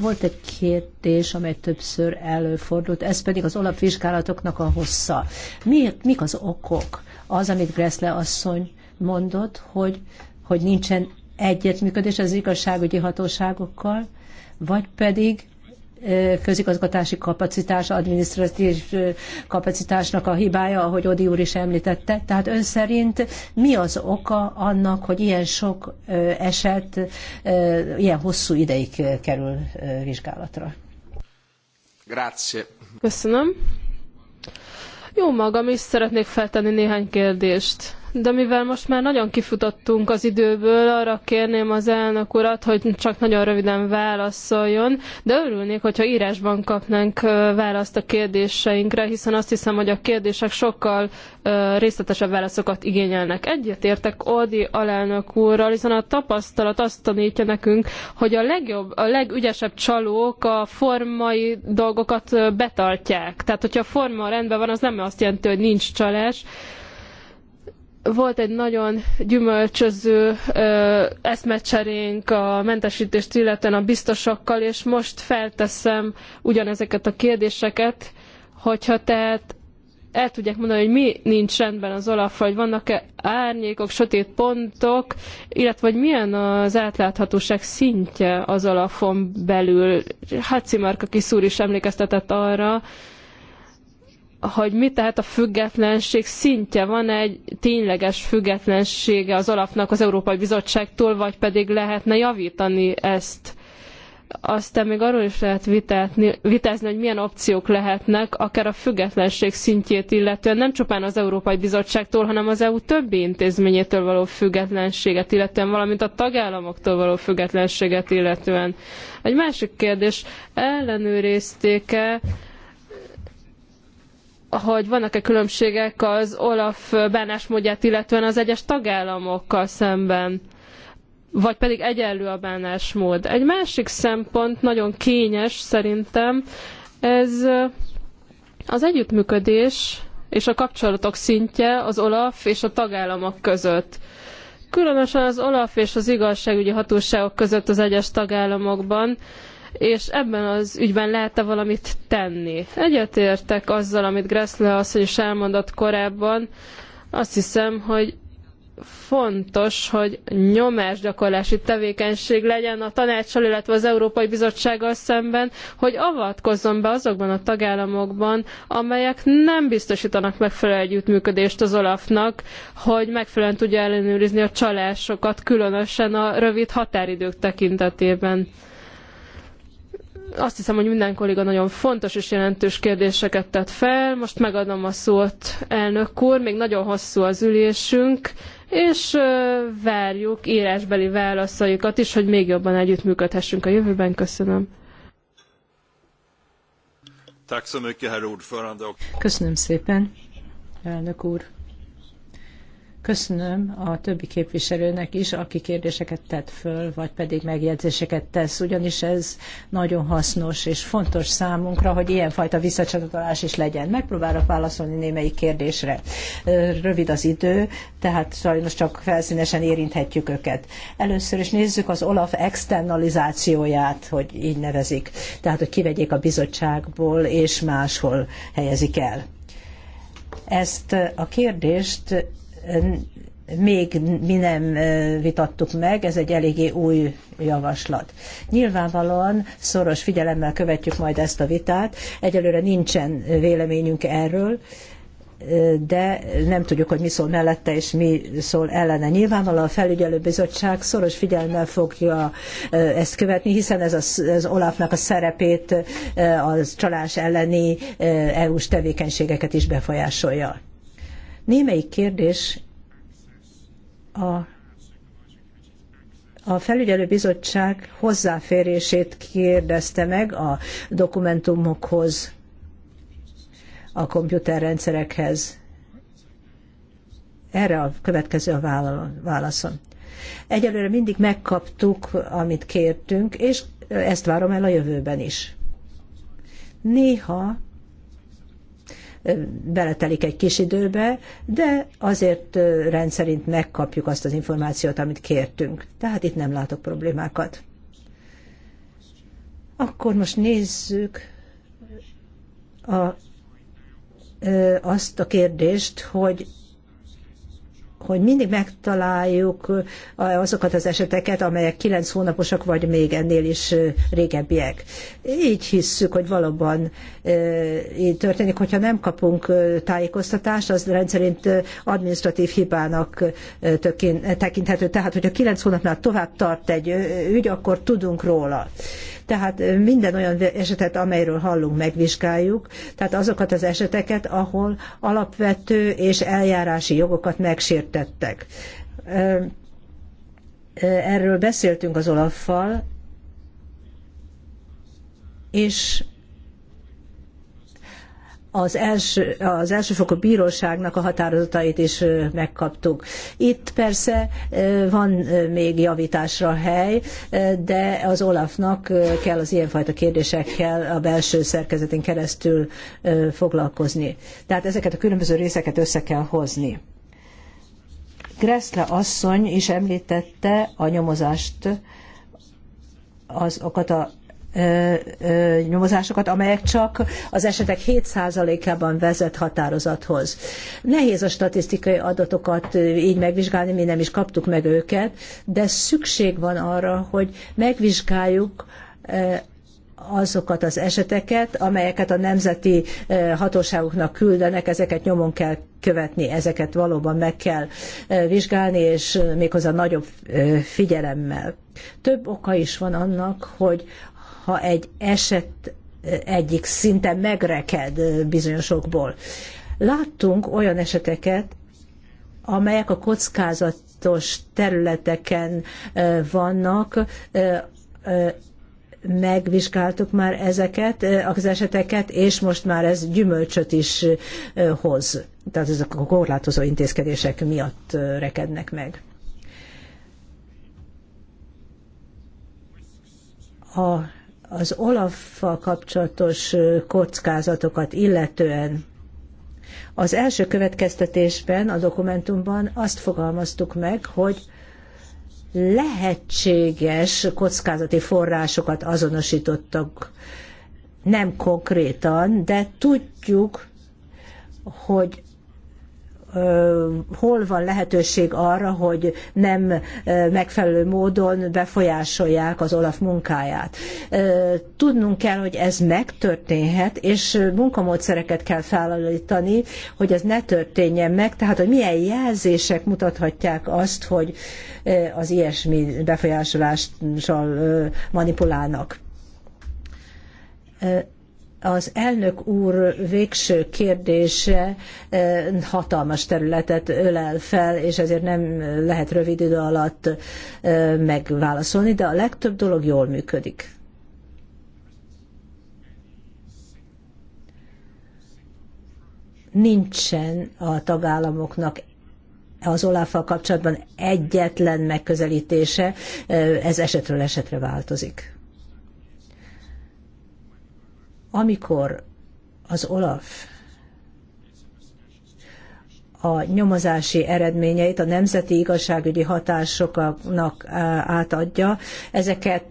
Volt egy kérdés,
amely többször előfordult, ez pedig az alapvizsgálatoknak a hossza. Miért, mik az okok? Az, amit Gressle asszony mondott, hogy, hogy nincsen egyetműködés az igazságügyi hatóságokkal, vagy pedig közigazgatási kapacitás, adminisztratív kapacitásnak a hibája, ahogy Odi úr is említette. Tehát ön szerint mi az oka annak, hogy ilyen sok eset ilyen hosszú ideig kerül vizsgálatra? Grazie.
Köszönöm. Jó magam is szeretnék feltenni néhány kérdést de mivel most már nagyon kifutottunk az időből, arra kérném az elnök urat, hogy csak nagyon röviden válaszoljon, de örülnék, hogyha írásban kapnánk választ a kérdéseinkre, hiszen azt hiszem, hogy a kérdések sokkal részletesebb válaszokat igényelnek. Egyetértek Odi alelnök úrral, hiszen a tapasztalat azt tanítja nekünk, hogy a legjobb, a legügyesebb csalók a formai dolgokat betartják. Tehát, hogyha a forma rendben van, az nem azt jelenti, hogy nincs csalás, volt egy nagyon gyümölcsöző ö, eszmecserénk a mentesítést illetően a biztosokkal, és most felteszem ugyanezeket a kérdéseket, hogyha tehát el tudják mondani, hogy mi nincs rendben az olaf hogy vannak-e árnyékok, sötét pontok, illetve hogy milyen az átláthatóság szintje az olafon belül. Hát Cimarka úr is emlékeztetett arra, hogy mit tehet a függetlenség szintje, van -e egy tényleges függetlensége az alapnak az Európai Bizottságtól, vagy pedig lehetne javítani ezt? Aztán még arról is lehet vitátni, vitázni, hogy milyen opciók lehetnek, akár a függetlenség szintjét illetően, nem csupán az Európai Bizottságtól, hanem az EU többi intézményétől való függetlenséget illetően, valamint a tagállamoktól való függetlenséget illetően. Egy másik kérdés, ellenőrizték-e hogy vannak-e különbségek az Olaf bánásmódját, illetően az egyes tagállamokkal szemben vagy pedig egyenlő a bánásmód. Egy másik szempont nagyon kényes szerintem, ez eh, az együttműködés és a kapcsolatok szintje az OLAF és a tagállamok között. Különösen az OLAF és az igazságügyi hatóságok között az egyes tagállamokban, és ebben az ügyben lehet-e valamit tenni? Egyetértek azzal, amit Gressle asszony is elmondott korábban, azt hiszem, hogy fontos, hogy nyomásgyakorlási tevékenység legyen a tanácssal, illetve az Európai Bizottsággal szemben, hogy avatkozzon be azokban a tagállamokban, amelyek nem biztosítanak megfelelő együttműködést az Olafnak, hogy megfelelően tudja ellenőrizni a csalásokat, különösen a rövid határidők tekintetében azt hiszem, hogy minden kolléga nagyon fontos és jelentős kérdéseket tett fel. Most megadom a szót, elnök úr, még nagyon hosszú az ülésünk, és várjuk írásbeli válaszaikat is, hogy még jobban együttműködhessünk a jövőben. Köszönöm. Köszönöm szépen, elnök
úr. Köszönöm a többi képviselőnek is, aki kérdéseket tett föl, vagy pedig megjegyzéseket tesz, ugyanis ez nagyon hasznos és fontos számunkra, hogy ilyenfajta visszacsatolás is legyen. Megpróbálok válaszolni némelyik kérdésre. Rövid az idő, tehát sajnos csak felszínesen érinthetjük őket. Először is nézzük az Olaf externalizációját, hogy így nevezik, tehát hogy kivegyék a bizottságból és máshol helyezik el. Ezt a kérdést még mi nem vitattuk meg, ez egy eléggé új javaslat. Nyilvánvalóan szoros figyelemmel követjük majd ezt a vitát. Egyelőre nincsen véleményünk erről, de nem tudjuk, hogy mi szól mellette és mi szól ellene. Nyilvánvalóan a felügyelőbizottság szoros figyelemmel fogja ezt követni, hiszen ez az, az Olafnak a szerepét, az csalás elleni EU-s tevékenységeket is befolyásolja. Némelyik kérdés a, a felügyelőbizottság hozzáférését kérdezte meg a dokumentumokhoz, a komputerrendszerekhez. Erre a következő a válaszom. Egyelőre mindig megkaptuk, amit kértünk, és ezt várom el a jövőben is. Néha beletelik egy kis időbe, de azért rendszerint megkapjuk azt az információt, amit kértünk. Tehát itt nem látok problémákat. Akkor most nézzük a, azt a kérdést, hogy hogy mindig megtaláljuk azokat az eseteket, amelyek kilenc hónaposak, vagy még ennél is régebbiek. Így hisszük, hogy valóban így történik, hogyha nem kapunk tájékoztatást, az rendszerint administratív hibának tekinthető. Tehát, hogyha kilenc hónapnál tovább tart egy ügy, akkor tudunk róla tehát minden olyan esetet, amelyről hallunk, megvizsgáljuk, tehát azokat az eseteket, ahol alapvető és eljárási jogokat megsértettek. Erről beszéltünk az olaf és az, első, az elsőfokú bíróságnak a határozatait is megkaptuk. Itt persze van még javításra hely, de az Olafnak kell az ilyenfajta kérdésekkel a belső szerkezetén keresztül foglalkozni. Tehát ezeket a különböző részeket össze kell hozni. Gressle asszony is említette a nyomozást, azokat a nyomozásokat, amelyek csak az esetek 7%-ában vezet határozathoz. Nehéz a statisztikai adatokat így megvizsgálni, mi nem is kaptuk meg őket, de szükség van arra, hogy megvizsgáljuk azokat az eseteket, amelyeket a nemzeti hatóságoknak küldenek, ezeket nyomon kell követni, ezeket valóban meg kell vizsgálni, és méghozzá nagyobb figyelemmel. Több oka is van annak, hogy ha egy eset egyik szinte megreked bizonyosokból. Láttunk olyan eseteket, amelyek a kockázatos területeken vannak, megvizsgáltuk már ezeket az eseteket, és most már ez gyümölcsöt is hoz. Tehát ezek a korlátozó intézkedések miatt rekednek meg. A az Olaffal kapcsolatos kockázatokat illetően az első következtetésben, a dokumentumban azt fogalmaztuk meg, hogy lehetséges kockázati forrásokat azonosítottak, nem konkrétan, de tudjuk, hogy hol van lehetőség arra, hogy nem megfelelő módon befolyásolják az Olaf munkáját. Tudnunk kell, hogy ez megtörténhet, és munkamódszereket kell felállítani, hogy ez ne történjen meg, tehát hogy milyen jelzések mutathatják azt, hogy az ilyesmi befolyásolással manipulálnak az elnök úr végső kérdése eh, hatalmas területet ölel fel, és ezért nem lehet rövid idő alatt eh, megválaszolni, de a legtöbb dolog jól működik. Nincsen a tagállamoknak az olaf kapcsolatban egyetlen megközelítése, eh, ez esetről esetre változik. Amikor az Olaf a nyomozási eredményeit a nemzeti igazságügyi hatásoknak átadja, ezeket,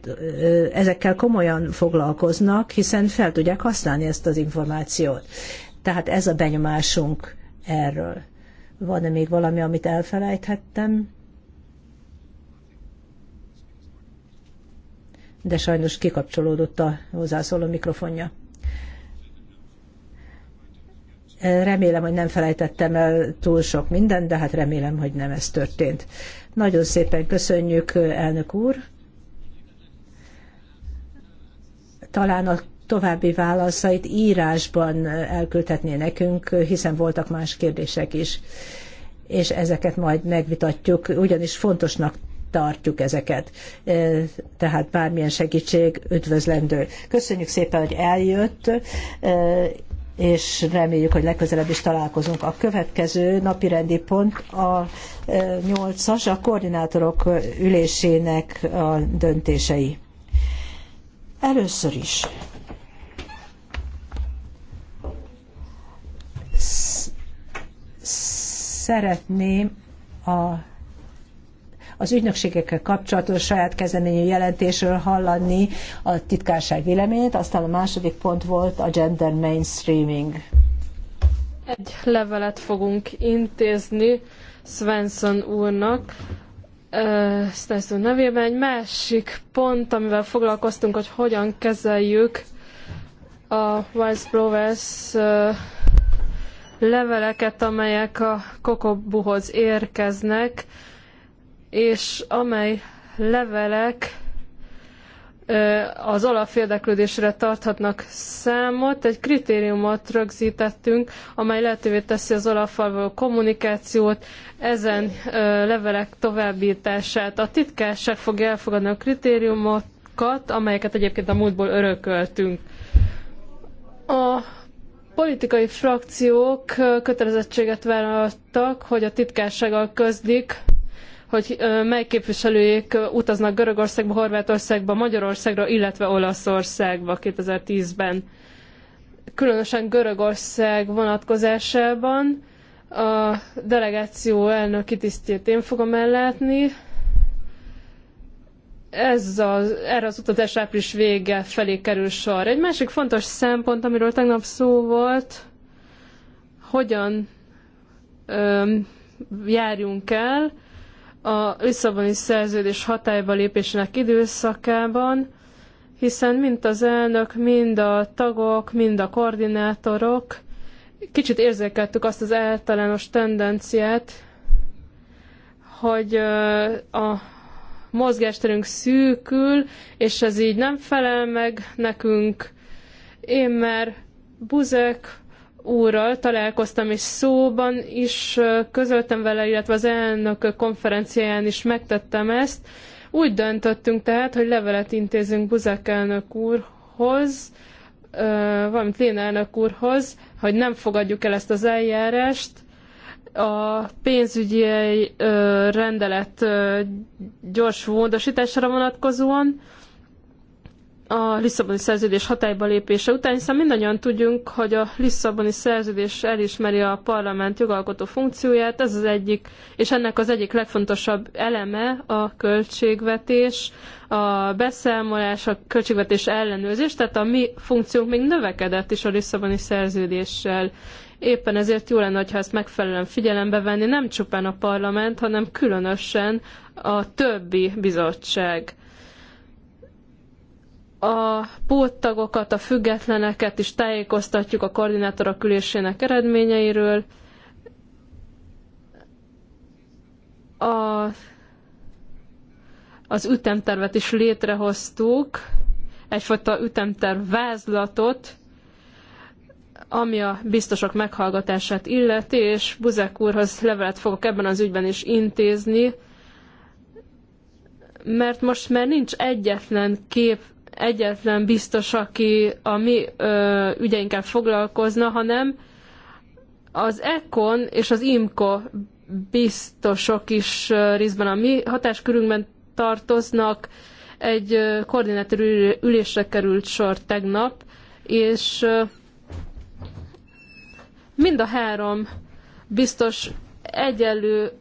ezekkel komolyan foglalkoznak, hiszen fel tudják használni ezt az információt. Tehát ez a benyomásunk erről. Van-e még valami, amit elfelejthettem? De sajnos kikapcsolódott a hozzászóló mikrofonja. Remélem, hogy nem felejtettem el túl sok mindent, de hát remélem, hogy nem ez történt. Nagyon szépen köszönjük, elnök úr. Talán a további válaszait írásban elküldhetné nekünk, hiszen voltak más kérdések is, és ezeket majd megvitatjuk, ugyanis fontosnak tartjuk ezeket. Tehát bármilyen segítség üdvözlendő. Köszönjük szépen, hogy eljött, és reméljük, hogy legközelebb is találkozunk. A következő napi rendi pont a 8-as, e, a koordinátorok ülésének a döntései. Először is szeretném a az ügynökségekkel kapcsolatos saját kezdeményű jelentésről hallani a titkárság véleményét, aztán a második pont volt a gender mainstreaming.
Egy levelet fogunk intézni Svensson úrnak, Stenson nevében. Egy másik pont, amivel foglalkoztunk, hogy hogyan kezeljük a Vice Provers leveleket, amelyek a kokobuhoz érkeznek, és amely levelek az alapérdeklődésre tarthatnak számot. Egy kritériumot rögzítettünk, amely lehetővé teszi az alapfal kommunikációt, ezen levelek továbbítását. A titkárság fogja elfogadni a kritériumokat, amelyeket egyébként a múltból örököltünk. A politikai frakciók kötelezettséget vállaltak, hogy a titkársággal közlik hogy mely képviselőjék utaznak Görögországba, Horvátországba, Magyarországra, illetve Olaszországba 2010-ben. Különösen Görögország vonatkozásában a delegáció elnöki tisztjét én fogom ellátni. Ez az, erre az utazás április vége felé kerül sor. Egy másik fontos szempont, amiről tegnap szó volt, hogyan öm, járjunk el, a Lisszaboni szerződés hatályba lépésének időszakában, hiszen mind az elnök, mind a tagok, mind a koordinátorok kicsit érzékeltük azt az általános tendenciát, hogy a mozgásterünk szűkül, és ez így nem felel meg nekünk. Én már Buzek úrral találkoztam, és szóban is közöltem vele, illetve az elnök konferenciáján is megtettem ezt. Úgy döntöttünk tehát, hogy levelet intézünk Buzek elnök úrhoz, valamint Lén elnök úrhoz, hogy nem fogadjuk el ezt az eljárást, a pénzügyi rendelet gyors módosítására vonatkozóan, a Lisszaboni szerződés hatályba lépése után, hiszen mindannyian tudjunk, hogy a Lisszaboni szerződés elismeri a parlament jogalkotó funkcióját, ez az egyik, és ennek az egyik legfontosabb eleme a költségvetés, a beszámolás, a költségvetés ellenőrzés, tehát a mi funkciónk még növekedett is a Lisszaboni szerződéssel. Éppen ezért jó lenne, ha ezt megfelelően figyelembe venni, nem csupán a parlament, hanem különösen a többi bizottság a póttagokat, a függetleneket is tájékoztatjuk a koordinátorok ülésének eredményeiről. A, az ütemtervet is létrehoztuk, egyfajta ütemterv vázlatot, ami a biztosok meghallgatását illeti, és Buzek úrhoz levelet fogok ebben az ügyben is intézni, mert most már nincs egyetlen kép egyetlen biztos, aki a mi ö, ügyeinkkel foglalkozna, hanem az ECON és az IMCO biztosok is részben a mi hatáskörünkben tartoznak. Egy koordinátor ülésre került sor tegnap, és mind a három biztos egyenlő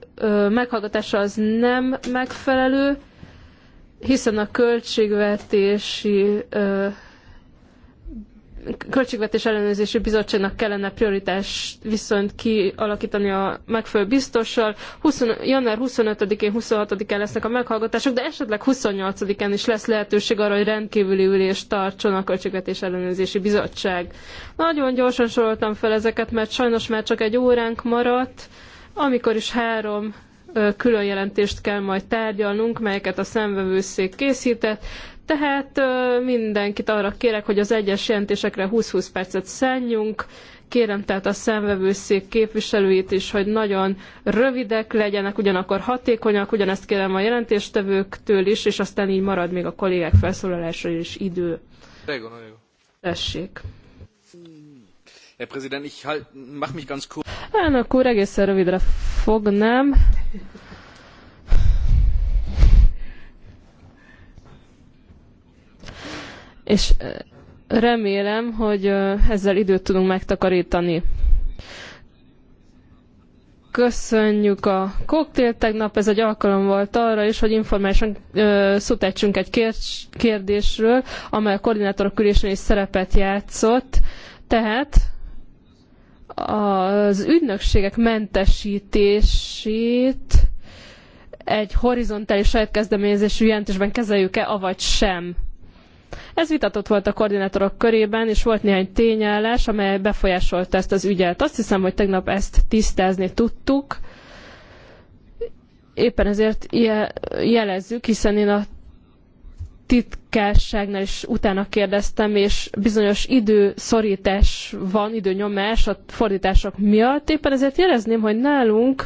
meghallgatása az nem megfelelő, hiszen a költségvetési Költségvetés Ellenőrzési Bizottságnak kellene prioritás viszont kialakítani a megfelelő biztossal. 20, január 25-én, 26-án lesznek a meghallgatások, de esetleg 28-án is lesz lehetőség arra, hogy rendkívüli ülést tartson a Költségvetés Ellenőrzési Bizottság. Nagyon gyorsan soroltam fel ezeket, mert sajnos már csak egy óránk maradt, amikor is három külön jelentést kell majd tárgyalnunk, melyeket a szemvevőszék készített, tehát mindenkit arra kérek, hogy az egyes jelentésekre 20-20 percet szálljunk, kérem tehát a szemvevőszék képviselőit is, hogy nagyon rövidek legyenek, ugyanakkor hatékonyak, ugyanezt kérem a jelentéstevőktől is, és aztán így marad még a kollégák felszólalásra is idő. Tessék.
Herr Präsident, ich halt, mach mich ganz kurz.
Elnök úr, egészen rövidre fognám. És remélem, hogy ezzel időt tudunk megtakarítani. Köszönjük a koktélt tegnap, ez egy alkalom volt arra is, hogy informálisan szót ejtsünk egy kérdésről, amely a koordinátorok ülésén is szerepet játszott. Tehát az ügynökségek mentesítését egy horizontális saját kezdeményezésű jelentésben kezeljük-e, avagy sem. Ez vitatott volt a koordinátorok körében, és volt néhány tényállás, amely befolyásolta ezt az ügyet. Azt hiszem, hogy tegnap ezt tisztázni tudtuk. Éppen ezért jelezzük, hiszen én a titkárságnál is utána kérdeztem, és bizonyos időszorítás van, időnyomás a fordítások miatt. Éppen ezért jelezném, hogy nálunk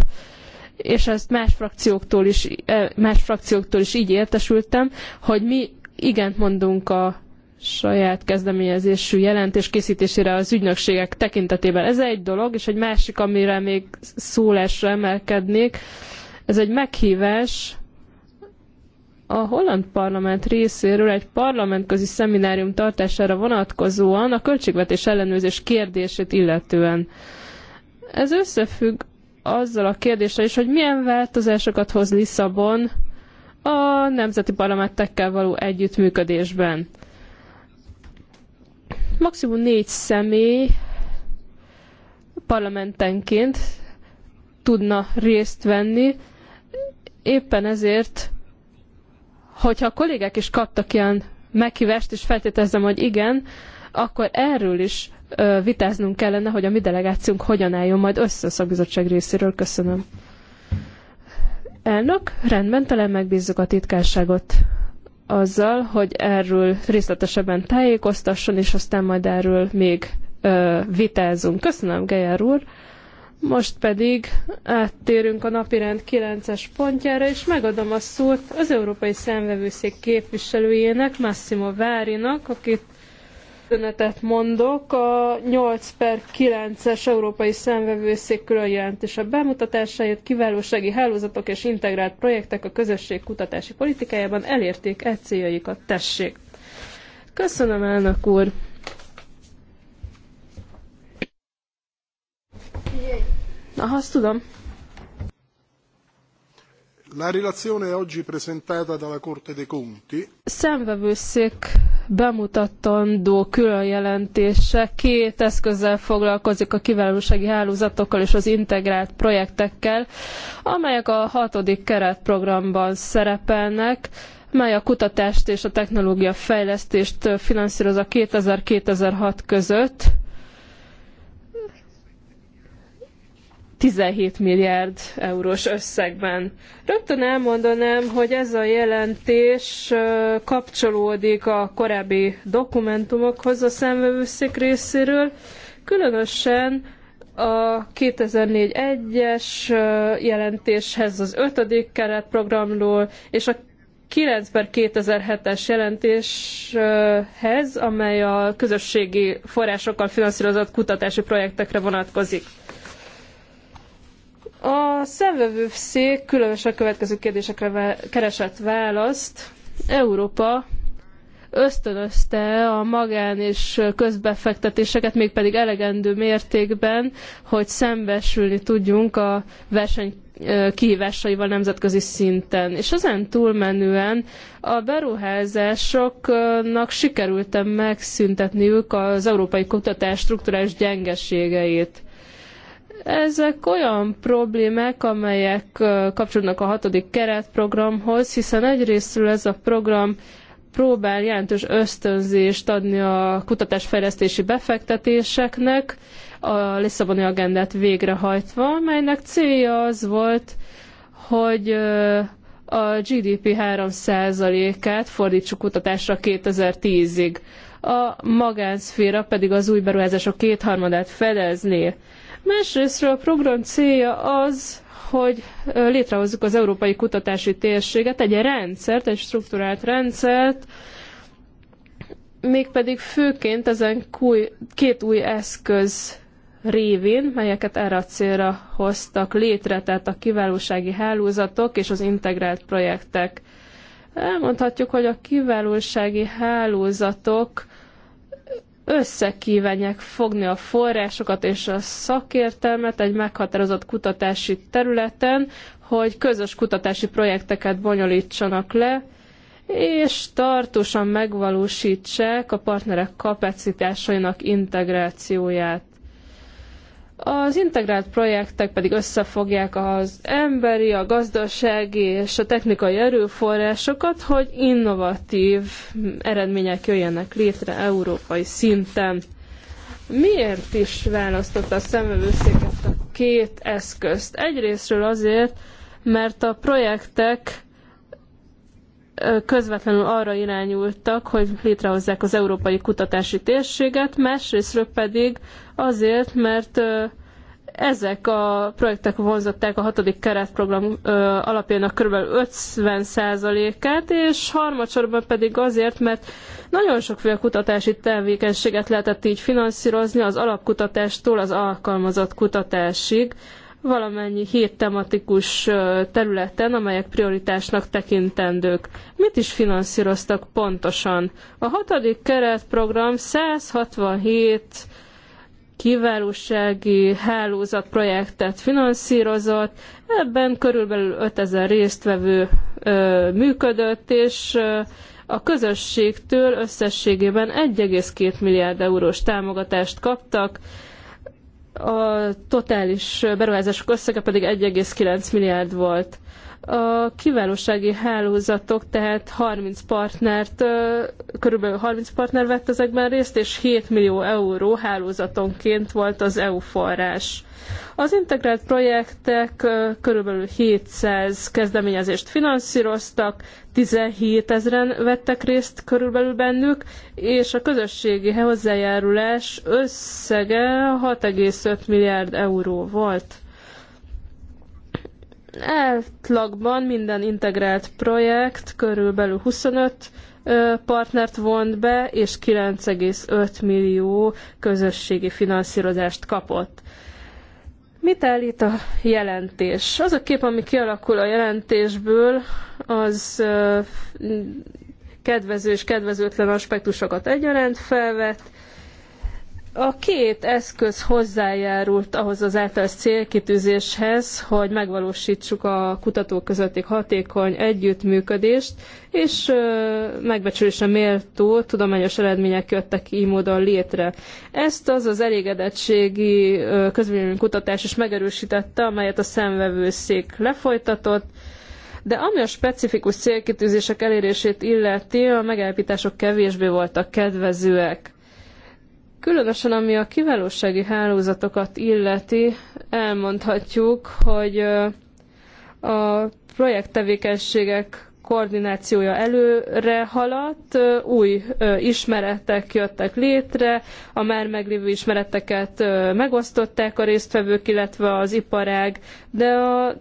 és ezt más frakcióktól is, e, más frakcióktól is így értesültem, hogy mi igent mondunk a saját kezdeményezésű jelentés készítésére az ügynökségek tekintetében. Ez egy dolog, és egy másik, amire még szólásra emelkednék, ez egy meghívás a holland parlament részéről egy parlamentközi szeminárium tartására vonatkozóan a költségvetés ellenőrzés kérdését illetően. Ez összefügg azzal a kérdéssel is, hogy milyen változásokat hoz Lisszabon a nemzeti parlamentekkel való együttműködésben. Maximum négy személy parlamentenként tudna részt venni, éppen ezért Hogyha a kollégák is kaptak ilyen meghívást, és feltételezem, hogy igen, akkor erről is vitáznunk kellene, hogy a mi delegációnk hogyan álljon majd össze a szakbizottság részéről. Köszönöm. Elnök, rendben, talán megbízzuk a titkárságot azzal, hogy erről részletesebben tájékoztasson, és aztán majd erről még ö, vitázunk. Köszönöm, Geyer úr. Most pedig áttérünk a napirend 9-es pontjára, és megadom a szót az Európai Szemvevőszék képviselőjének, Massimo Várinak, akit üzenetet mondok. A 8 per 9-es Európai Szemvevőszék különjelentése bemutatásáért kiválósági hálózatok és integrált projektek a közösség kutatási politikájában elérték e céljaikat. Tessék! Köszönöm, elnök úr! Aha, azt tudom. La relazione oggi presentata dalla Corte dei
Conti.
Szemvevőszék bemutatandó különjelentése két eszközzel foglalkozik a kiválósági hálózatokkal és az integrált projektekkel, amelyek a hatodik keretprogramban szerepelnek, mely a kutatást és a technológia fejlesztést finanszírozza 2000-2006 között 17 milliárd eurós összegben. Rögtön elmondanám, hogy ez a jelentés kapcsolódik a korábbi dokumentumokhoz a szemvevőszék részéről, különösen a 2004-1-es jelentéshez az 5. keretprogramról és a 9 per 2007-es jelentéshez, amely a közösségi forrásokkal finanszírozott kutatási projektekre vonatkozik. A szemvevőszék különösen a következő kérdésekre keresett választ. Európa ösztönözte a magán és közbefektetéseket, mégpedig elegendő mértékben, hogy szembesülni tudjunk a verseny kihívásaival nemzetközi szinten. És ezen túlmenően a beruházásoknak sikerült megszüntetniük az európai kutatás strukturális gyengeségeit. Ezek olyan problémák, amelyek kapcsolódnak a hatodik keretprogramhoz, hiszen egyrésztről ez a program próbál jelentős ösztönzést adni a kutatásfejlesztési befektetéseknek, a Lisszaboni agendát végrehajtva, melynek célja az volt, hogy a GDP 3%-át fordítsuk kutatásra 2010-ig. A magánszféra pedig az új beruházások kétharmadát fedezné. Másrésztről a program célja az, hogy létrehozzuk az európai kutatási térséget, egy rendszert, egy strukturált rendszert, mégpedig főként ezen két új eszköz révén, melyeket erre a célra hoztak létre, tehát a kiválósági hálózatok és az integrált projektek. Elmondhatjuk, hogy a kiválósági hálózatok összekívánják fogni a forrásokat és a szakértelmet egy meghatározott kutatási területen, hogy közös kutatási projekteket bonyolítsanak le, és tartósan megvalósítsák a partnerek kapacitásainak integrációját. Az integrált projektek pedig összefogják az emberi, a gazdasági és a technikai erőforrásokat, hogy innovatív eredmények jöjjenek létre európai szinten. Miért is választotta a szemövőszék ezt a két eszközt? Egyrésztről azért, mert a projektek közvetlenül arra irányultak, hogy létrehozzák az európai kutatási térséget, másrésztről pedig azért, mert ezek a projektek vonzották a hatodik keretprogram alapjának kb. 50%-át, és harmadsorban pedig azért, mert nagyon sokféle kutatási tevékenységet lehetett így finanszírozni az alapkutatástól az alkalmazott kutatásig, valamennyi hét tematikus területen, amelyek prioritásnak tekintendők. Mit is finanszíroztak pontosan? A hatodik keretprogram 167 kiválósági hálózatprojektet finanszírozott, ebben körülbelül 5000 résztvevő ö, működött, és ö, a közösségtől összességében 1,2 milliárd eurós támogatást kaptak, a totális beruházások összege pedig 1,9 milliárd volt. A kiválósági hálózatok, tehát 30 partnert, körülbelül 30 partner vett ezekben részt, és 7 millió euró hálózatonként volt az EU forrás. Az integrált projektek körülbelül 700 kezdeményezést finanszíroztak, 17 ezeren vettek részt körülbelül bennük, és a közösségi hozzájárulás összege 6,5 milliárd euró volt. Eltlagban minden integrált projekt körülbelül 25 partnert vont be, és 9,5 millió közösségi finanszírozást kapott. Mit állít a jelentés? Az a kép, ami kialakul a jelentésből, az kedvező és kedvezőtlen aspektusokat egyaránt felvet, a két eszköz hozzájárult ahhoz az általános célkitűzéshez, hogy megvalósítsuk a kutatók közötti hatékony együttműködést, és megbecsülésre méltó tudományos eredmények jöttek így módon létre. Ezt az az elégedettségi kutatás is megerősítette, amelyet a szemvevőszék lefolytatott, de ami a specifikus célkitűzések elérését illeti, a megállapítások kevésbé voltak kedvezőek Különösen ami a kiválósági hálózatokat illeti, elmondhatjuk, hogy a projekttevékenységek koordinációja előre haladt, új ismeretek jöttek létre, a már meglévő ismereteket megosztották a résztvevők, illetve az iparág, de a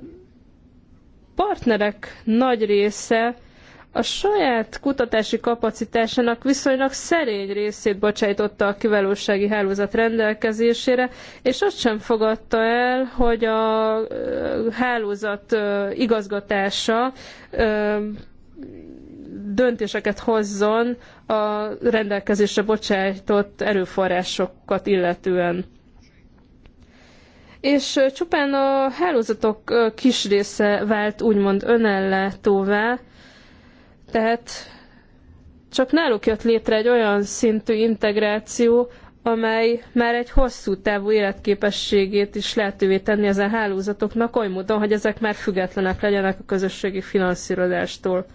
partnerek nagy része a saját kutatási kapacitásának viszonylag szerény részét bocsájtotta a kiválósági hálózat rendelkezésére, és azt sem fogadta el, hogy a hálózat igazgatása döntéseket hozzon a rendelkezésre bocsájtott erőforrásokat illetően. És csupán a hálózatok kis része vált úgymond önellátóvá, tehát csak náluk jött létre egy olyan szintű integráció, amely már egy hosszú távú életképességét is lehetővé tenni ezen hálózatoknak, oly módon, hogy ezek már függetlenek legyenek a közösségi finanszírozástól.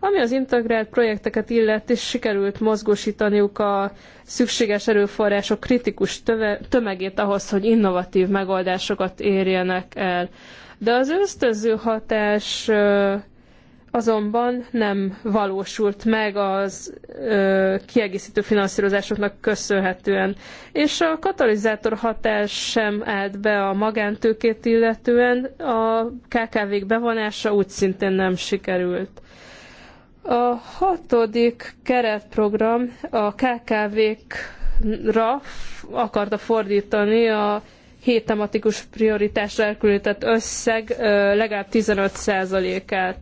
Ami az integrált projekteket illeti, sikerült mozgósítaniuk a szükséges erőforrások kritikus tömegét ahhoz, hogy innovatív megoldásokat érjenek el. De az ösztönző hatás azonban nem valósult meg az ö, kiegészítő finanszírozásoknak köszönhetően. És a katalizátor hatás sem állt be a magántőkét illetően, a KKV-k bevonása úgy szintén nem sikerült. A hatodik keretprogram a KKV-kra akarta fordítani a hét tematikus prioritásra elkülönített összeg legalább 15%-át.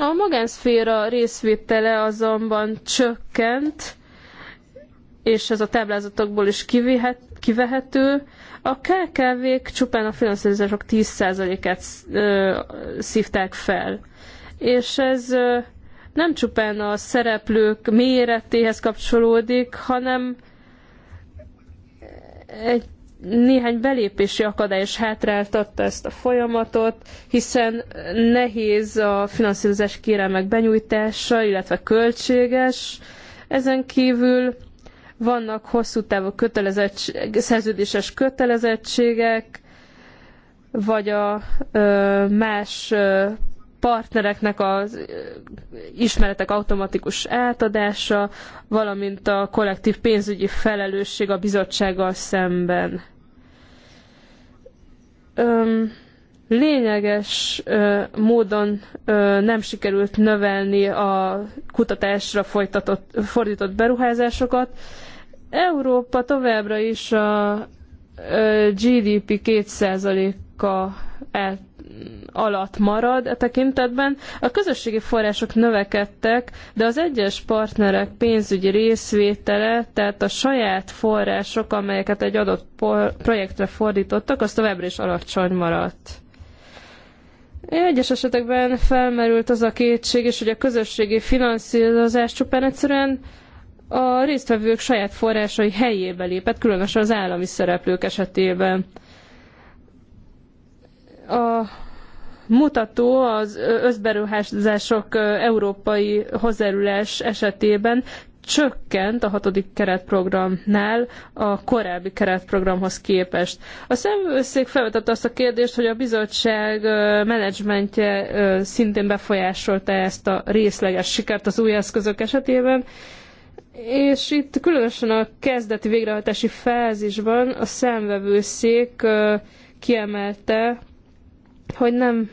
A magánszféra részvétele azonban csökkent, és ez a táblázatokból is kivihet, kivehető. A KKV-k csupán a finanszírozások 10%-át szívták fel. És ez nem csupán a szereplők méretéhez kapcsolódik, hanem egy néhány belépési akadály is hátráltatta ezt a folyamatot, hiszen nehéz a finanszírozás kérelmek benyújtása, illetve költséges. Ezen kívül vannak hosszú távú kötelezettség, szerződéses kötelezettségek, vagy a ö, más ö, partnereknek az ismeretek automatikus átadása, valamint a kollektív pénzügyi felelősség a bizottsággal szemben. Öm, lényeges ö, módon ö, nem sikerült növelni a kutatásra folytatott, fordított beruházásokat. Európa továbbra is a ö, GDP 2%-a alatt marad e tekintetben. A közösségi források növekedtek, de az egyes partnerek pénzügyi részvétele, tehát a saját források, amelyeket egy adott projektre fordítottak, az továbbra is alacsony maradt. Egyes esetekben felmerült az a kétség is, hogy a közösségi finanszírozás csupán egyszerűen a résztvevők saját forrásai helyébe lépett, különösen az állami szereplők esetében. A mutató az összberuházások európai hozzájárulás esetében csökkent a hatodik keretprogramnál a korábbi keretprogramhoz képest. A szemvőszék felvetette azt a kérdést, hogy a bizottság menedzsmentje szintén befolyásolta ezt a részleges sikert az új eszközök esetében, és itt különösen a kezdeti végrehajtási fázisban a szemvevőszék kiemelte, hogy nem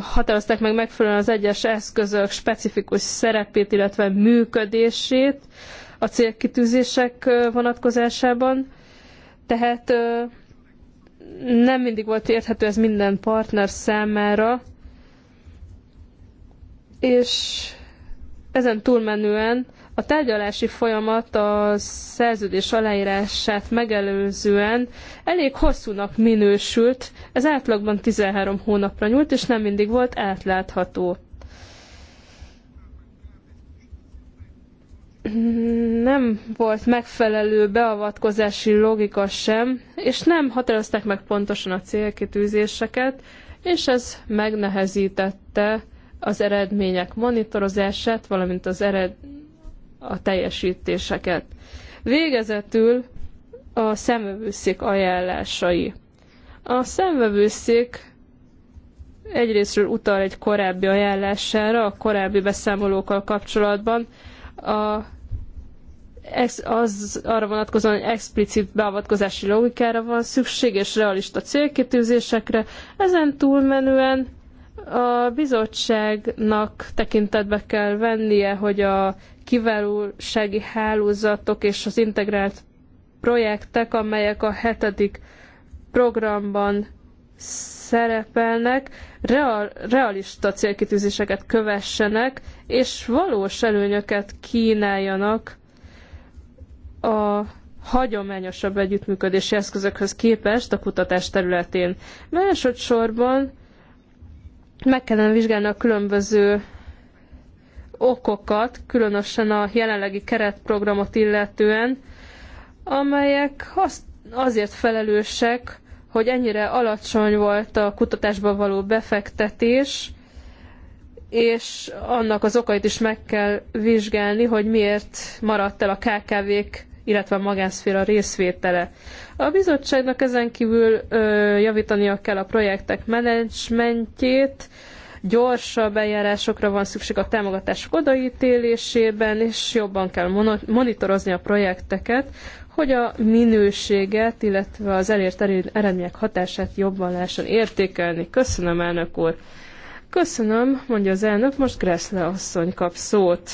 határozták meg megfelelően az egyes eszközök specifikus szerepét, illetve működését a célkitűzések vonatkozásában. Tehát nem mindig volt érthető ez minden partner számára, és ezen túlmenően a tárgyalási folyamat a szerződés aláírását megelőzően elég hosszúnak minősült, ez átlagban 13 hónapra nyúlt, és nem mindig volt átlátható. nem volt megfelelő beavatkozási logika sem, és nem határozták meg pontosan a célkitűzéseket, és ez megnehezítette az eredmények monitorozását, valamint az ered a teljesítéseket. Végezetül a szemvevőszék ajánlásai. A szemvevőszék egyrésztről utal egy korábbi ajánlására, a korábbi beszámolókkal kapcsolatban, a, az arra vonatkozóan, hogy explicit beavatkozási logikára van szükség, és realista célkitűzésekre. Ezen túlmenően a bizottságnak tekintetbe kell vennie, hogy a kiválósági hálózatok és az integrált projektek, amelyek a hetedik programban szerepelnek, realista célkitűzéseket kövessenek, és valós előnyöket kínáljanak a hagyományosabb együttműködési eszközökhöz képest a kutatás területén. Másodszorban meg kellene vizsgálni a különböző okokat, különösen a jelenlegi keretprogramot illetően, amelyek azt, azért felelősek, hogy ennyire alacsony volt a kutatásba való befektetés, és annak az okait is meg kell vizsgálni, hogy miért maradt el a KKV-k, illetve a magánszféra részvétele. A bizottságnak ezen kívül ö, javítania kell a projektek menedzsmentjét, gyorsabb eljárásokra van szükség a támogatások odaítélésében, és jobban kell monitorozni a projekteket, hogy a minőséget, illetve az elért eredmények hatását jobban lehessen értékelni. Köszönöm, elnök úr! Köszönöm, mondja az elnök, most Gressle asszony kap szót.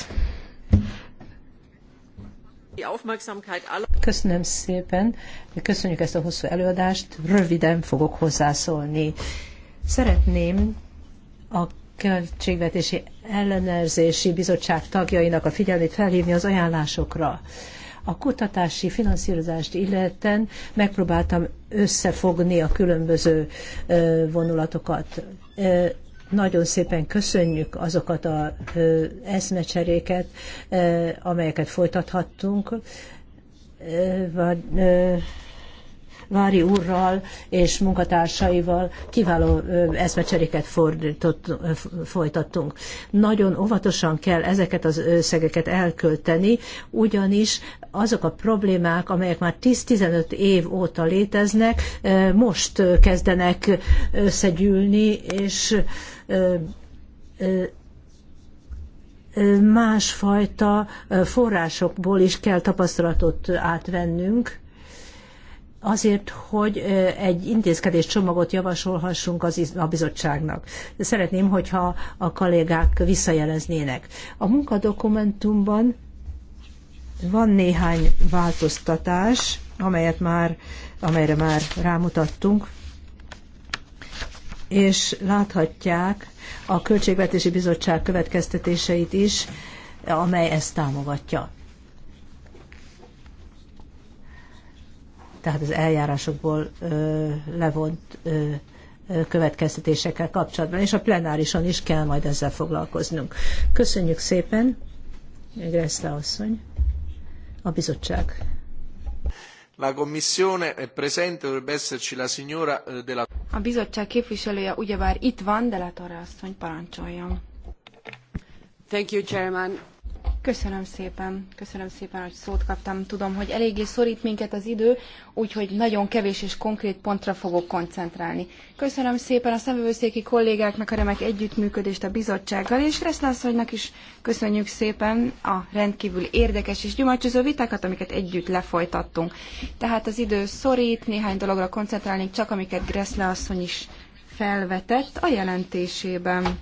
Köszönöm
szépen, köszönjük ezt a hosszú előadást, röviden fogok hozzászólni. Szeretném a Költségvetési Ellenőrzési Bizottság tagjainak a figyelmét felhívni az ajánlásokra. A kutatási finanszírozást illeten megpróbáltam összefogni a különböző vonulatokat. Nagyon szépen köszönjük azokat az eszmecseréket, amelyeket folytathattunk Vári úrral és munkatársaival kiváló eszmecseréket folytattunk. Nagyon óvatosan kell ezeket az összegeket elkölteni, ugyanis azok a problémák, amelyek már 10-15 év óta léteznek, most kezdenek összegyűlni, és másfajta forrásokból is kell tapasztalatot átvennünk, azért, hogy egy intézkedés csomagot javasolhassunk az, a bizottságnak. De szeretném, hogyha a kollégák visszajeleznének. A munkadokumentumban van néhány változtatás, amelyet már, amelyre már rámutattunk, és láthatják a Költségvetési Bizottság következtetéseit is, amely ezt támogatja. tehát az eljárásokból levont következtetésekkel kapcsolatban, és a plenárison is kell majd ezzel foglalkoznunk. Köszönjük szépen, Greszle asszony, a bizottság.
La commissione è presente, dovrebbe esserci la signora eh, della... A bizottság képviselője ugyebár itt van, de la Torre asszony parancsoljon. Thank you, Chairman. Köszönöm szépen, köszönöm szépen, hogy szót kaptam. Tudom, hogy eléggé szorít minket az idő, úgyhogy nagyon kevés és konkrét pontra fogok koncentrálni. Köszönöm szépen a szemövőszéki kollégáknak a remek együttműködést a bizottsággal, és Reszlászonynak is köszönjük szépen a rendkívül érdekes és gyümölcsöző vitákat, amiket együtt lefolytattunk. Tehát az idő szorít, néhány dologra koncentrálnék, csak amiket Greszle asszony is felvetett a jelentésében.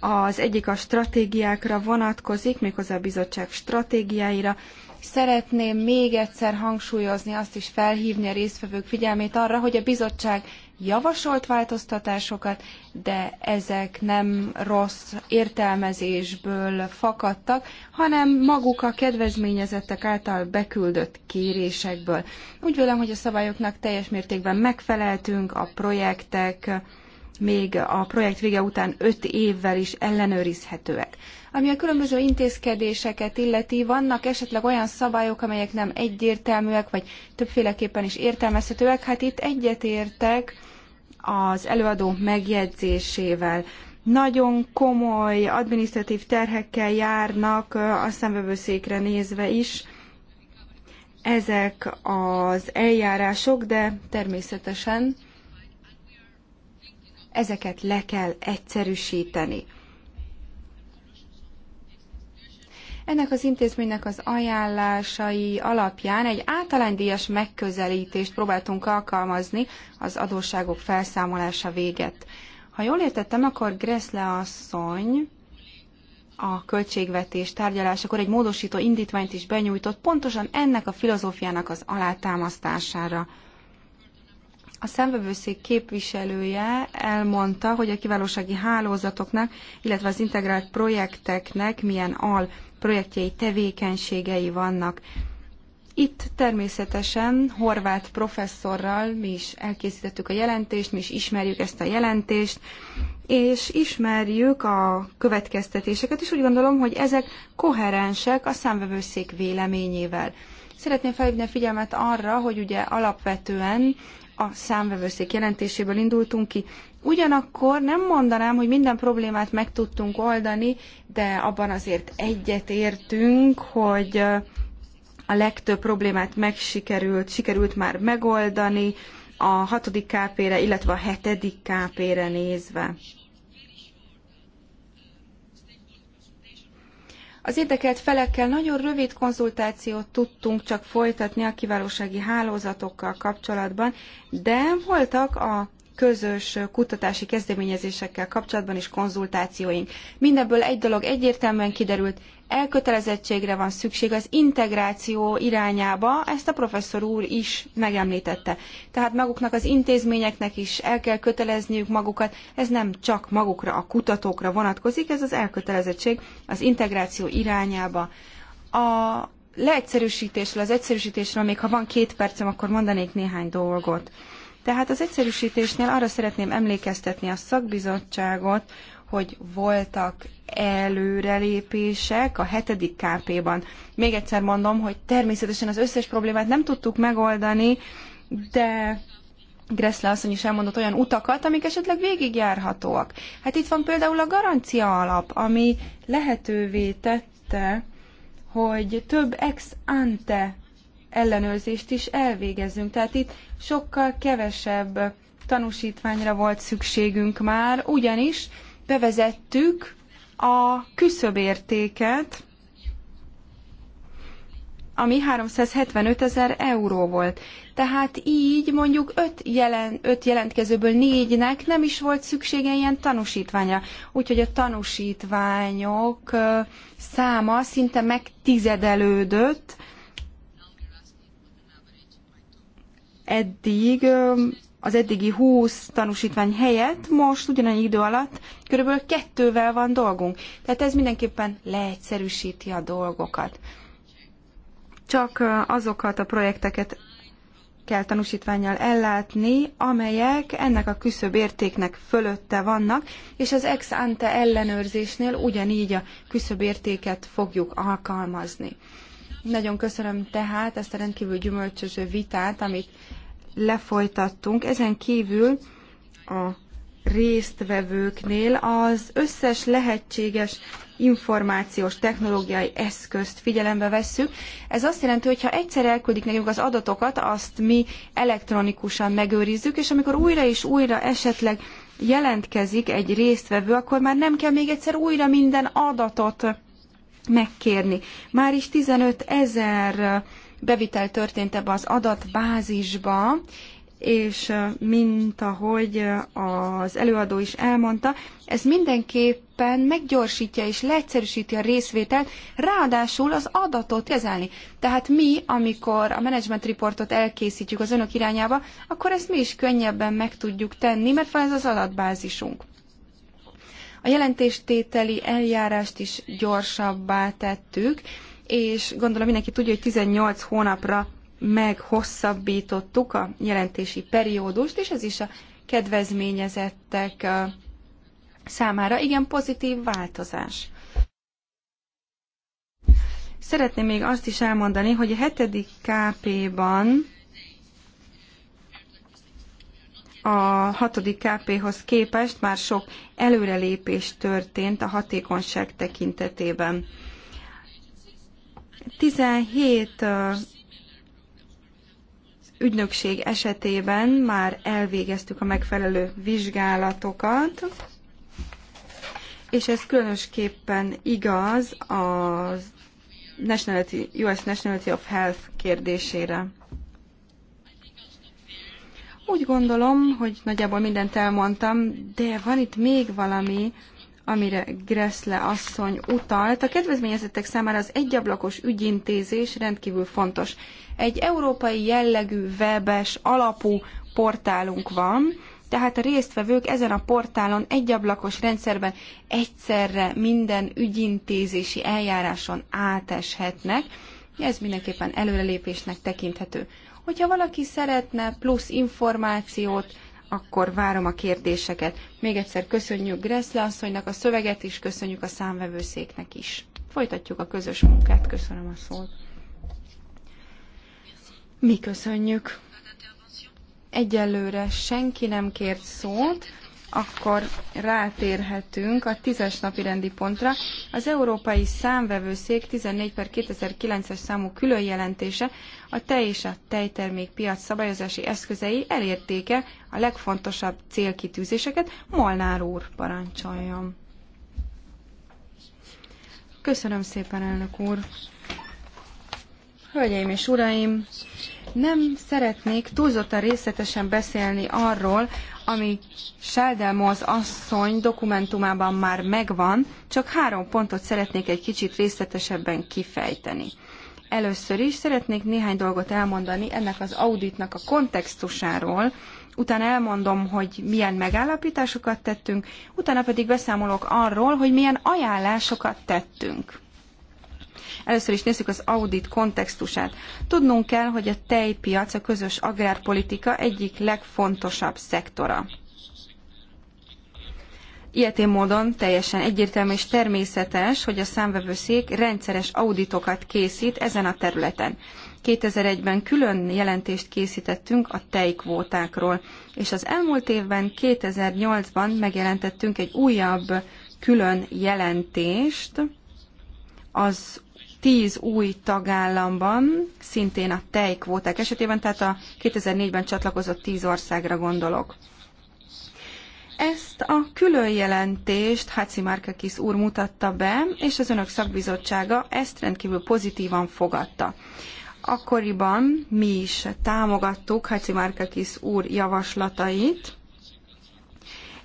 Az egyik a stratégiákra vonatkozik, méghozzá a bizottság stratégiáira. Szeretném még egyszer hangsúlyozni, azt is felhívni a résztvevők figyelmét arra, hogy a bizottság javasolt változtatásokat, de ezek nem rossz értelmezésből fakadtak, hanem maguk a kedvezményezettek által beküldött kérésekből. Úgy vélem, hogy a szabályoknak teljes mértékben megfeleltünk, a projektek még a projekt vége után öt évvel is ellenőrizhetőek. Ami a különböző intézkedéseket illeti, vannak esetleg olyan szabályok, amelyek nem egyértelműek, vagy többféleképpen is értelmezhetőek. Hát itt egyetértek az előadó megjegyzésével nagyon komoly adminisztratív terhekkel járnak a szemvevőszékre nézve is ezek az eljárások, de természetesen ezeket le kell egyszerűsíteni. Ennek az intézménynek az ajánlásai alapján egy általánydíjas megközelítést próbáltunk alkalmazni az adósságok felszámolása véget. Ha jól értettem, akkor Gressle asszony a költségvetés tárgyalásakor egy módosító indítványt is benyújtott, pontosan ennek a filozófiának az alátámasztására a szemvevőszék képviselője elmondta, hogy a kiválósági hálózatoknak, illetve az integrált projekteknek milyen al projektjei, tevékenységei vannak. Itt természetesen horvát professzorral mi is elkészítettük a jelentést, mi is ismerjük ezt a jelentést, és ismerjük a következtetéseket, és úgy gondolom, hogy ezek koherensek a számvevőszék véleményével. Szeretném felhívni a figyelmet arra, hogy ugye alapvetően a számvevőszék jelentéséből indultunk ki. Ugyanakkor nem mondanám, hogy minden problémát meg tudtunk oldani, de abban azért egyet értünk, hogy a legtöbb problémát megsikerült, sikerült már megoldani a hatodik KP-re, illetve a hetedik KP-re nézve. Az érdekelt felekkel nagyon rövid konzultációt tudtunk csak folytatni a kiválósági hálózatokkal kapcsolatban, de voltak a közös kutatási kezdeményezésekkel kapcsolatban is konzultációink. Mindebből egy dolog egyértelműen kiderült, elkötelezettségre van szükség az integráció irányába, ezt a professzor úr is megemlítette. Tehát maguknak az intézményeknek is el kell kötelezniük magukat, ez nem csak magukra, a kutatókra vonatkozik, ez az elkötelezettség az integráció irányába. A leegyszerűsítésről, az egyszerűsítésről, még ha van két percem, akkor mondanék néhány dolgot. Tehát az egyszerűsítésnél arra szeretném emlékeztetni a szakbizottságot, hogy voltak előrelépések a hetedik KP-ban. Még egyszer mondom, hogy természetesen az összes problémát nem tudtuk megoldani, de Gressle asszony is elmondott olyan utakat, amik esetleg végigjárhatóak. Hát itt van például a garancia alap, ami lehetővé tette, hogy több ex ante ellenőrzést is elvégezzünk. Tehát itt sokkal kevesebb tanúsítványra volt szükségünk már, ugyanis bevezettük a küszöbértéket, ami 375 ezer euró volt. Tehát így mondjuk öt, jelen, öt jelentkezőből négynek nem is volt szüksége ilyen tanúsítványa. Úgyhogy a tanúsítványok száma szinte megtizedelődött, eddig az eddigi 20 tanúsítvány helyett most ugyanannyi idő alatt körülbelül kettővel van dolgunk. Tehát ez mindenképpen leegyszerűsíti a dolgokat. Csak azokat a projekteket kell tanúsítványjal ellátni, amelyek ennek a küszöb értéknek fölötte vannak, és az ex ante ellenőrzésnél ugyanígy a küszöb értéket fogjuk alkalmazni. Nagyon köszönöm tehát ezt a rendkívül gyümölcsöző vitát, amit lefolytattunk. Ezen kívül a résztvevőknél az összes lehetséges információs technológiai eszközt figyelembe vesszük. Ez azt jelenti, hogy ha egyszer elküldik nekünk az adatokat, azt mi elektronikusan megőrizzük, és amikor újra és újra esetleg jelentkezik egy résztvevő, akkor már nem kell még egyszer újra minden adatot megkérni. Már is 15 ezer 000 bevitel történt ebbe az adatbázisba, és mint ahogy az előadó is elmondta, ez mindenképpen meggyorsítja és leegyszerűsíti a részvételt, ráadásul az adatot kezelni. Tehát mi, amikor a management reportot elkészítjük az önök irányába, akkor ezt mi is könnyebben meg tudjuk tenni, mert van ez az adatbázisunk. A jelentéstételi eljárást is gyorsabbá tettük, és gondolom mindenki tudja, hogy 18 hónapra meghosszabbítottuk a jelentési periódust, és ez is a kedvezményezettek számára igen pozitív változás. Szeretném még azt is elmondani, hogy a hetedik KP-ban a hatodik KP-hoz képest már sok előrelépés történt a hatékonyság tekintetében. 17 ügynökség esetében már elvégeztük a megfelelő vizsgálatokat, és ez különösképpen igaz az Nationality, US Nationality of Health kérdésére. Úgy gondolom, hogy nagyjából mindent elmondtam, de van itt még valami, amire Gressle asszony utalt. A kedvezményezettek számára az egyablakos ügyintézés rendkívül fontos. Egy európai jellegű webes alapú portálunk van, tehát a résztvevők ezen a portálon egyablakos rendszerben egyszerre minden ügyintézési eljáráson áteshetnek. Ez mindenképpen előrelépésnek tekinthető. Hogyha valaki szeretne plusz információt, akkor várom a kérdéseket. Még egyszer köszönjük Greszle asszonynak a szöveget is, köszönjük a számvevőszéknek is. Folytatjuk a közös munkát, köszönöm a szót. Mi köszönjük. Egyelőre senki nem kért szót akkor rátérhetünk a tízes napi rendi pontra. Az Európai Számvevőszék 14 per 2009-es számú külön jelentése a tej és a tejtermék piac szabályozási eszközei elértéke a legfontosabb célkitűzéseket. Molnár úr parancsoljon. Köszönöm szépen, elnök úr. Hölgyeim és uraim, nem szeretnék túlzottan részletesen beszélni arról, ami Sáldelmoz asszony dokumentumában már megvan, csak három pontot szeretnék egy kicsit részletesebben kifejteni. Először is szeretnék néhány dolgot elmondani ennek az auditnak a kontextusáról, utána elmondom, hogy milyen megállapításokat tettünk, utána pedig beszámolok arról, hogy milyen ajánlásokat tettünk. Először is nézzük az audit kontextusát. Tudnunk kell, hogy a tejpiac a közös agrárpolitika egyik legfontosabb szektora. Ilyetén módon teljesen egyértelmű és természetes, hogy a számvevőszék rendszeres auditokat készít ezen a területen. 2001-ben külön jelentést készítettünk a tejkvótákról, és az elmúlt évben, 2008-ban megjelentettünk egy újabb külön jelentést az tíz új tagállamban, szintén a tejkvóták esetében, tehát a 2004-ben csatlakozott tíz országra gondolok. Ezt a külön jelentést Háci Márkakis úr mutatta be, és az önök szakbizottsága ezt rendkívül pozitívan fogadta. Akkoriban mi is támogattuk Háci Márkakis úr javaslatait,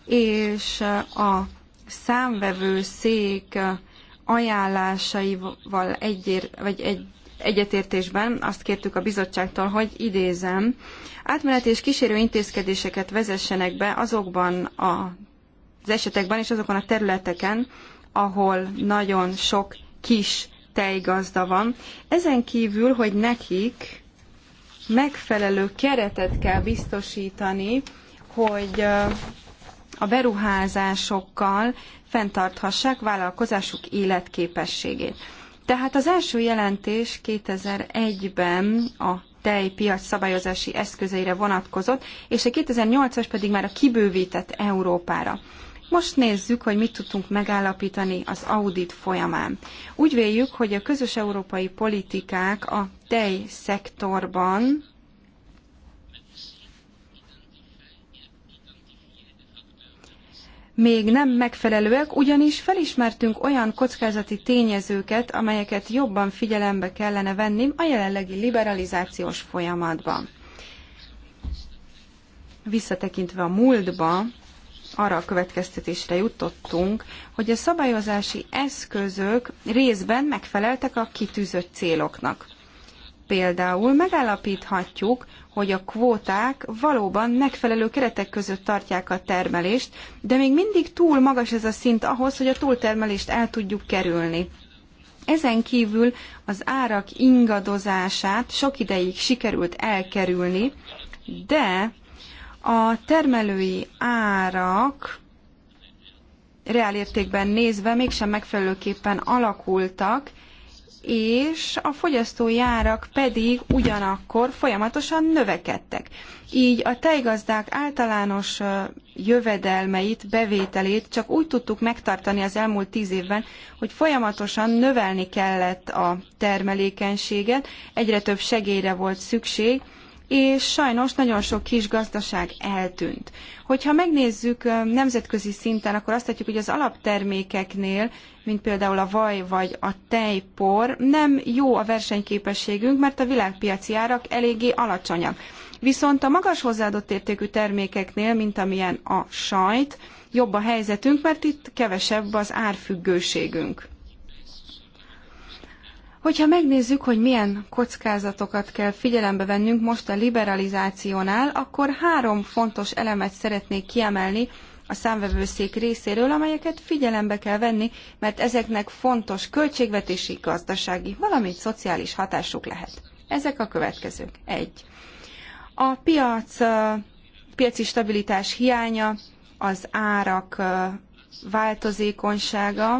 és a számvevőszék szék ajánlásaival egyér, vagy egy, egyetértésben azt kértük a bizottságtól, hogy idézem, átmeneti és kísérő intézkedéseket vezessenek be azokban a, az esetekben és azokon a területeken, ahol nagyon sok kis tejgazda van. Ezen kívül, hogy nekik megfelelő keretet kell biztosítani, hogy a beruházásokkal fenntarthassák vállalkozásuk életképességét. Tehát az első jelentés 2001-ben a tejpiac szabályozási eszközeire vonatkozott, és a 2008-as pedig már a kibővített Európára. Most nézzük, hogy mit tudtunk megállapítani az audit folyamán. Úgy véljük, hogy a közös európai politikák a tej szektorban még nem megfelelőek, ugyanis felismertünk olyan kockázati tényezőket, amelyeket jobban figyelembe kellene venni a jelenlegi liberalizációs folyamatban. Visszatekintve a múltba, arra a következtetésre jutottunk, hogy a szabályozási eszközök részben megfeleltek a kitűzött céloknak. Például megállapíthatjuk, hogy a kvóták valóban megfelelő keretek között tartják a termelést, de még mindig túl magas ez a szint ahhoz, hogy a túltermelést el tudjuk kerülni. Ezen kívül az árak ingadozását sok ideig sikerült elkerülni, de a termelői árak reálértékben nézve mégsem megfelelőképpen alakultak, és a fogyasztói árak pedig ugyanakkor folyamatosan növekedtek. Így a tejgazdák általános jövedelmeit, bevételét csak úgy tudtuk megtartani az elmúlt tíz évben, hogy folyamatosan növelni kellett a termelékenységet, egyre több segélyre volt szükség, és sajnos nagyon sok kis gazdaság eltűnt. Hogyha megnézzük nemzetközi szinten, akkor azt látjuk, hogy az alaptermékeknél, mint például a vaj vagy a tejpor, nem jó a versenyképességünk, mert a világpiaci árak eléggé alacsonyak. Viszont a magas hozzáadott értékű termékeknél, mint amilyen a sajt, jobb a helyzetünk, mert itt kevesebb az árfüggőségünk. Hogyha megnézzük, hogy milyen kockázatokat kell figyelembe vennünk most a liberalizációnál, akkor három fontos elemet szeretnék kiemelni a számvevőszék részéről, amelyeket figyelembe kell venni, mert ezeknek fontos költségvetési, gazdasági, valamint szociális hatásuk lehet. Ezek a következők. egy, A piac, piaci stabilitás hiánya, az árak változékonysága,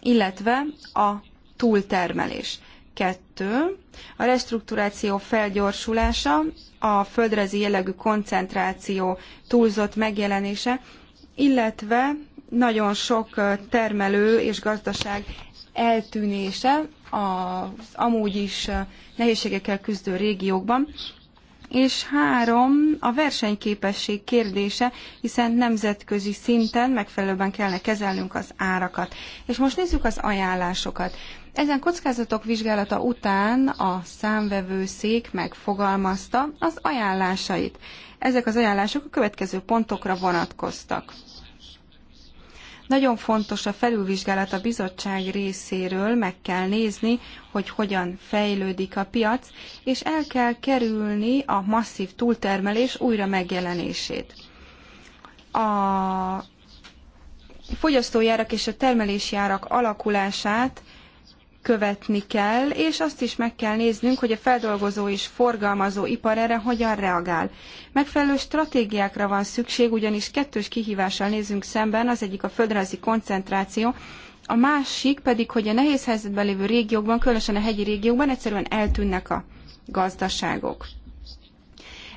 illetve a túltermelés. Kettő, a restrukturáció felgyorsulása, a földrezi jellegű koncentráció túlzott megjelenése, illetve nagyon sok termelő és gazdaság eltűnése az amúgy is nehézségekkel küzdő régiókban, és három, a versenyképesség kérdése, hiszen nemzetközi szinten megfelelően kellene kezelnünk az árakat. És most nézzük az ajánlásokat. Ezen kockázatok vizsgálata után a számvevőszék megfogalmazta az ajánlásait. Ezek az ajánlások a következő pontokra vonatkoztak. Nagyon fontos a felülvizsgálat a bizottság részéről, meg kell nézni, hogy hogyan fejlődik a piac, és el kell kerülni a masszív túltermelés újra megjelenését. A fogyasztójárak és a termelési árak alakulását követni kell, és azt is meg kell néznünk, hogy a feldolgozó és forgalmazó ipar erre hogyan reagál. Megfelelő stratégiákra van szükség, ugyanis kettős kihívással nézünk szemben, az egyik a földrajzi koncentráció, a másik pedig, hogy a nehéz helyzetben lévő régiókban, különösen a hegyi régiókban egyszerűen eltűnnek a gazdaságok.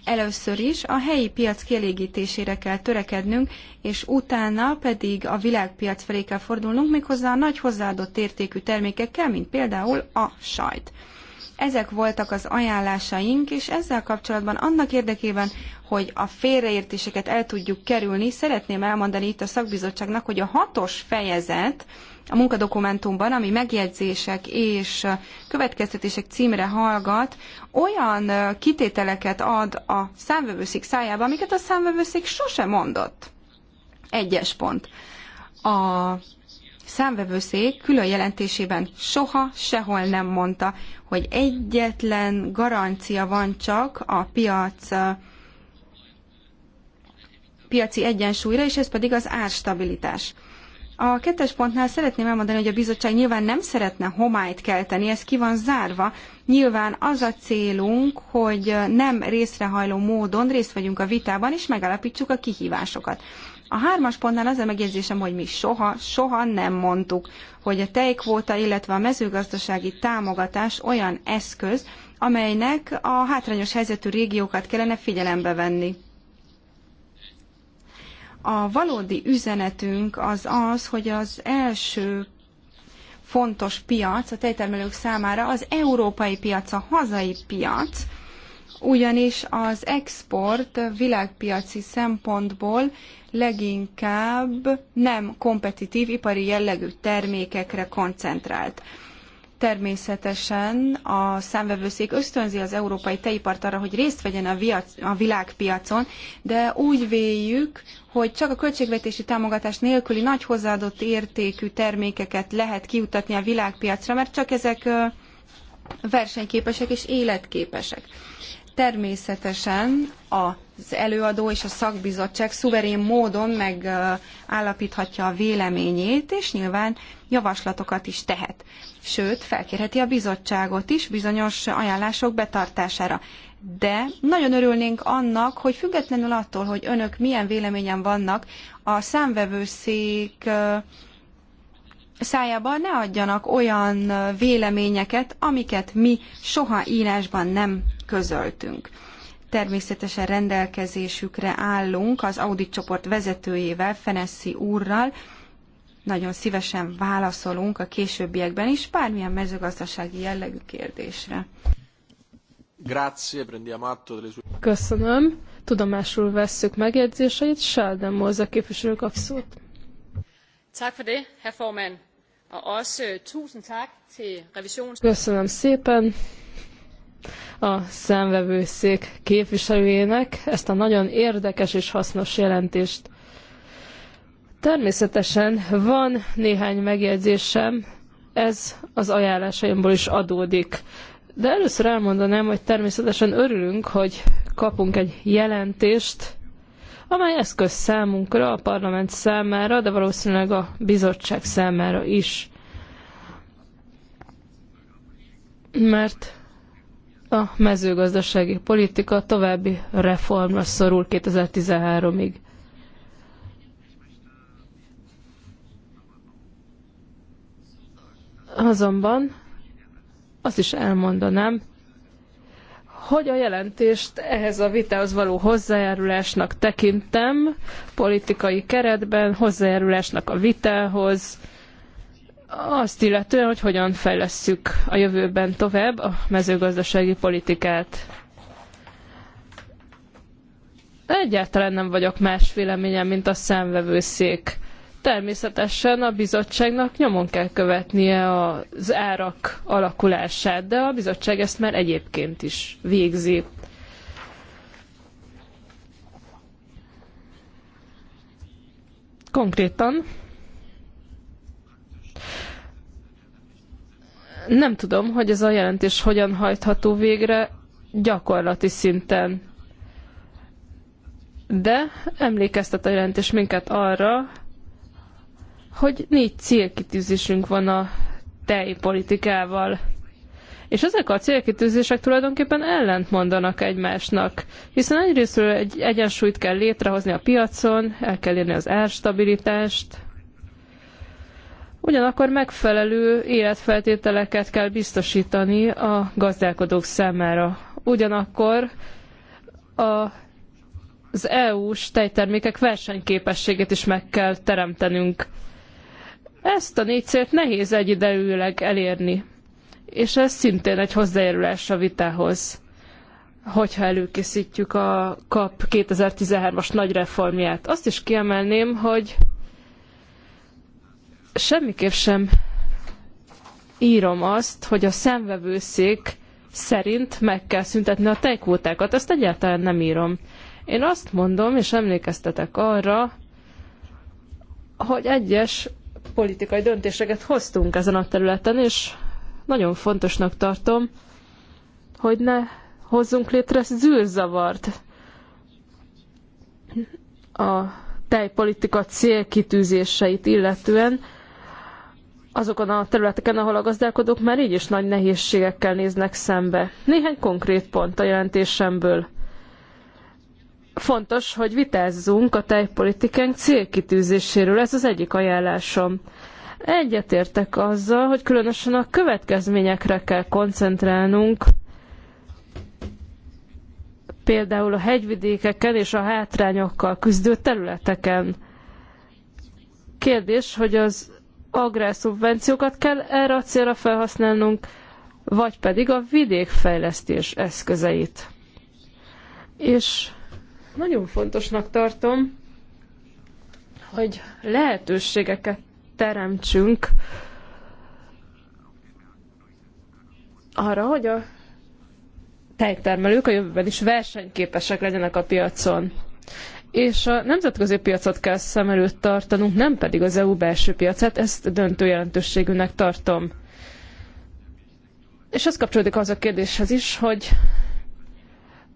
Először is a helyi piac kielégítésére kell törekednünk, és utána pedig a világpiac felé kell fordulnunk, méghozzá a nagy hozzáadott értékű termékekkel, mint például a sajt. Ezek voltak az ajánlásaink, és ezzel kapcsolatban annak érdekében, hogy a félreértéseket el tudjuk kerülni, szeretném elmondani itt a szakbizottságnak, hogy a hatos fejezet, a munkadokumentumban, ami megjegyzések és következtetések címre hallgat, olyan kitételeket ad a számvevőszék szájába, amiket a számvevőszék sose mondott. Egyes pont. A számvevőszék külön jelentésében soha sehol nem mondta, hogy egyetlen garancia van csak a piac piaci egyensúlyra, és ez pedig az árstabilitás. A kettes pontnál szeretném elmondani, hogy a bizottság nyilván nem szeretne homályt kelteni, ez ki van zárva. Nyilván az a célunk, hogy nem részrehajló módon részt vegyünk a vitában, és megalapítsuk a kihívásokat. A hármas pontnál az a megjegyzésem, hogy mi soha, soha nem mondtuk, hogy a tejkvóta, illetve a mezőgazdasági támogatás olyan eszköz, amelynek a hátrányos helyzetű régiókat kellene figyelembe venni. A valódi üzenetünk az az, hogy az első fontos piac a tejtermelők számára az európai piac, a hazai piac, ugyanis az export világpiaci szempontból leginkább nem kompetitív ipari jellegű termékekre koncentrált. Természetesen a számvevőszék ösztönzi az európai tejipart arra, hogy részt vegyen a, viac, a világpiacon, de úgy véljük, hogy csak a költségvetési támogatás nélküli nagy hozzáadott értékű termékeket lehet kiutatni a világpiacra, mert csak ezek versenyképesek és életképesek. Természetesen az előadó és a szakbizottság szuverén módon megállapíthatja a véleményét, és nyilván javaslatokat is tehet. Sőt, felkérheti a bizottságot is bizonyos ajánlások betartására. De nagyon örülnénk annak, hogy függetlenül attól, hogy önök milyen véleményen vannak, a számvevőszék szájában ne adjanak olyan véleményeket, amiket mi soha írásban nem közöltünk. Természetesen rendelkezésükre állunk az audit csoport vezetőjével, Feneszi úrral, nagyon szívesen válaszolunk a későbbiekben is bármilyen mezőgazdasági jellegű kérdésre. prendiamo
Köszönöm. Tudomásul vesszük megjegyzéseit. Sheldon Moza képviselő kap szót. Köszönöm szépen a számvevőszék képviselőjének ezt a nagyon érdekes és hasznos jelentést. Természetesen van néhány megjegyzésem, ez az ajánlásaimból is adódik. De először elmondanám, hogy természetesen örülünk, hogy kapunk egy jelentést, amely eszköz számunkra, a parlament számára, de valószínűleg a bizottság számára is. Mert a mezőgazdasági politika további reformra szorul 2013-ig. Azonban azt is elmondanám, hogy a jelentést ehhez a vitához való hozzájárulásnak tekintem, politikai keretben, hozzájárulásnak a vitához, azt illetően, hogy hogyan fejlesszük a jövőben tovább a mezőgazdasági politikát. Egyáltalán nem vagyok más véleményen, mint a számvevőszék. Természetesen a bizottságnak nyomon kell követnie az árak alakulását, de a bizottság ezt már egyébként is végzi. Konkrétan Nem tudom, hogy ez a jelentés hogyan hajtható végre gyakorlati szinten. De emlékeztet a jelentés minket arra, hogy négy célkitűzésünk van a tejpolitikával. És ezek a célkitűzések tulajdonképpen ellentmondanak egymásnak, hiszen egyrésztről egy egyensúlyt kell létrehozni a piacon, el kell érni az árstabilitást, Ugyanakkor megfelelő életfeltételeket kell biztosítani a gazdálkodók számára. Ugyanakkor a az EU-s tejtermékek versenyképességét is meg kell teremtenünk. Ezt a négy célt nehéz egyidejűleg elérni, és ez szintén egy hozzájárulás a vitához, hogyha előkészítjük a KAP 2013-as nagy reformját. Azt is kiemelném, hogy semmiképp sem írom azt, hogy a szemvevőszék szerint meg kell szüntetni a tejkvótákat. Ezt egyáltalán nem írom. Én azt mondom, és emlékeztetek arra, hogy egyes politikai döntéseket hoztunk ezen a területen, és nagyon fontosnak tartom, hogy ne hozzunk létre zűrzavart a tejpolitika célkitűzéseit illetően, azokon a területeken, ahol a gazdálkodók már így is nagy nehézségekkel néznek szembe. Néhány konkrét pont a jelentésemből. Fontos, hogy vitázzunk a tejpolitikánk célkitűzéséről, ez az egyik ajánlásom. Egyetértek azzal, hogy különösen a következményekre kell koncentrálnunk, például a hegyvidékeken és a hátrányokkal küzdő területeken. Kérdés, hogy az agrárszubvenciókat kell erre a célra felhasználnunk, vagy pedig a vidékfejlesztés eszközeit. És nagyon fontosnak tartom, hogy lehetőségeket teremtsünk arra, hogy a tejtermelők a jövőben is versenyképesek legyenek a piacon és a nemzetközi piacot kell szem előtt tartanunk, nem pedig az EU belső piacát, ezt döntő jelentőségűnek tartom. És ez kapcsolódik az a kérdéshez is, hogy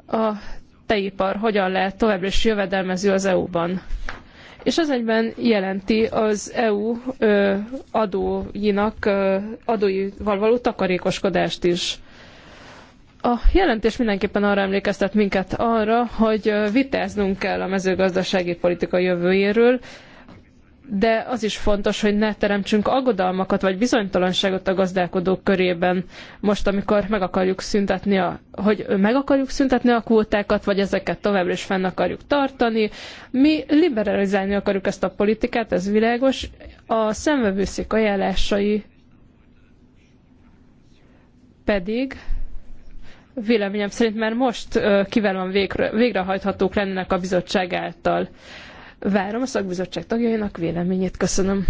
a teipar hogyan lehet továbbra is jövedelmező az EU-ban. És ez egyben jelenti az EU adóinak, adóival való takarékoskodást is. A jelentés mindenképpen arra emlékeztet minket arra, hogy vitáznunk kell a mezőgazdasági politika jövőjéről, de az is fontos, hogy ne teremtsünk aggodalmakat vagy bizonytalanságot a gazdálkodók körében. Most, amikor meg akarjuk szüntetni a, hogy meg akarjuk szüntetni a kvótákat, vagy ezeket továbbra is fenn akarjuk tartani. Mi liberalizálni akarjuk ezt a politikát, ez világos. A szemvevőszék ajánlásai pedig véleményem szerint már most kiválóan végre, végrehajthatók lennének a bizottság által. Várom a szakbizottság tagjainak véleményét. Köszönöm.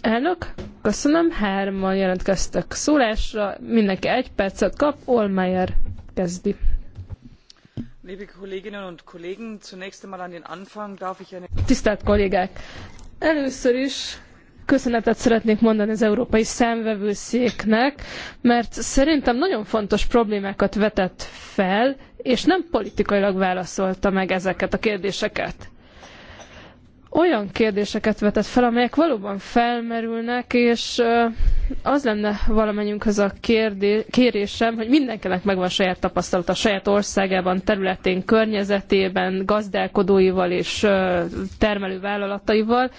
Elnök, köszönöm. Hárman jelentkeztek szólásra. Mindenki egy percet kap. Olmeyer kezdi.
Liebe Kolleginnen und Kollegen, zunächst einmal an den Anfang darf ich eine...
Tisztelt kollégák! Először is köszönetet szeretnék mondani az Európai Számvevőszéknek, mert szerintem nagyon fontos problémákat vetett fel, és nem politikailag válaszolta meg ezeket a kérdéseket. Olyan kérdéseket vetett fel, amelyek valóban felmerülnek, és az lenne valamennyünkhöz a kérdé- kérésem, hogy mindenkinek megvan saját tapasztalata saját országában, területén, környezetében, gazdálkodóival és termelővállalataival, vállalataival,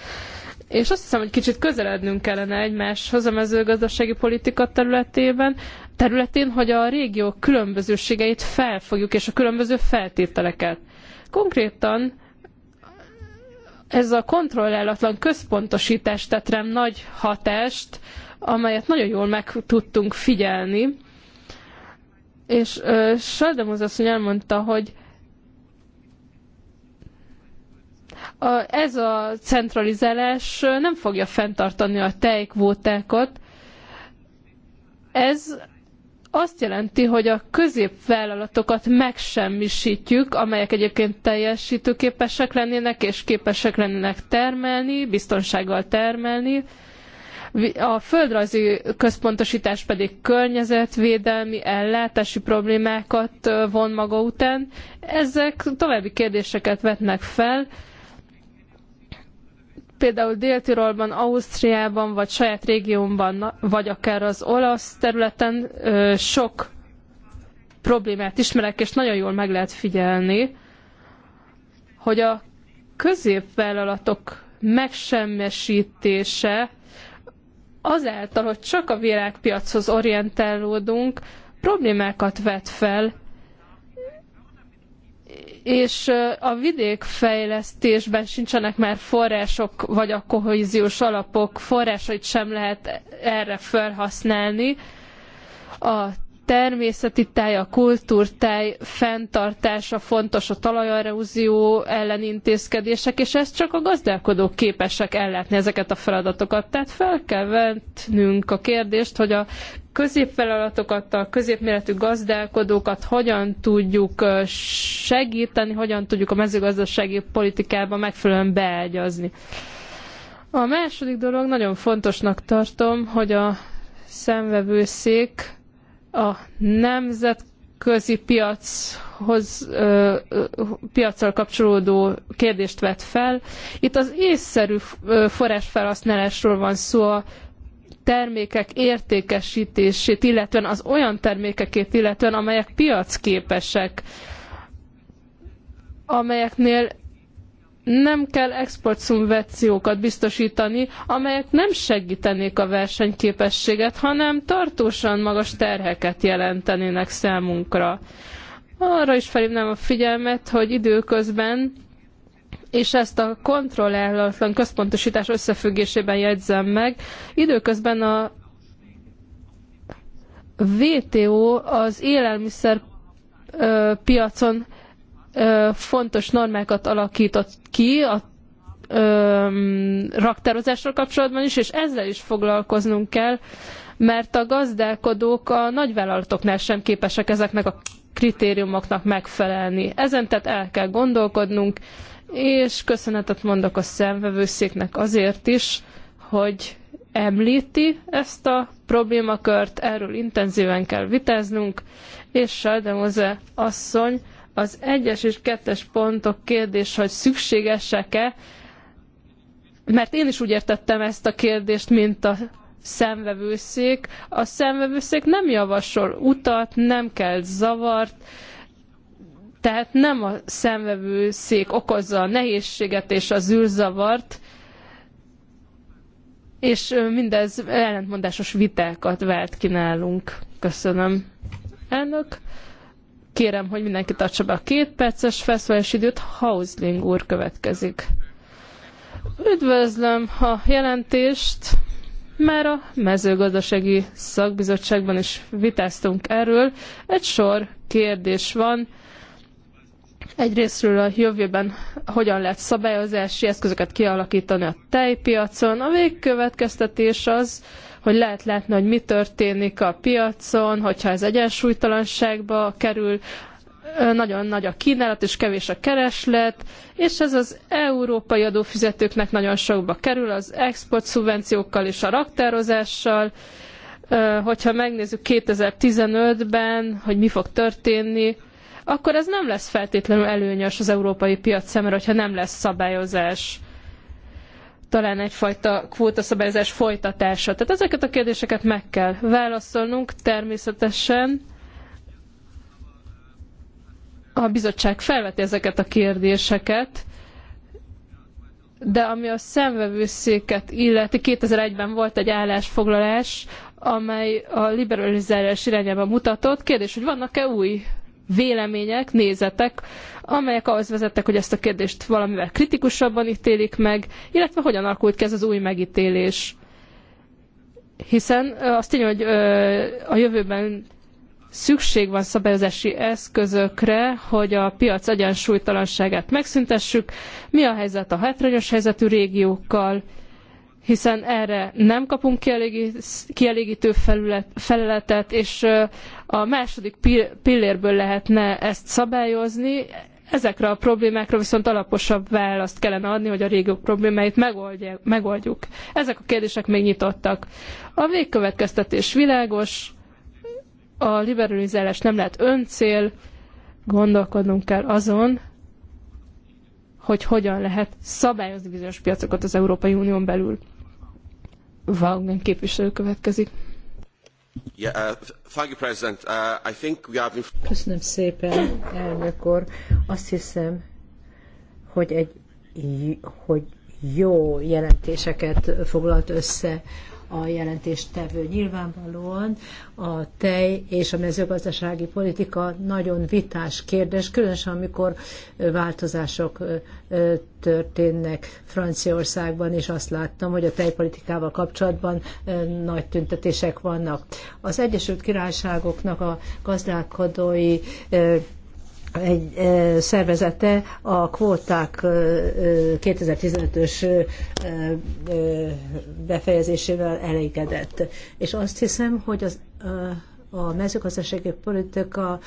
és azt hiszem, hogy kicsit közelednünk kellene egymáshoz a mezőgazdasági politika területében, területén, hogy a régió különbözőségeit felfogjuk, és a különböző feltételeket. Konkrétan ez a kontrollálatlan központosítás tett rám nagy hatást, amelyet nagyon jól meg tudtunk figyelni. És Saldemus azt elmondta, hogy ez a centralizálás nem fogja fenntartani a tejkvótákat. Ez azt jelenti, hogy a középvállalatokat megsemmisítjük, amelyek egyébként teljesítőképesek lennének, és képesek lennének termelni, biztonsággal termelni. A földrajzi központosítás pedig környezetvédelmi, ellátási problémákat von maga után. Ezek további kérdéseket vetnek fel, Például Dél-Tirolban, Ausztriában, vagy saját régiómban, vagy akár az olasz területen sok problémát ismerek, és nagyon jól meg lehet figyelni, hogy a középvállalatok megsemmisítése azáltal, hogy csak a világpiachoz orientálódunk, problémákat vet fel, és a vidékfejlesztésben sincsenek már források, vagy a kohéziós alapok forrásait sem lehet erre felhasználni. A természeti táj, a kultúrtáj fenntartása fontos, a talajarúzió ellen intézkedések, és ezt csak a gazdálkodók képesek ellátni ezeket a feladatokat. Tehát fel kell vetnünk a kérdést, hogy a középvállalatokat, a középméretű gazdálkodókat hogyan tudjuk segíteni, hogyan tudjuk a mezőgazdasági politikába megfelelően beágyazni. A második dolog nagyon fontosnak tartom, hogy a szemvevőszék a nemzetközi piachoz, ö, piaccal kapcsolódó kérdést vett fel. Itt az észszerű forrásfelhasználásról van szó a termékek értékesítését, illetően az olyan termékekét, illetően amelyek piacképesek, amelyeknél nem kell exportszubvenciókat biztosítani, amelyek nem segítenék a versenyképességet, hanem tartósan magas terheket jelentenének számunkra. Arra is felhívnám a figyelmet, hogy időközben és ezt a kontrollálatlan központosítás összefüggésében jegyzem meg. Időközben a VTO az élelmiszer piacon fontos normákat alakított ki a raktározással kapcsolatban is, és ezzel is foglalkoznunk kell, mert a gazdálkodók a nagyvállalatoknál sem képesek ezeknek a kritériumoknak megfelelni. Ezen tehát el kell gondolkodnunk, és köszönetet mondok a szemvevőszéknek azért is, hogy említi ezt a problémakört, erről intenzíven kell vitáznunk, és Sajdemoze asszony az egyes és kettes pontok kérdés, hogy szükségesek-e, mert én is úgy értettem ezt a kérdést, mint a szemvevőszék. A szemvevőszék nem javasol utat, nem kell zavart, tehát nem a szemvevőszék okozza a nehézséget és az zűrzavart, és mindez ellentmondásos vitákat vált ki nálunk. Köszönöm, elnök. Kérem, hogy mindenki tartsa be a két perces felszólás időt. Hausling úr következik. Üdvözlöm a jelentést. Már a mezőgazdasági szakbizottságban is vitáztunk erről. Egy sor kérdés van, Egyrésztről a jövőben hogyan lehet szabályozási eszközöket kialakítani a tejpiacon. A végkövetkeztetés az, hogy lehet látni, hogy mi történik a piacon, hogyha ez egyensúlytalanságba kerül, nagyon nagy a kínálat és kevés a kereslet, és ez az európai adófizetőknek nagyon sokba kerül az export szubvenciókkal és a raktározással. Hogyha megnézzük 2015-ben, hogy mi fog történni, akkor ez nem lesz feltétlenül előnyös az európai piac szemre, hogyha nem lesz szabályozás talán egyfajta kvótaszabályozás folytatása. Tehát ezeket a kérdéseket meg kell válaszolnunk természetesen. A bizottság felveti ezeket a kérdéseket, de ami a szemvevőszéket illeti, 2001-ben volt egy állásfoglalás, amely a liberalizálás irányába mutatott. Kérdés, hogy vannak-e új vélemények, nézetek, amelyek ahhoz vezettek, hogy ezt a kérdést valamivel kritikusabban ítélik meg, illetve hogyan alakult ki ez az új megítélés. Hiszen azt tényleg, hogy a jövőben szükség van szabályozási eszközökre, hogy a piac egyensúlytalanságát megszüntessük. Mi a helyzet a hátrányos helyzetű régiókkal, hiszen erre nem kapunk kielégítő feleletet, és a második pillérből lehetne ezt szabályozni. Ezekre a problémákra viszont alaposabb választ kellene adni, hogy a régiók problémáit megoldjuk. Ezek a kérdések még nyitottak. A végkövetkeztetés világos, a liberalizálás nem lehet öncél, gondolkodnunk kell azon, hogy hogyan lehet szabályozni bizonyos piacokat az Európai Unión belül. Wagner képviselő következik. Köszönöm szépen, elnök
úr. Azt hiszem, hogy egy hogy jó jelentéseket foglalt össze a jelentéstevő. Nyilvánvalóan a tej és a mezőgazdasági politika nagyon vitás kérdés, különösen amikor változások történnek Franciaországban, és azt láttam, hogy a tejpolitikával kapcsolatban nagy tüntetések vannak. Az Egyesült Királyságoknak a gazdálkodói egy szervezete a kvóták 2015-ös befejezésével elégedett. És azt hiszem, hogy az, a mezőgazdasági politika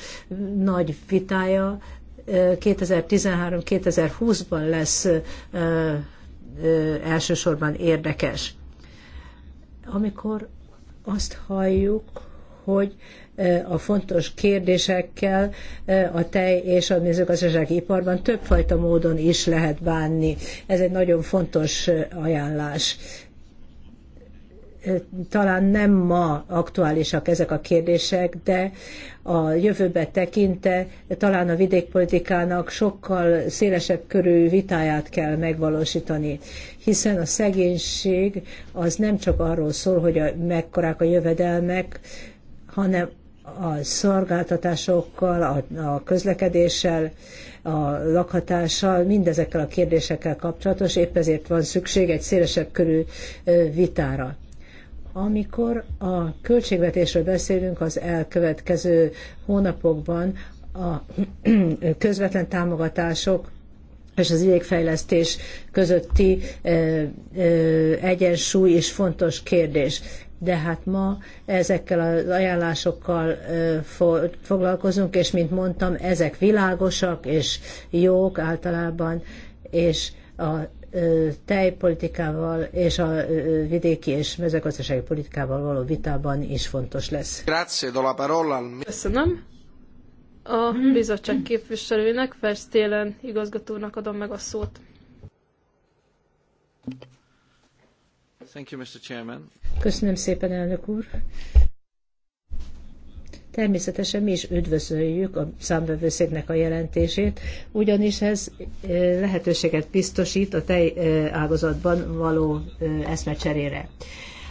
nagy vitája 2013-2020-ban lesz elsősorban érdekes. Amikor azt halljuk, hogy a fontos kérdésekkel a tej és a mezőgazdasági iparban többfajta módon is lehet bánni. Ez egy nagyon fontos ajánlás talán nem ma aktuálisak ezek a kérdések, de a jövőbe tekinte talán a vidékpolitikának sokkal szélesebb körű vitáját kell megvalósítani, hiszen a szegénység az nem csak arról szól, hogy a, mekkorák a jövedelmek, hanem a szolgáltatásokkal, a, a közlekedéssel, a lakhatással, mindezekkel a kérdésekkel kapcsolatos, épp ezért van szükség egy szélesebb körű vitára. Amikor a költségvetésről beszélünk az elkövetkező hónapokban, a közvetlen támogatások és az idegfejlesztés közötti egyensúly is fontos kérdés de hát ma ezekkel az ajánlásokkal foglalkozunk, és mint mondtam, ezek világosak és jók általában, és a tejpolitikával és a vidéki és mezőgazdasági politikával való vitában is
fontos lesz. Köszönöm.
A bizottság képviselőnek, Verstélen igazgatónak adom meg a szót.
Köszönöm szépen, elnök úr. Természetesen mi is üdvözöljük a számbevőszéknek a jelentését, ugyanis ez lehetőséget biztosít a tejágazatban való eszmecserére.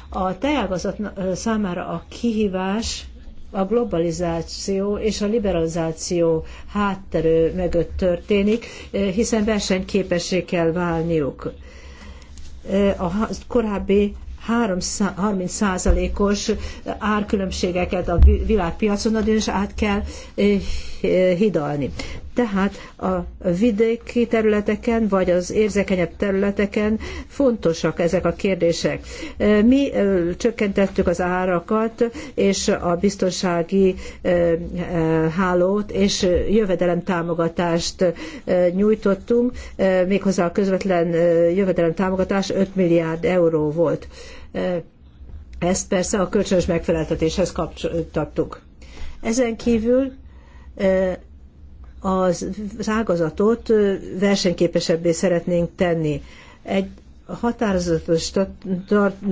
A tejágazat számára a kihívás a globalizáció és a liberalizáció hátterő mögött történik, hiszen versenyképessé kell válniuk a korábbi 30%-os árkülönbségeket a világpiacon, nagyon is át kell eh, hidalni. Tehát a vidéki területeken, vagy az érzékenyebb területeken fontosak ezek a kérdések. E, mi e, csökkentettük az árakat, és a biztonsági e, hálót, és jövedelemtámogatást nyújtottunk, méghozzá a közvetlen jövedelemtámogatás támogatás 5 milliárd euró volt. Ezt persze a kölcsönös megfeleltetéshez kapcsoltattuk. Ezen kívül az ágazatot versenyképesebbé szeretnénk tenni. Egy határozatot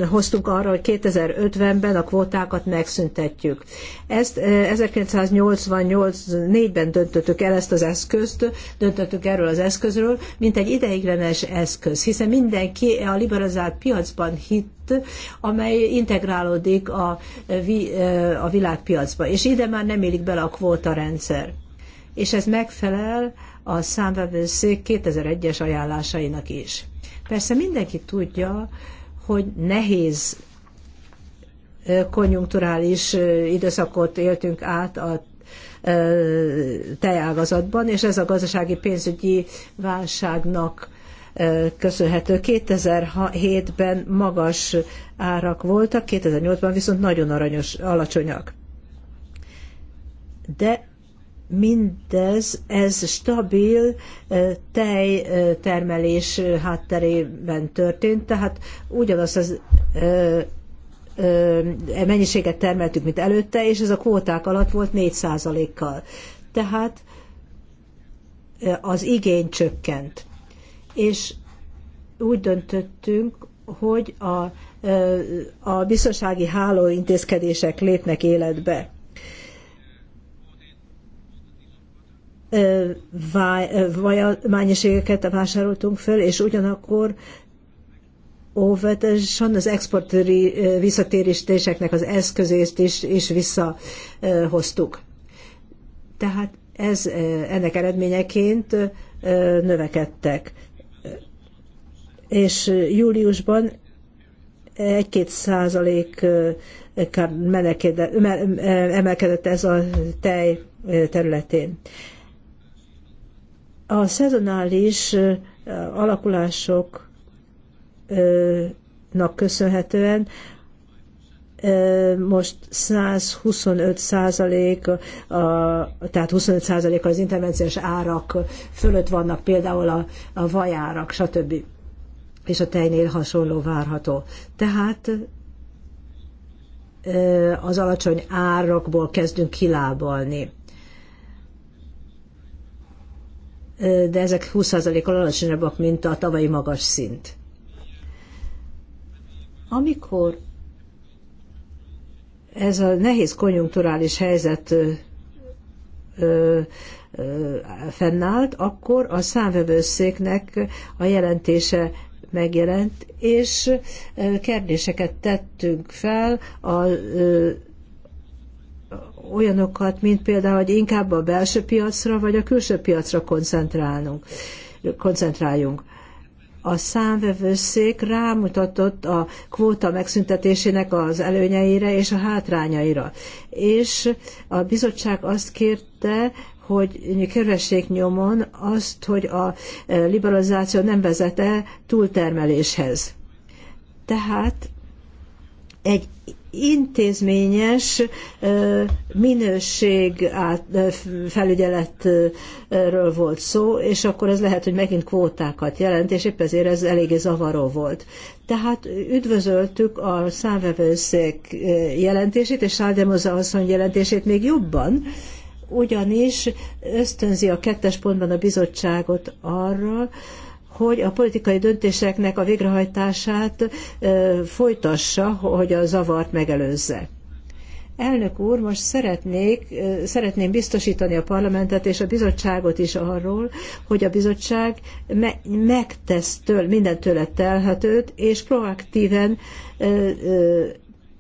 hoztunk arra, hogy 2050-ben a kvótákat megszüntetjük. Ezt 1984-ben döntöttük el ezt az eszközt, döntöttük erről az eszközről, mint egy ideiglenes eszköz, hiszen mindenki a liberalizált piacban hitt, amely integrálódik a, a világpiacba, és ide már nem élik bele a kvóta rendszer és ez megfelel a számvevőszék 2001-es ajánlásainak is. Persze mindenki tudja, hogy nehéz konjunkturális időszakot éltünk át a tejágazatban, és ez a gazdasági pénzügyi válságnak köszönhető. 2007-ben magas árak voltak, 2008-ban viszont nagyon aranyos, alacsonyak. De mindez, ez stabil tejtermelés hátterében történt, tehát ugyanaz az e mennyiséget termeltük, mint előtte, és ez a kvóták alatt volt 4%-kal. Tehát az igény csökkent. És úgy döntöttünk, hogy a, a biztonsági intézkedések lépnek életbe valamennyiségeket vásároltunk föl, és ugyanakkor óvatosan az exportőri visszatérítéseknek az eszközést is, is visszahoztuk. Tehát ez, ennek eredményeként növekedtek. És júliusban egy-két százalék emelkedett ez a tej területén. A szezonális alakulásoknak köszönhetően most 125 százalék, tehát 25 százalék az intervenciós árak fölött vannak például a, a vajárak, stb. És a tejnél hasonló várható. Tehát az alacsony árakból kezdünk kilábalni. de ezek 20%-kal alacsonyabbak, mint a tavalyi magas szint. Amikor ez a nehéz konjunkturális helyzet fennállt, akkor a számvevőszéknek a jelentése megjelent, és kérdéseket tettünk fel a olyanokat, mint például, hogy inkább a belső piacra vagy a külső piacra koncentrálunk, koncentráljunk. A számvevőszék rámutatott a kvóta megszüntetésének az előnyeire és a hátrányaira. És a bizottság azt kérte, hogy kövessék nyomon azt, hogy a liberalizáció nem vezete túltermeléshez. Tehát egy intézményes minőség felügyeletről volt szó, és akkor ez lehet, hogy megint kvótákat jelent, és épp ezért ez eléggé zavaró volt. Tehát üdvözöltük a számvevőszék jelentését, és Sáldemoza asszony jelentését még jobban, ugyanis ösztönzi a kettes pontban a bizottságot arra, hogy a politikai döntéseknek a végrehajtását folytassa, hogy a zavart megelőzze. Elnök úr, most szeretnék, szeretném biztosítani a parlamentet és a bizottságot is arról, hogy a bizottság me- megtesz től, minden tőle telhetőt, és proaktíven ö, ö,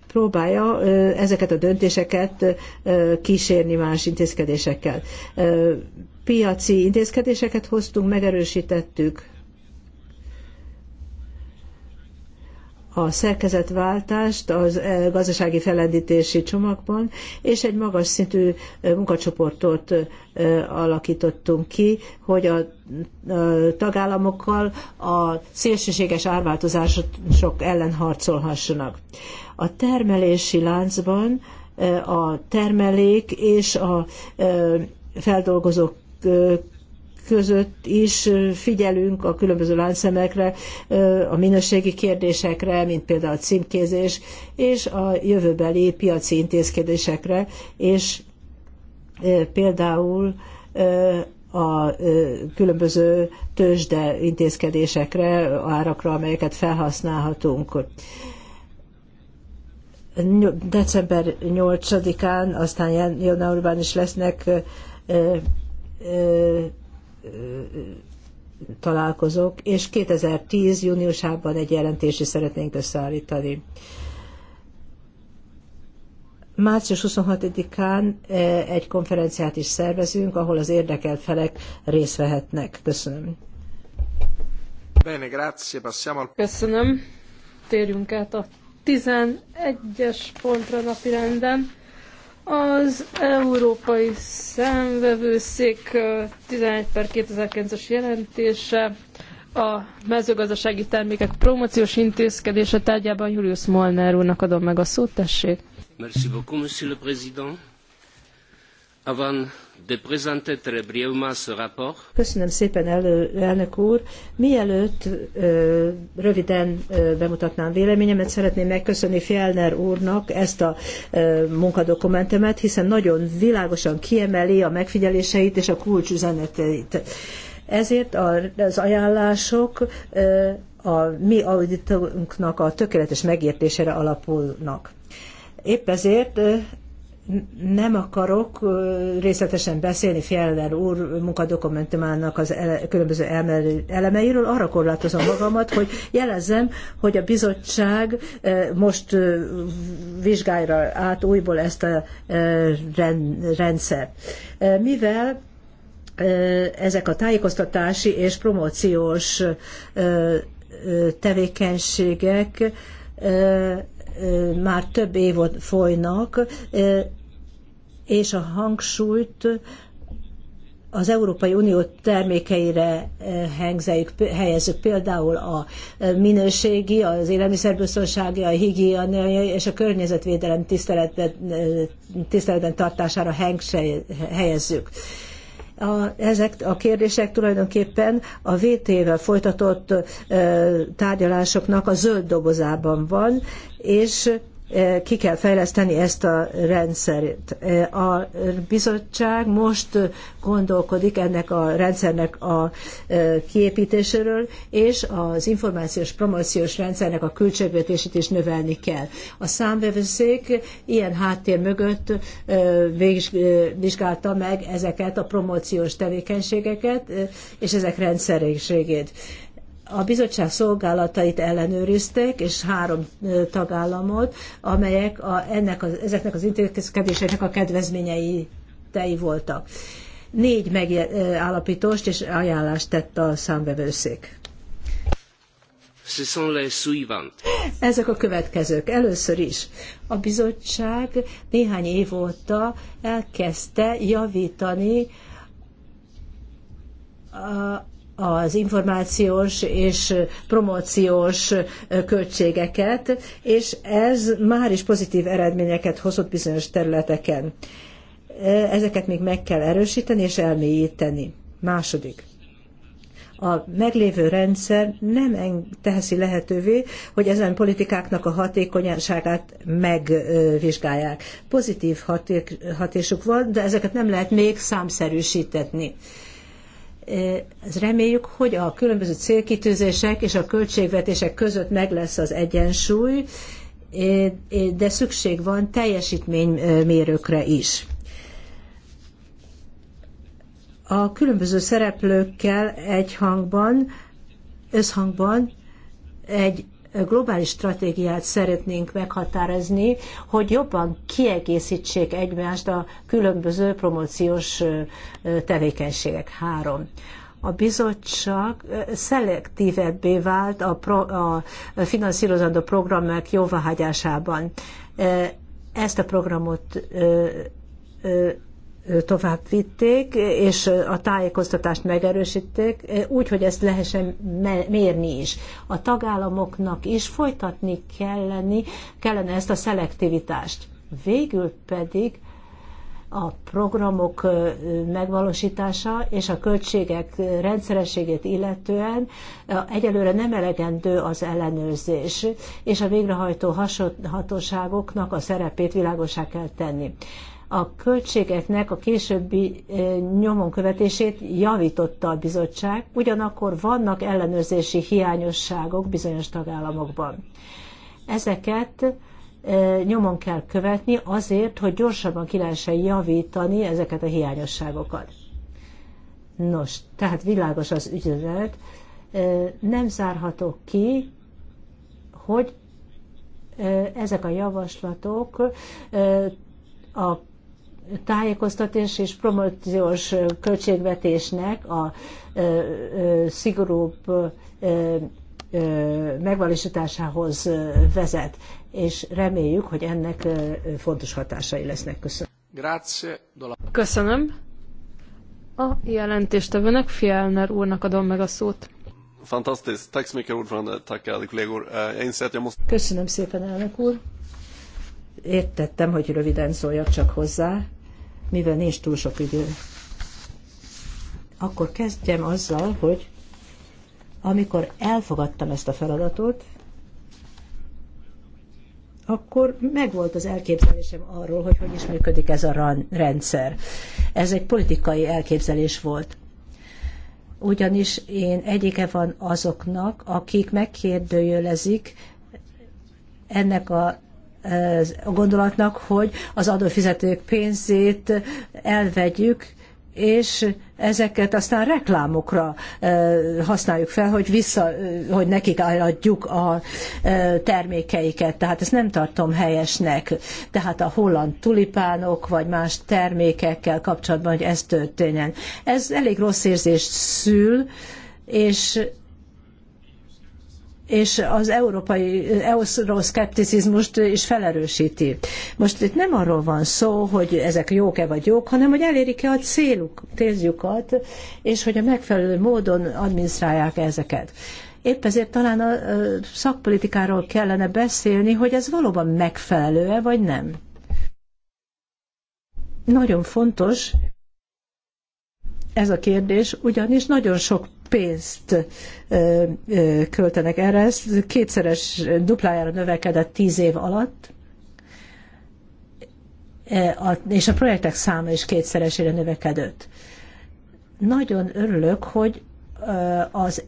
próbálja ö, ezeket a döntéseket ö, kísérni más intézkedésekkel. Ö, piaci intézkedéseket hoztunk, megerősítettük a szerkezetváltást az e, gazdasági felendítési csomagban, és egy magas szintű e, munkacsoportot e, alakítottunk ki, hogy a tagállamokkal a szélsőséges árváltozások ellen harcolhassanak. A termelési láncban a termelék és a feldolgozók között is figyelünk a különböző láncszemekre, a minőségi kérdésekre, mint például a címkézés, és a jövőbeli piaci intézkedésekre, és például a különböző tőzsde intézkedésekre, árakra, amelyeket felhasználhatunk december 8-án, aztán januárban is lesznek találkozók, és 2010. júniusában egy jelentést is szeretnénk összeállítani. Március 26-án eh, egy konferenciát is szervezünk, ahol az érdekelt felek részt vehetnek. Köszönöm.
Bene, grazie, passiamo al... Köszönöm. Térjünk át a 11-es pontra napirenden. Az Európai Szemvevőszék 11 per 2009-es jelentése a mezőgazdasági termékek promóciós intézkedése tárgyában Julius Molnár úrnak adom meg a szót, tessék. Merci beaucoup, monsieur le président. Avant de présenter brièvement ce rapport.
Köszönöm szépen, elő, elnök úr. Mielőtt ö, röviden ö, bemutatnám véleményemet, szeretném megköszönni Fjellner úrnak ezt a ö, hiszen nagyon világosan kiemeli a megfigyeléseit és a kulcsüzeneteit. Ezért a, az ajánlások ö, a mi auditunknak a tökéletes megértésére alapulnak. Épp ezért nem akarok részletesen beszélni Fjellner úr munkadokumentumának az ele, különböző elemeiről, arra korlátozom magamat, hogy jelezzem, hogy a bizottság most vizsgálja át újból ezt a rendszert. Mivel ezek a tájékoztatási és promóciós tevékenységek már több évot folynak, és a hangsúlyt az Európai Unió termékeire eh, hengzeljük, helyezzük például a eh, minőségi, az élelmiszerbiztonsági, a higiéniai és a környezetvédelem tiszteletben, eh, tiszteletben tartására helyezzük. A, ezek a kérdések tulajdonképpen a VT-vel folytatott ö, tárgyalásoknak a zöld dobozában van, és ki kell fejleszteni ezt a rendszert. A bizottság most gondolkodik ennek a rendszernek a kiépítéséről, és az információs promóciós rendszernek a költségvetését is növelni kell. A számvevőszék ilyen háttér mögött vizsgálta meg ezeket a promóciós tevékenységeket, és ezek rendszerségét a bizottság szolgálatait ellenőrizték, és három tagállamot, amelyek a, ennek az, ezeknek az intézkedéseknek a kedvezményei tei voltak. Négy megállapítást és ajánlást tett a számvevőszék. Ezek a következők. Először is a bizottság néhány év óta elkezdte javítani a az információs és promóciós költségeket, és ez már is pozitív eredményeket hozott bizonyos területeken. Ezeket még meg kell erősíteni és elmélyíteni. Második a meglévő rendszer nem teheszi lehetővé, hogy ezen politikáknak a hatékonyságát megvizsgálják. Pozitív haték, hatásuk van, de ezeket nem lehet még számszerűsíteni. Ez reméljük, hogy a különböző célkitűzések és a költségvetések között meg lesz az egyensúly, de szükség van teljesítménymérőkre is. A különböző szereplőkkel egy hangban, összhangban egy globális stratégiát szeretnénk meghatározni, hogy jobban kiegészítsék egymást a különböző promóciós tevékenységek. Három a bizottság szelektívebbé vált a, pro, a finanszírozandó programok jóváhagyásában. Ezt a programot tovább vitték, és a tájékoztatást megerősíték, eh, úgy, hogy ezt lehessen mérni is. A tagállamoknak is folytatni kelleni, kellene ezt a szelektivitást. Végül pedig a programok eh, megvalósítása és a költségek rendszerességét illetően eh, egyelőre nem elegendő az ellenőrzés, és a végrehajtó hatóságoknak a szerepét világosá kell tenni a költségeknek a későbbi eh, nyomon követését javította a bizottság, ugyanakkor vannak ellenőrzési hiányosságok bizonyos tagállamokban. Ezeket eh, nyomon kell követni azért, hogy gyorsabban ki lehessen javítani ezeket a hiányosságokat. Nos, tehát világos az üzenet, eh, nem zárható ki, hogy ezek a javaslatok a tájékoztatás és promóciós költségvetésnek a szigorúbb megvalósításához vezet, és reméljük, hogy ennek fontos hatásai
lesznek. Köszönöm.
Grazie.
Köszönöm. A jelentéstevőnek, Fjellner úrnak adom meg a szót.
Fantastiskt. Tack så mycket ordförande. Tack alla eh,
Köszönöm szépen, elnök úr. Értettem, hogy röviden szóljak csak hozzá mivel nincs túl sok idő. Akkor kezdjem azzal, hogy amikor elfogadtam ezt a feladatot, akkor megvolt az elképzelésem arról, hogy hogy is működik ez a rendszer. Ez egy politikai elképzelés volt. Ugyanis én egyike van azoknak, akik megkérdőjelezik ennek a a gondolatnak, hogy az adófizetők pénzét elvegyük, és ezeket aztán reklámokra használjuk fel, hogy vissza, hogy nekik adjuk a termékeiket. Tehát ezt nem tartom helyesnek. Tehát a holland tulipánok, vagy más termékekkel kapcsolatban, hogy ez történjen. Ez elég rossz érzést szül, és és az európai euroszkepticizmust is felerősíti. Most itt nem arról van szó, hogy ezek jók-e vagy jók, hanem hogy elérik-e a céluk, céljukat, és hogy a megfelelő módon adminisztrálják ezeket. Épp ezért talán a szakpolitikáról kellene beszélni, hogy ez valóban megfelelő-e, vagy nem. Nagyon fontos ez a kérdés, ugyanis nagyon sok pénzt költenek erre. Ez kétszeres duplájára növekedett tíz év alatt, e, és a projektek száma is kétszeresére növekedett. Nagyon örülök, hogy az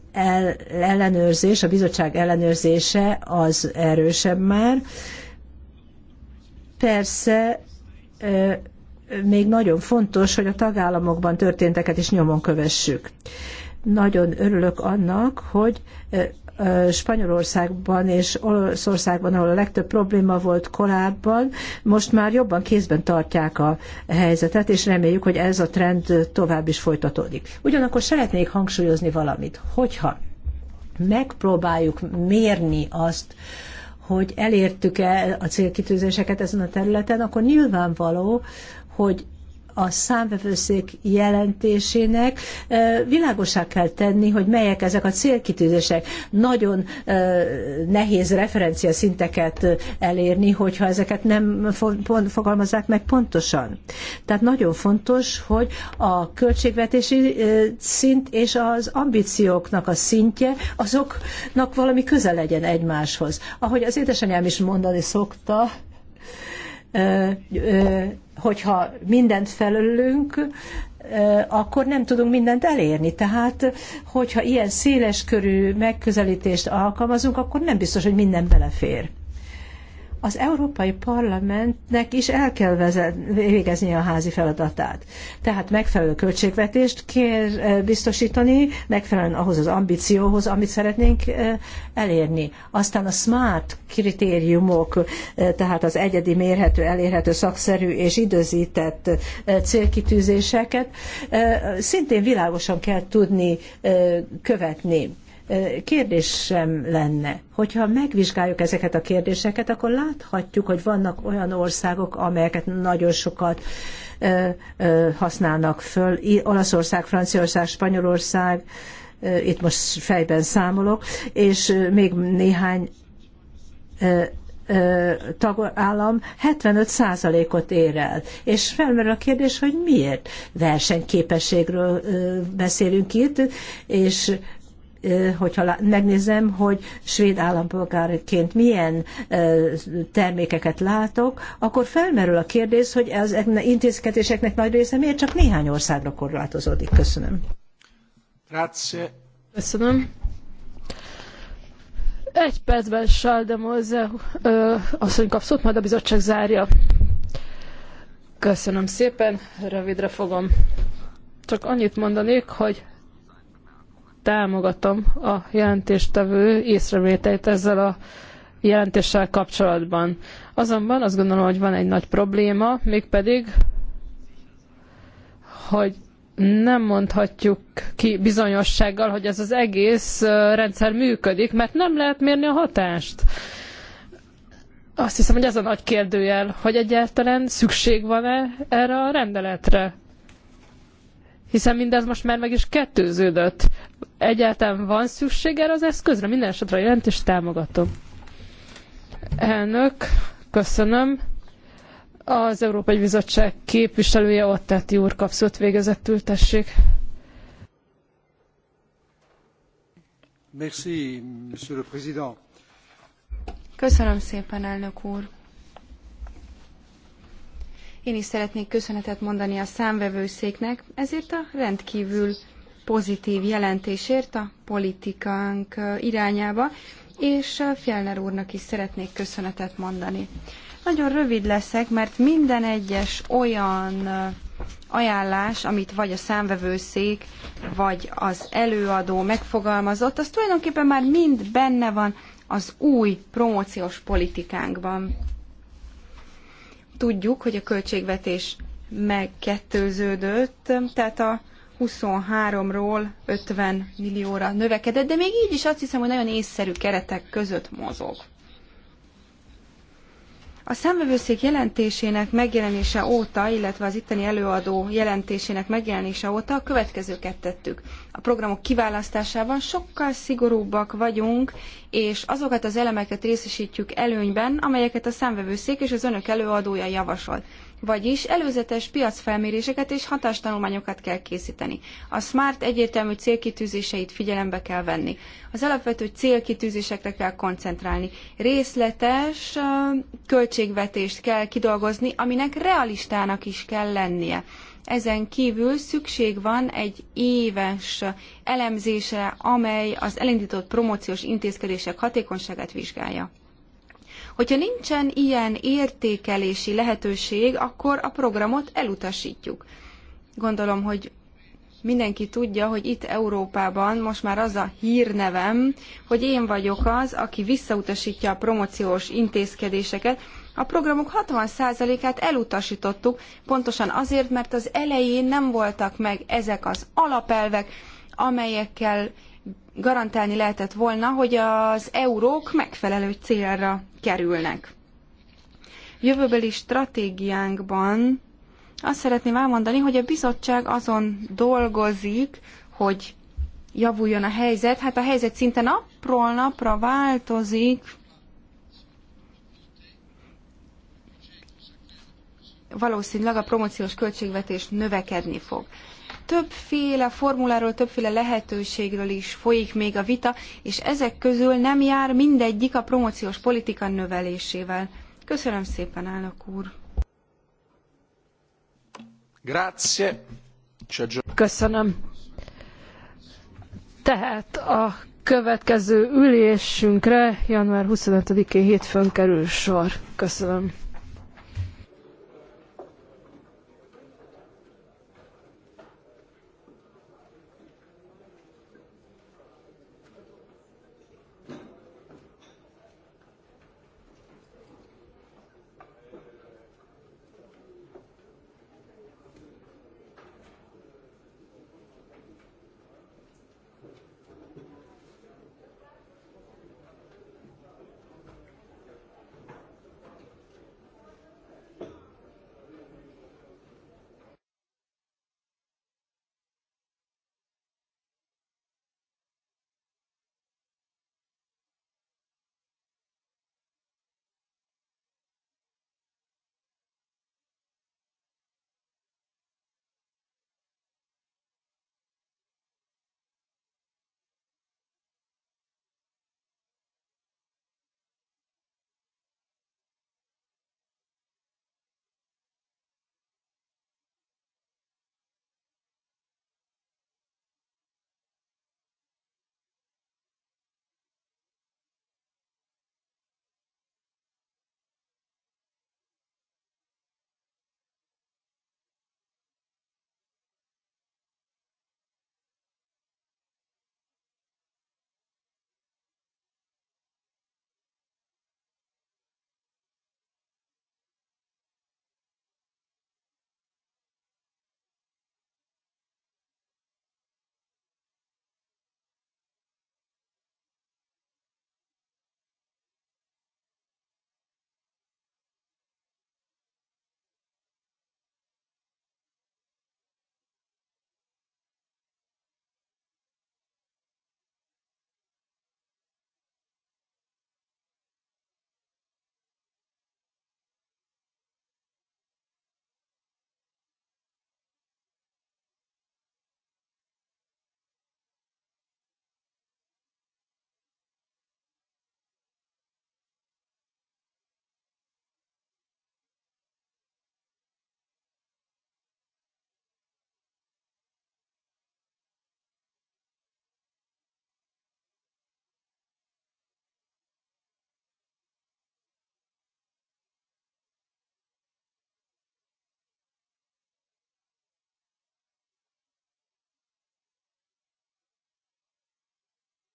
ellenőrzés, a bizottság ellenőrzése az erősebb már. Persze még nagyon fontos, hogy a tagállamokban történteket is nyomon kövessük. Nagyon örülök annak, hogy Spanyolországban és Olaszországban, ahol a legtöbb probléma volt korábban, most már jobban kézben tartják a helyzetet, és reméljük, hogy ez a trend tovább is folytatódik. Ugyanakkor szeretnék hangsúlyozni valamit, hogyha megpróbáljuk mérni azt, hogy elértük-e a célkitűzéseket ezen a területen, akkor nyilvánvaló, hogy a számvevőszék jelentésének világosá kell tenni, hogy melyek ezek a célkitűzések. Nagyon nehéz referencia szinteket elérni, hogyha ezeket nem fogalmazzák meg pontosan. Tehát nagyon fontos, hogy a költségvetési szint és az ambícióknak a szintje, azoknak valami köze legyen egymáshoz. Ahogy az édesanyám is mondani szokta, hogyha mindent felölünk, akkor nem tudunk mindent elérni. Tehát, hogyha ilyen széleskörű megközelítést alkalmazunk, akkor nem biztos, hogy minden belefér az Európai Parlamentnek is el kell végeznie a házi feladatát. Tehát megfelelő költségvetést kér biztosítani, megfelelően ahhoz az ambícióhoz, amit szeretnénk elérni. Aztán a smart kritériumok, tehát az egyedi, mérhető, elérhető, szakszerű és időzített célkitűzéseket szintén világosan kell tudni követni kérdésem lenne, hogyha megvizsgáljuk ezeket a kérdéseket, akkor láthatjuk, hogy vannak olyan országok, amelyeket nagyon sokat használnak föl. Olaszország, Franciaország, Spanyolország, itt most fejben számolok, és még néhány tagállam 75%-ot ér el. És felmerül a kérdés, hogy miért versenyképességről beszélünk itt, és hogyha megnézem, hogy svéd állampolgárként milyen termékeket látok, akkor felmerül a kérdés, hogy az e- intézkedéseknek nagy része miért csak néhány országra korlátozódik. Köszönöm.
Grazie.
Köszönöm. Egy percben Saldemoze asszony kapszott, majd a bizottság zárja. Köszönöm szépen, rövidre fogom. Csak annyit mondanék, hogy támogatom a jelentéstevő észrevételét ezzel a jelentéssel kapcsolatban. Azonban azt gondolom, hogy van egy nagy probléma, mégpedig, hogy nem mondhatjuk ki bizonyossággal, hogy ez az egész rendszer működik, mert nem lehet mérni a hatást. Azt hiszem, hogy ez a nagy kérdőjel, hogy egyáltalán szükség van-e erre a rendeletre hiszen mindez most már meg is kettőződött. Egyáltalán van szükség erre az eszközre? Minden esetre jelent és támogatom. Elnök, köszönöm. Az Európai Bizottság képviselője Ottáti úr kapszott végezettül, tessék. Merci,
Köszönöm szépen, elnök úr. Én is szeretnék köszönetet mondani a számvevőszéknek ezért a rendkívül pozitív jelentésért a politikánk irányába, és Fjellner úrnak is szeretnék köszönetet mondani. Nagyon rövid leszek, mert minden egyes olyan ajánlás, amit vagy a számvevőszék, vagy az előadó megfogalmazott, az tulajdonképpen már mind benne van az új promóciós politikánkban. Tudjuk, hogy a költségvetés megkettőződött, tehát a 23-ról 50 millióra növekedett, de még így is azt hiszem, hogy nagyon észszerű keretek között mozog. A számvevőszék jelentésének megjelenése óta, illetve az itteni előadó jelentésének megjelenése óta a következőket tettük. A programok kiválasztásában sokkal szigorúbbak vagyunk, és azokat az elemeket részesítjük előnyben, amelyeket a számvevőszék és az önök előadója javasolt. Vagyis előzetes piacfelméréseket és hatástanulmányokat kell készíteni. A SMART egyértelmű célkitűzéseit figyelembe kell venni. Az alapvető célkitűzésekre kell koncentrálni. Részletes költségvetést kell kidolgozni, aminek realistának is kell lennie. Ezen kívül szükség van egy éves elemzésre, amely az elindított promóciós intézkedések hatékonyságát vizsgálja. Hogyha nincsen ilyen értékelési lehetőség, akkor a programot elutasítjuk. Gondolom, hogy mindenki tudja, hogy itt Európában most már az a hírnevem, hogy én vagyok az, aki visszautasítja a promóciós intézkedéseket, a programok 60%-át elutasítottuk, pontosan azért, mert az elején nem voltak meg ezek az alapelvek, amelyekkel garantálni lehetett volna, hogy az eurók megfelelő célra kerülnek. Jövőbeli stratégiánkban azt szeretném elmondani, hogy a bizottság azon dolgozik, hogy javuljon a helyzet. Hát a helyzet szinte napról napra változik. Valószínűleg a promóciós költségvetés növekedni fog többféle formuláról, többféle lehetőségről is folyik még a vita, és ezek közül nem jár mindegyik a promóciós politika növelésével. Köszönöm szépen, állnak úr!
Grazie.
Köszönöm.
Tehát a következő ülésünkre január 25-én hétfőn kerül sor. Köszönöm.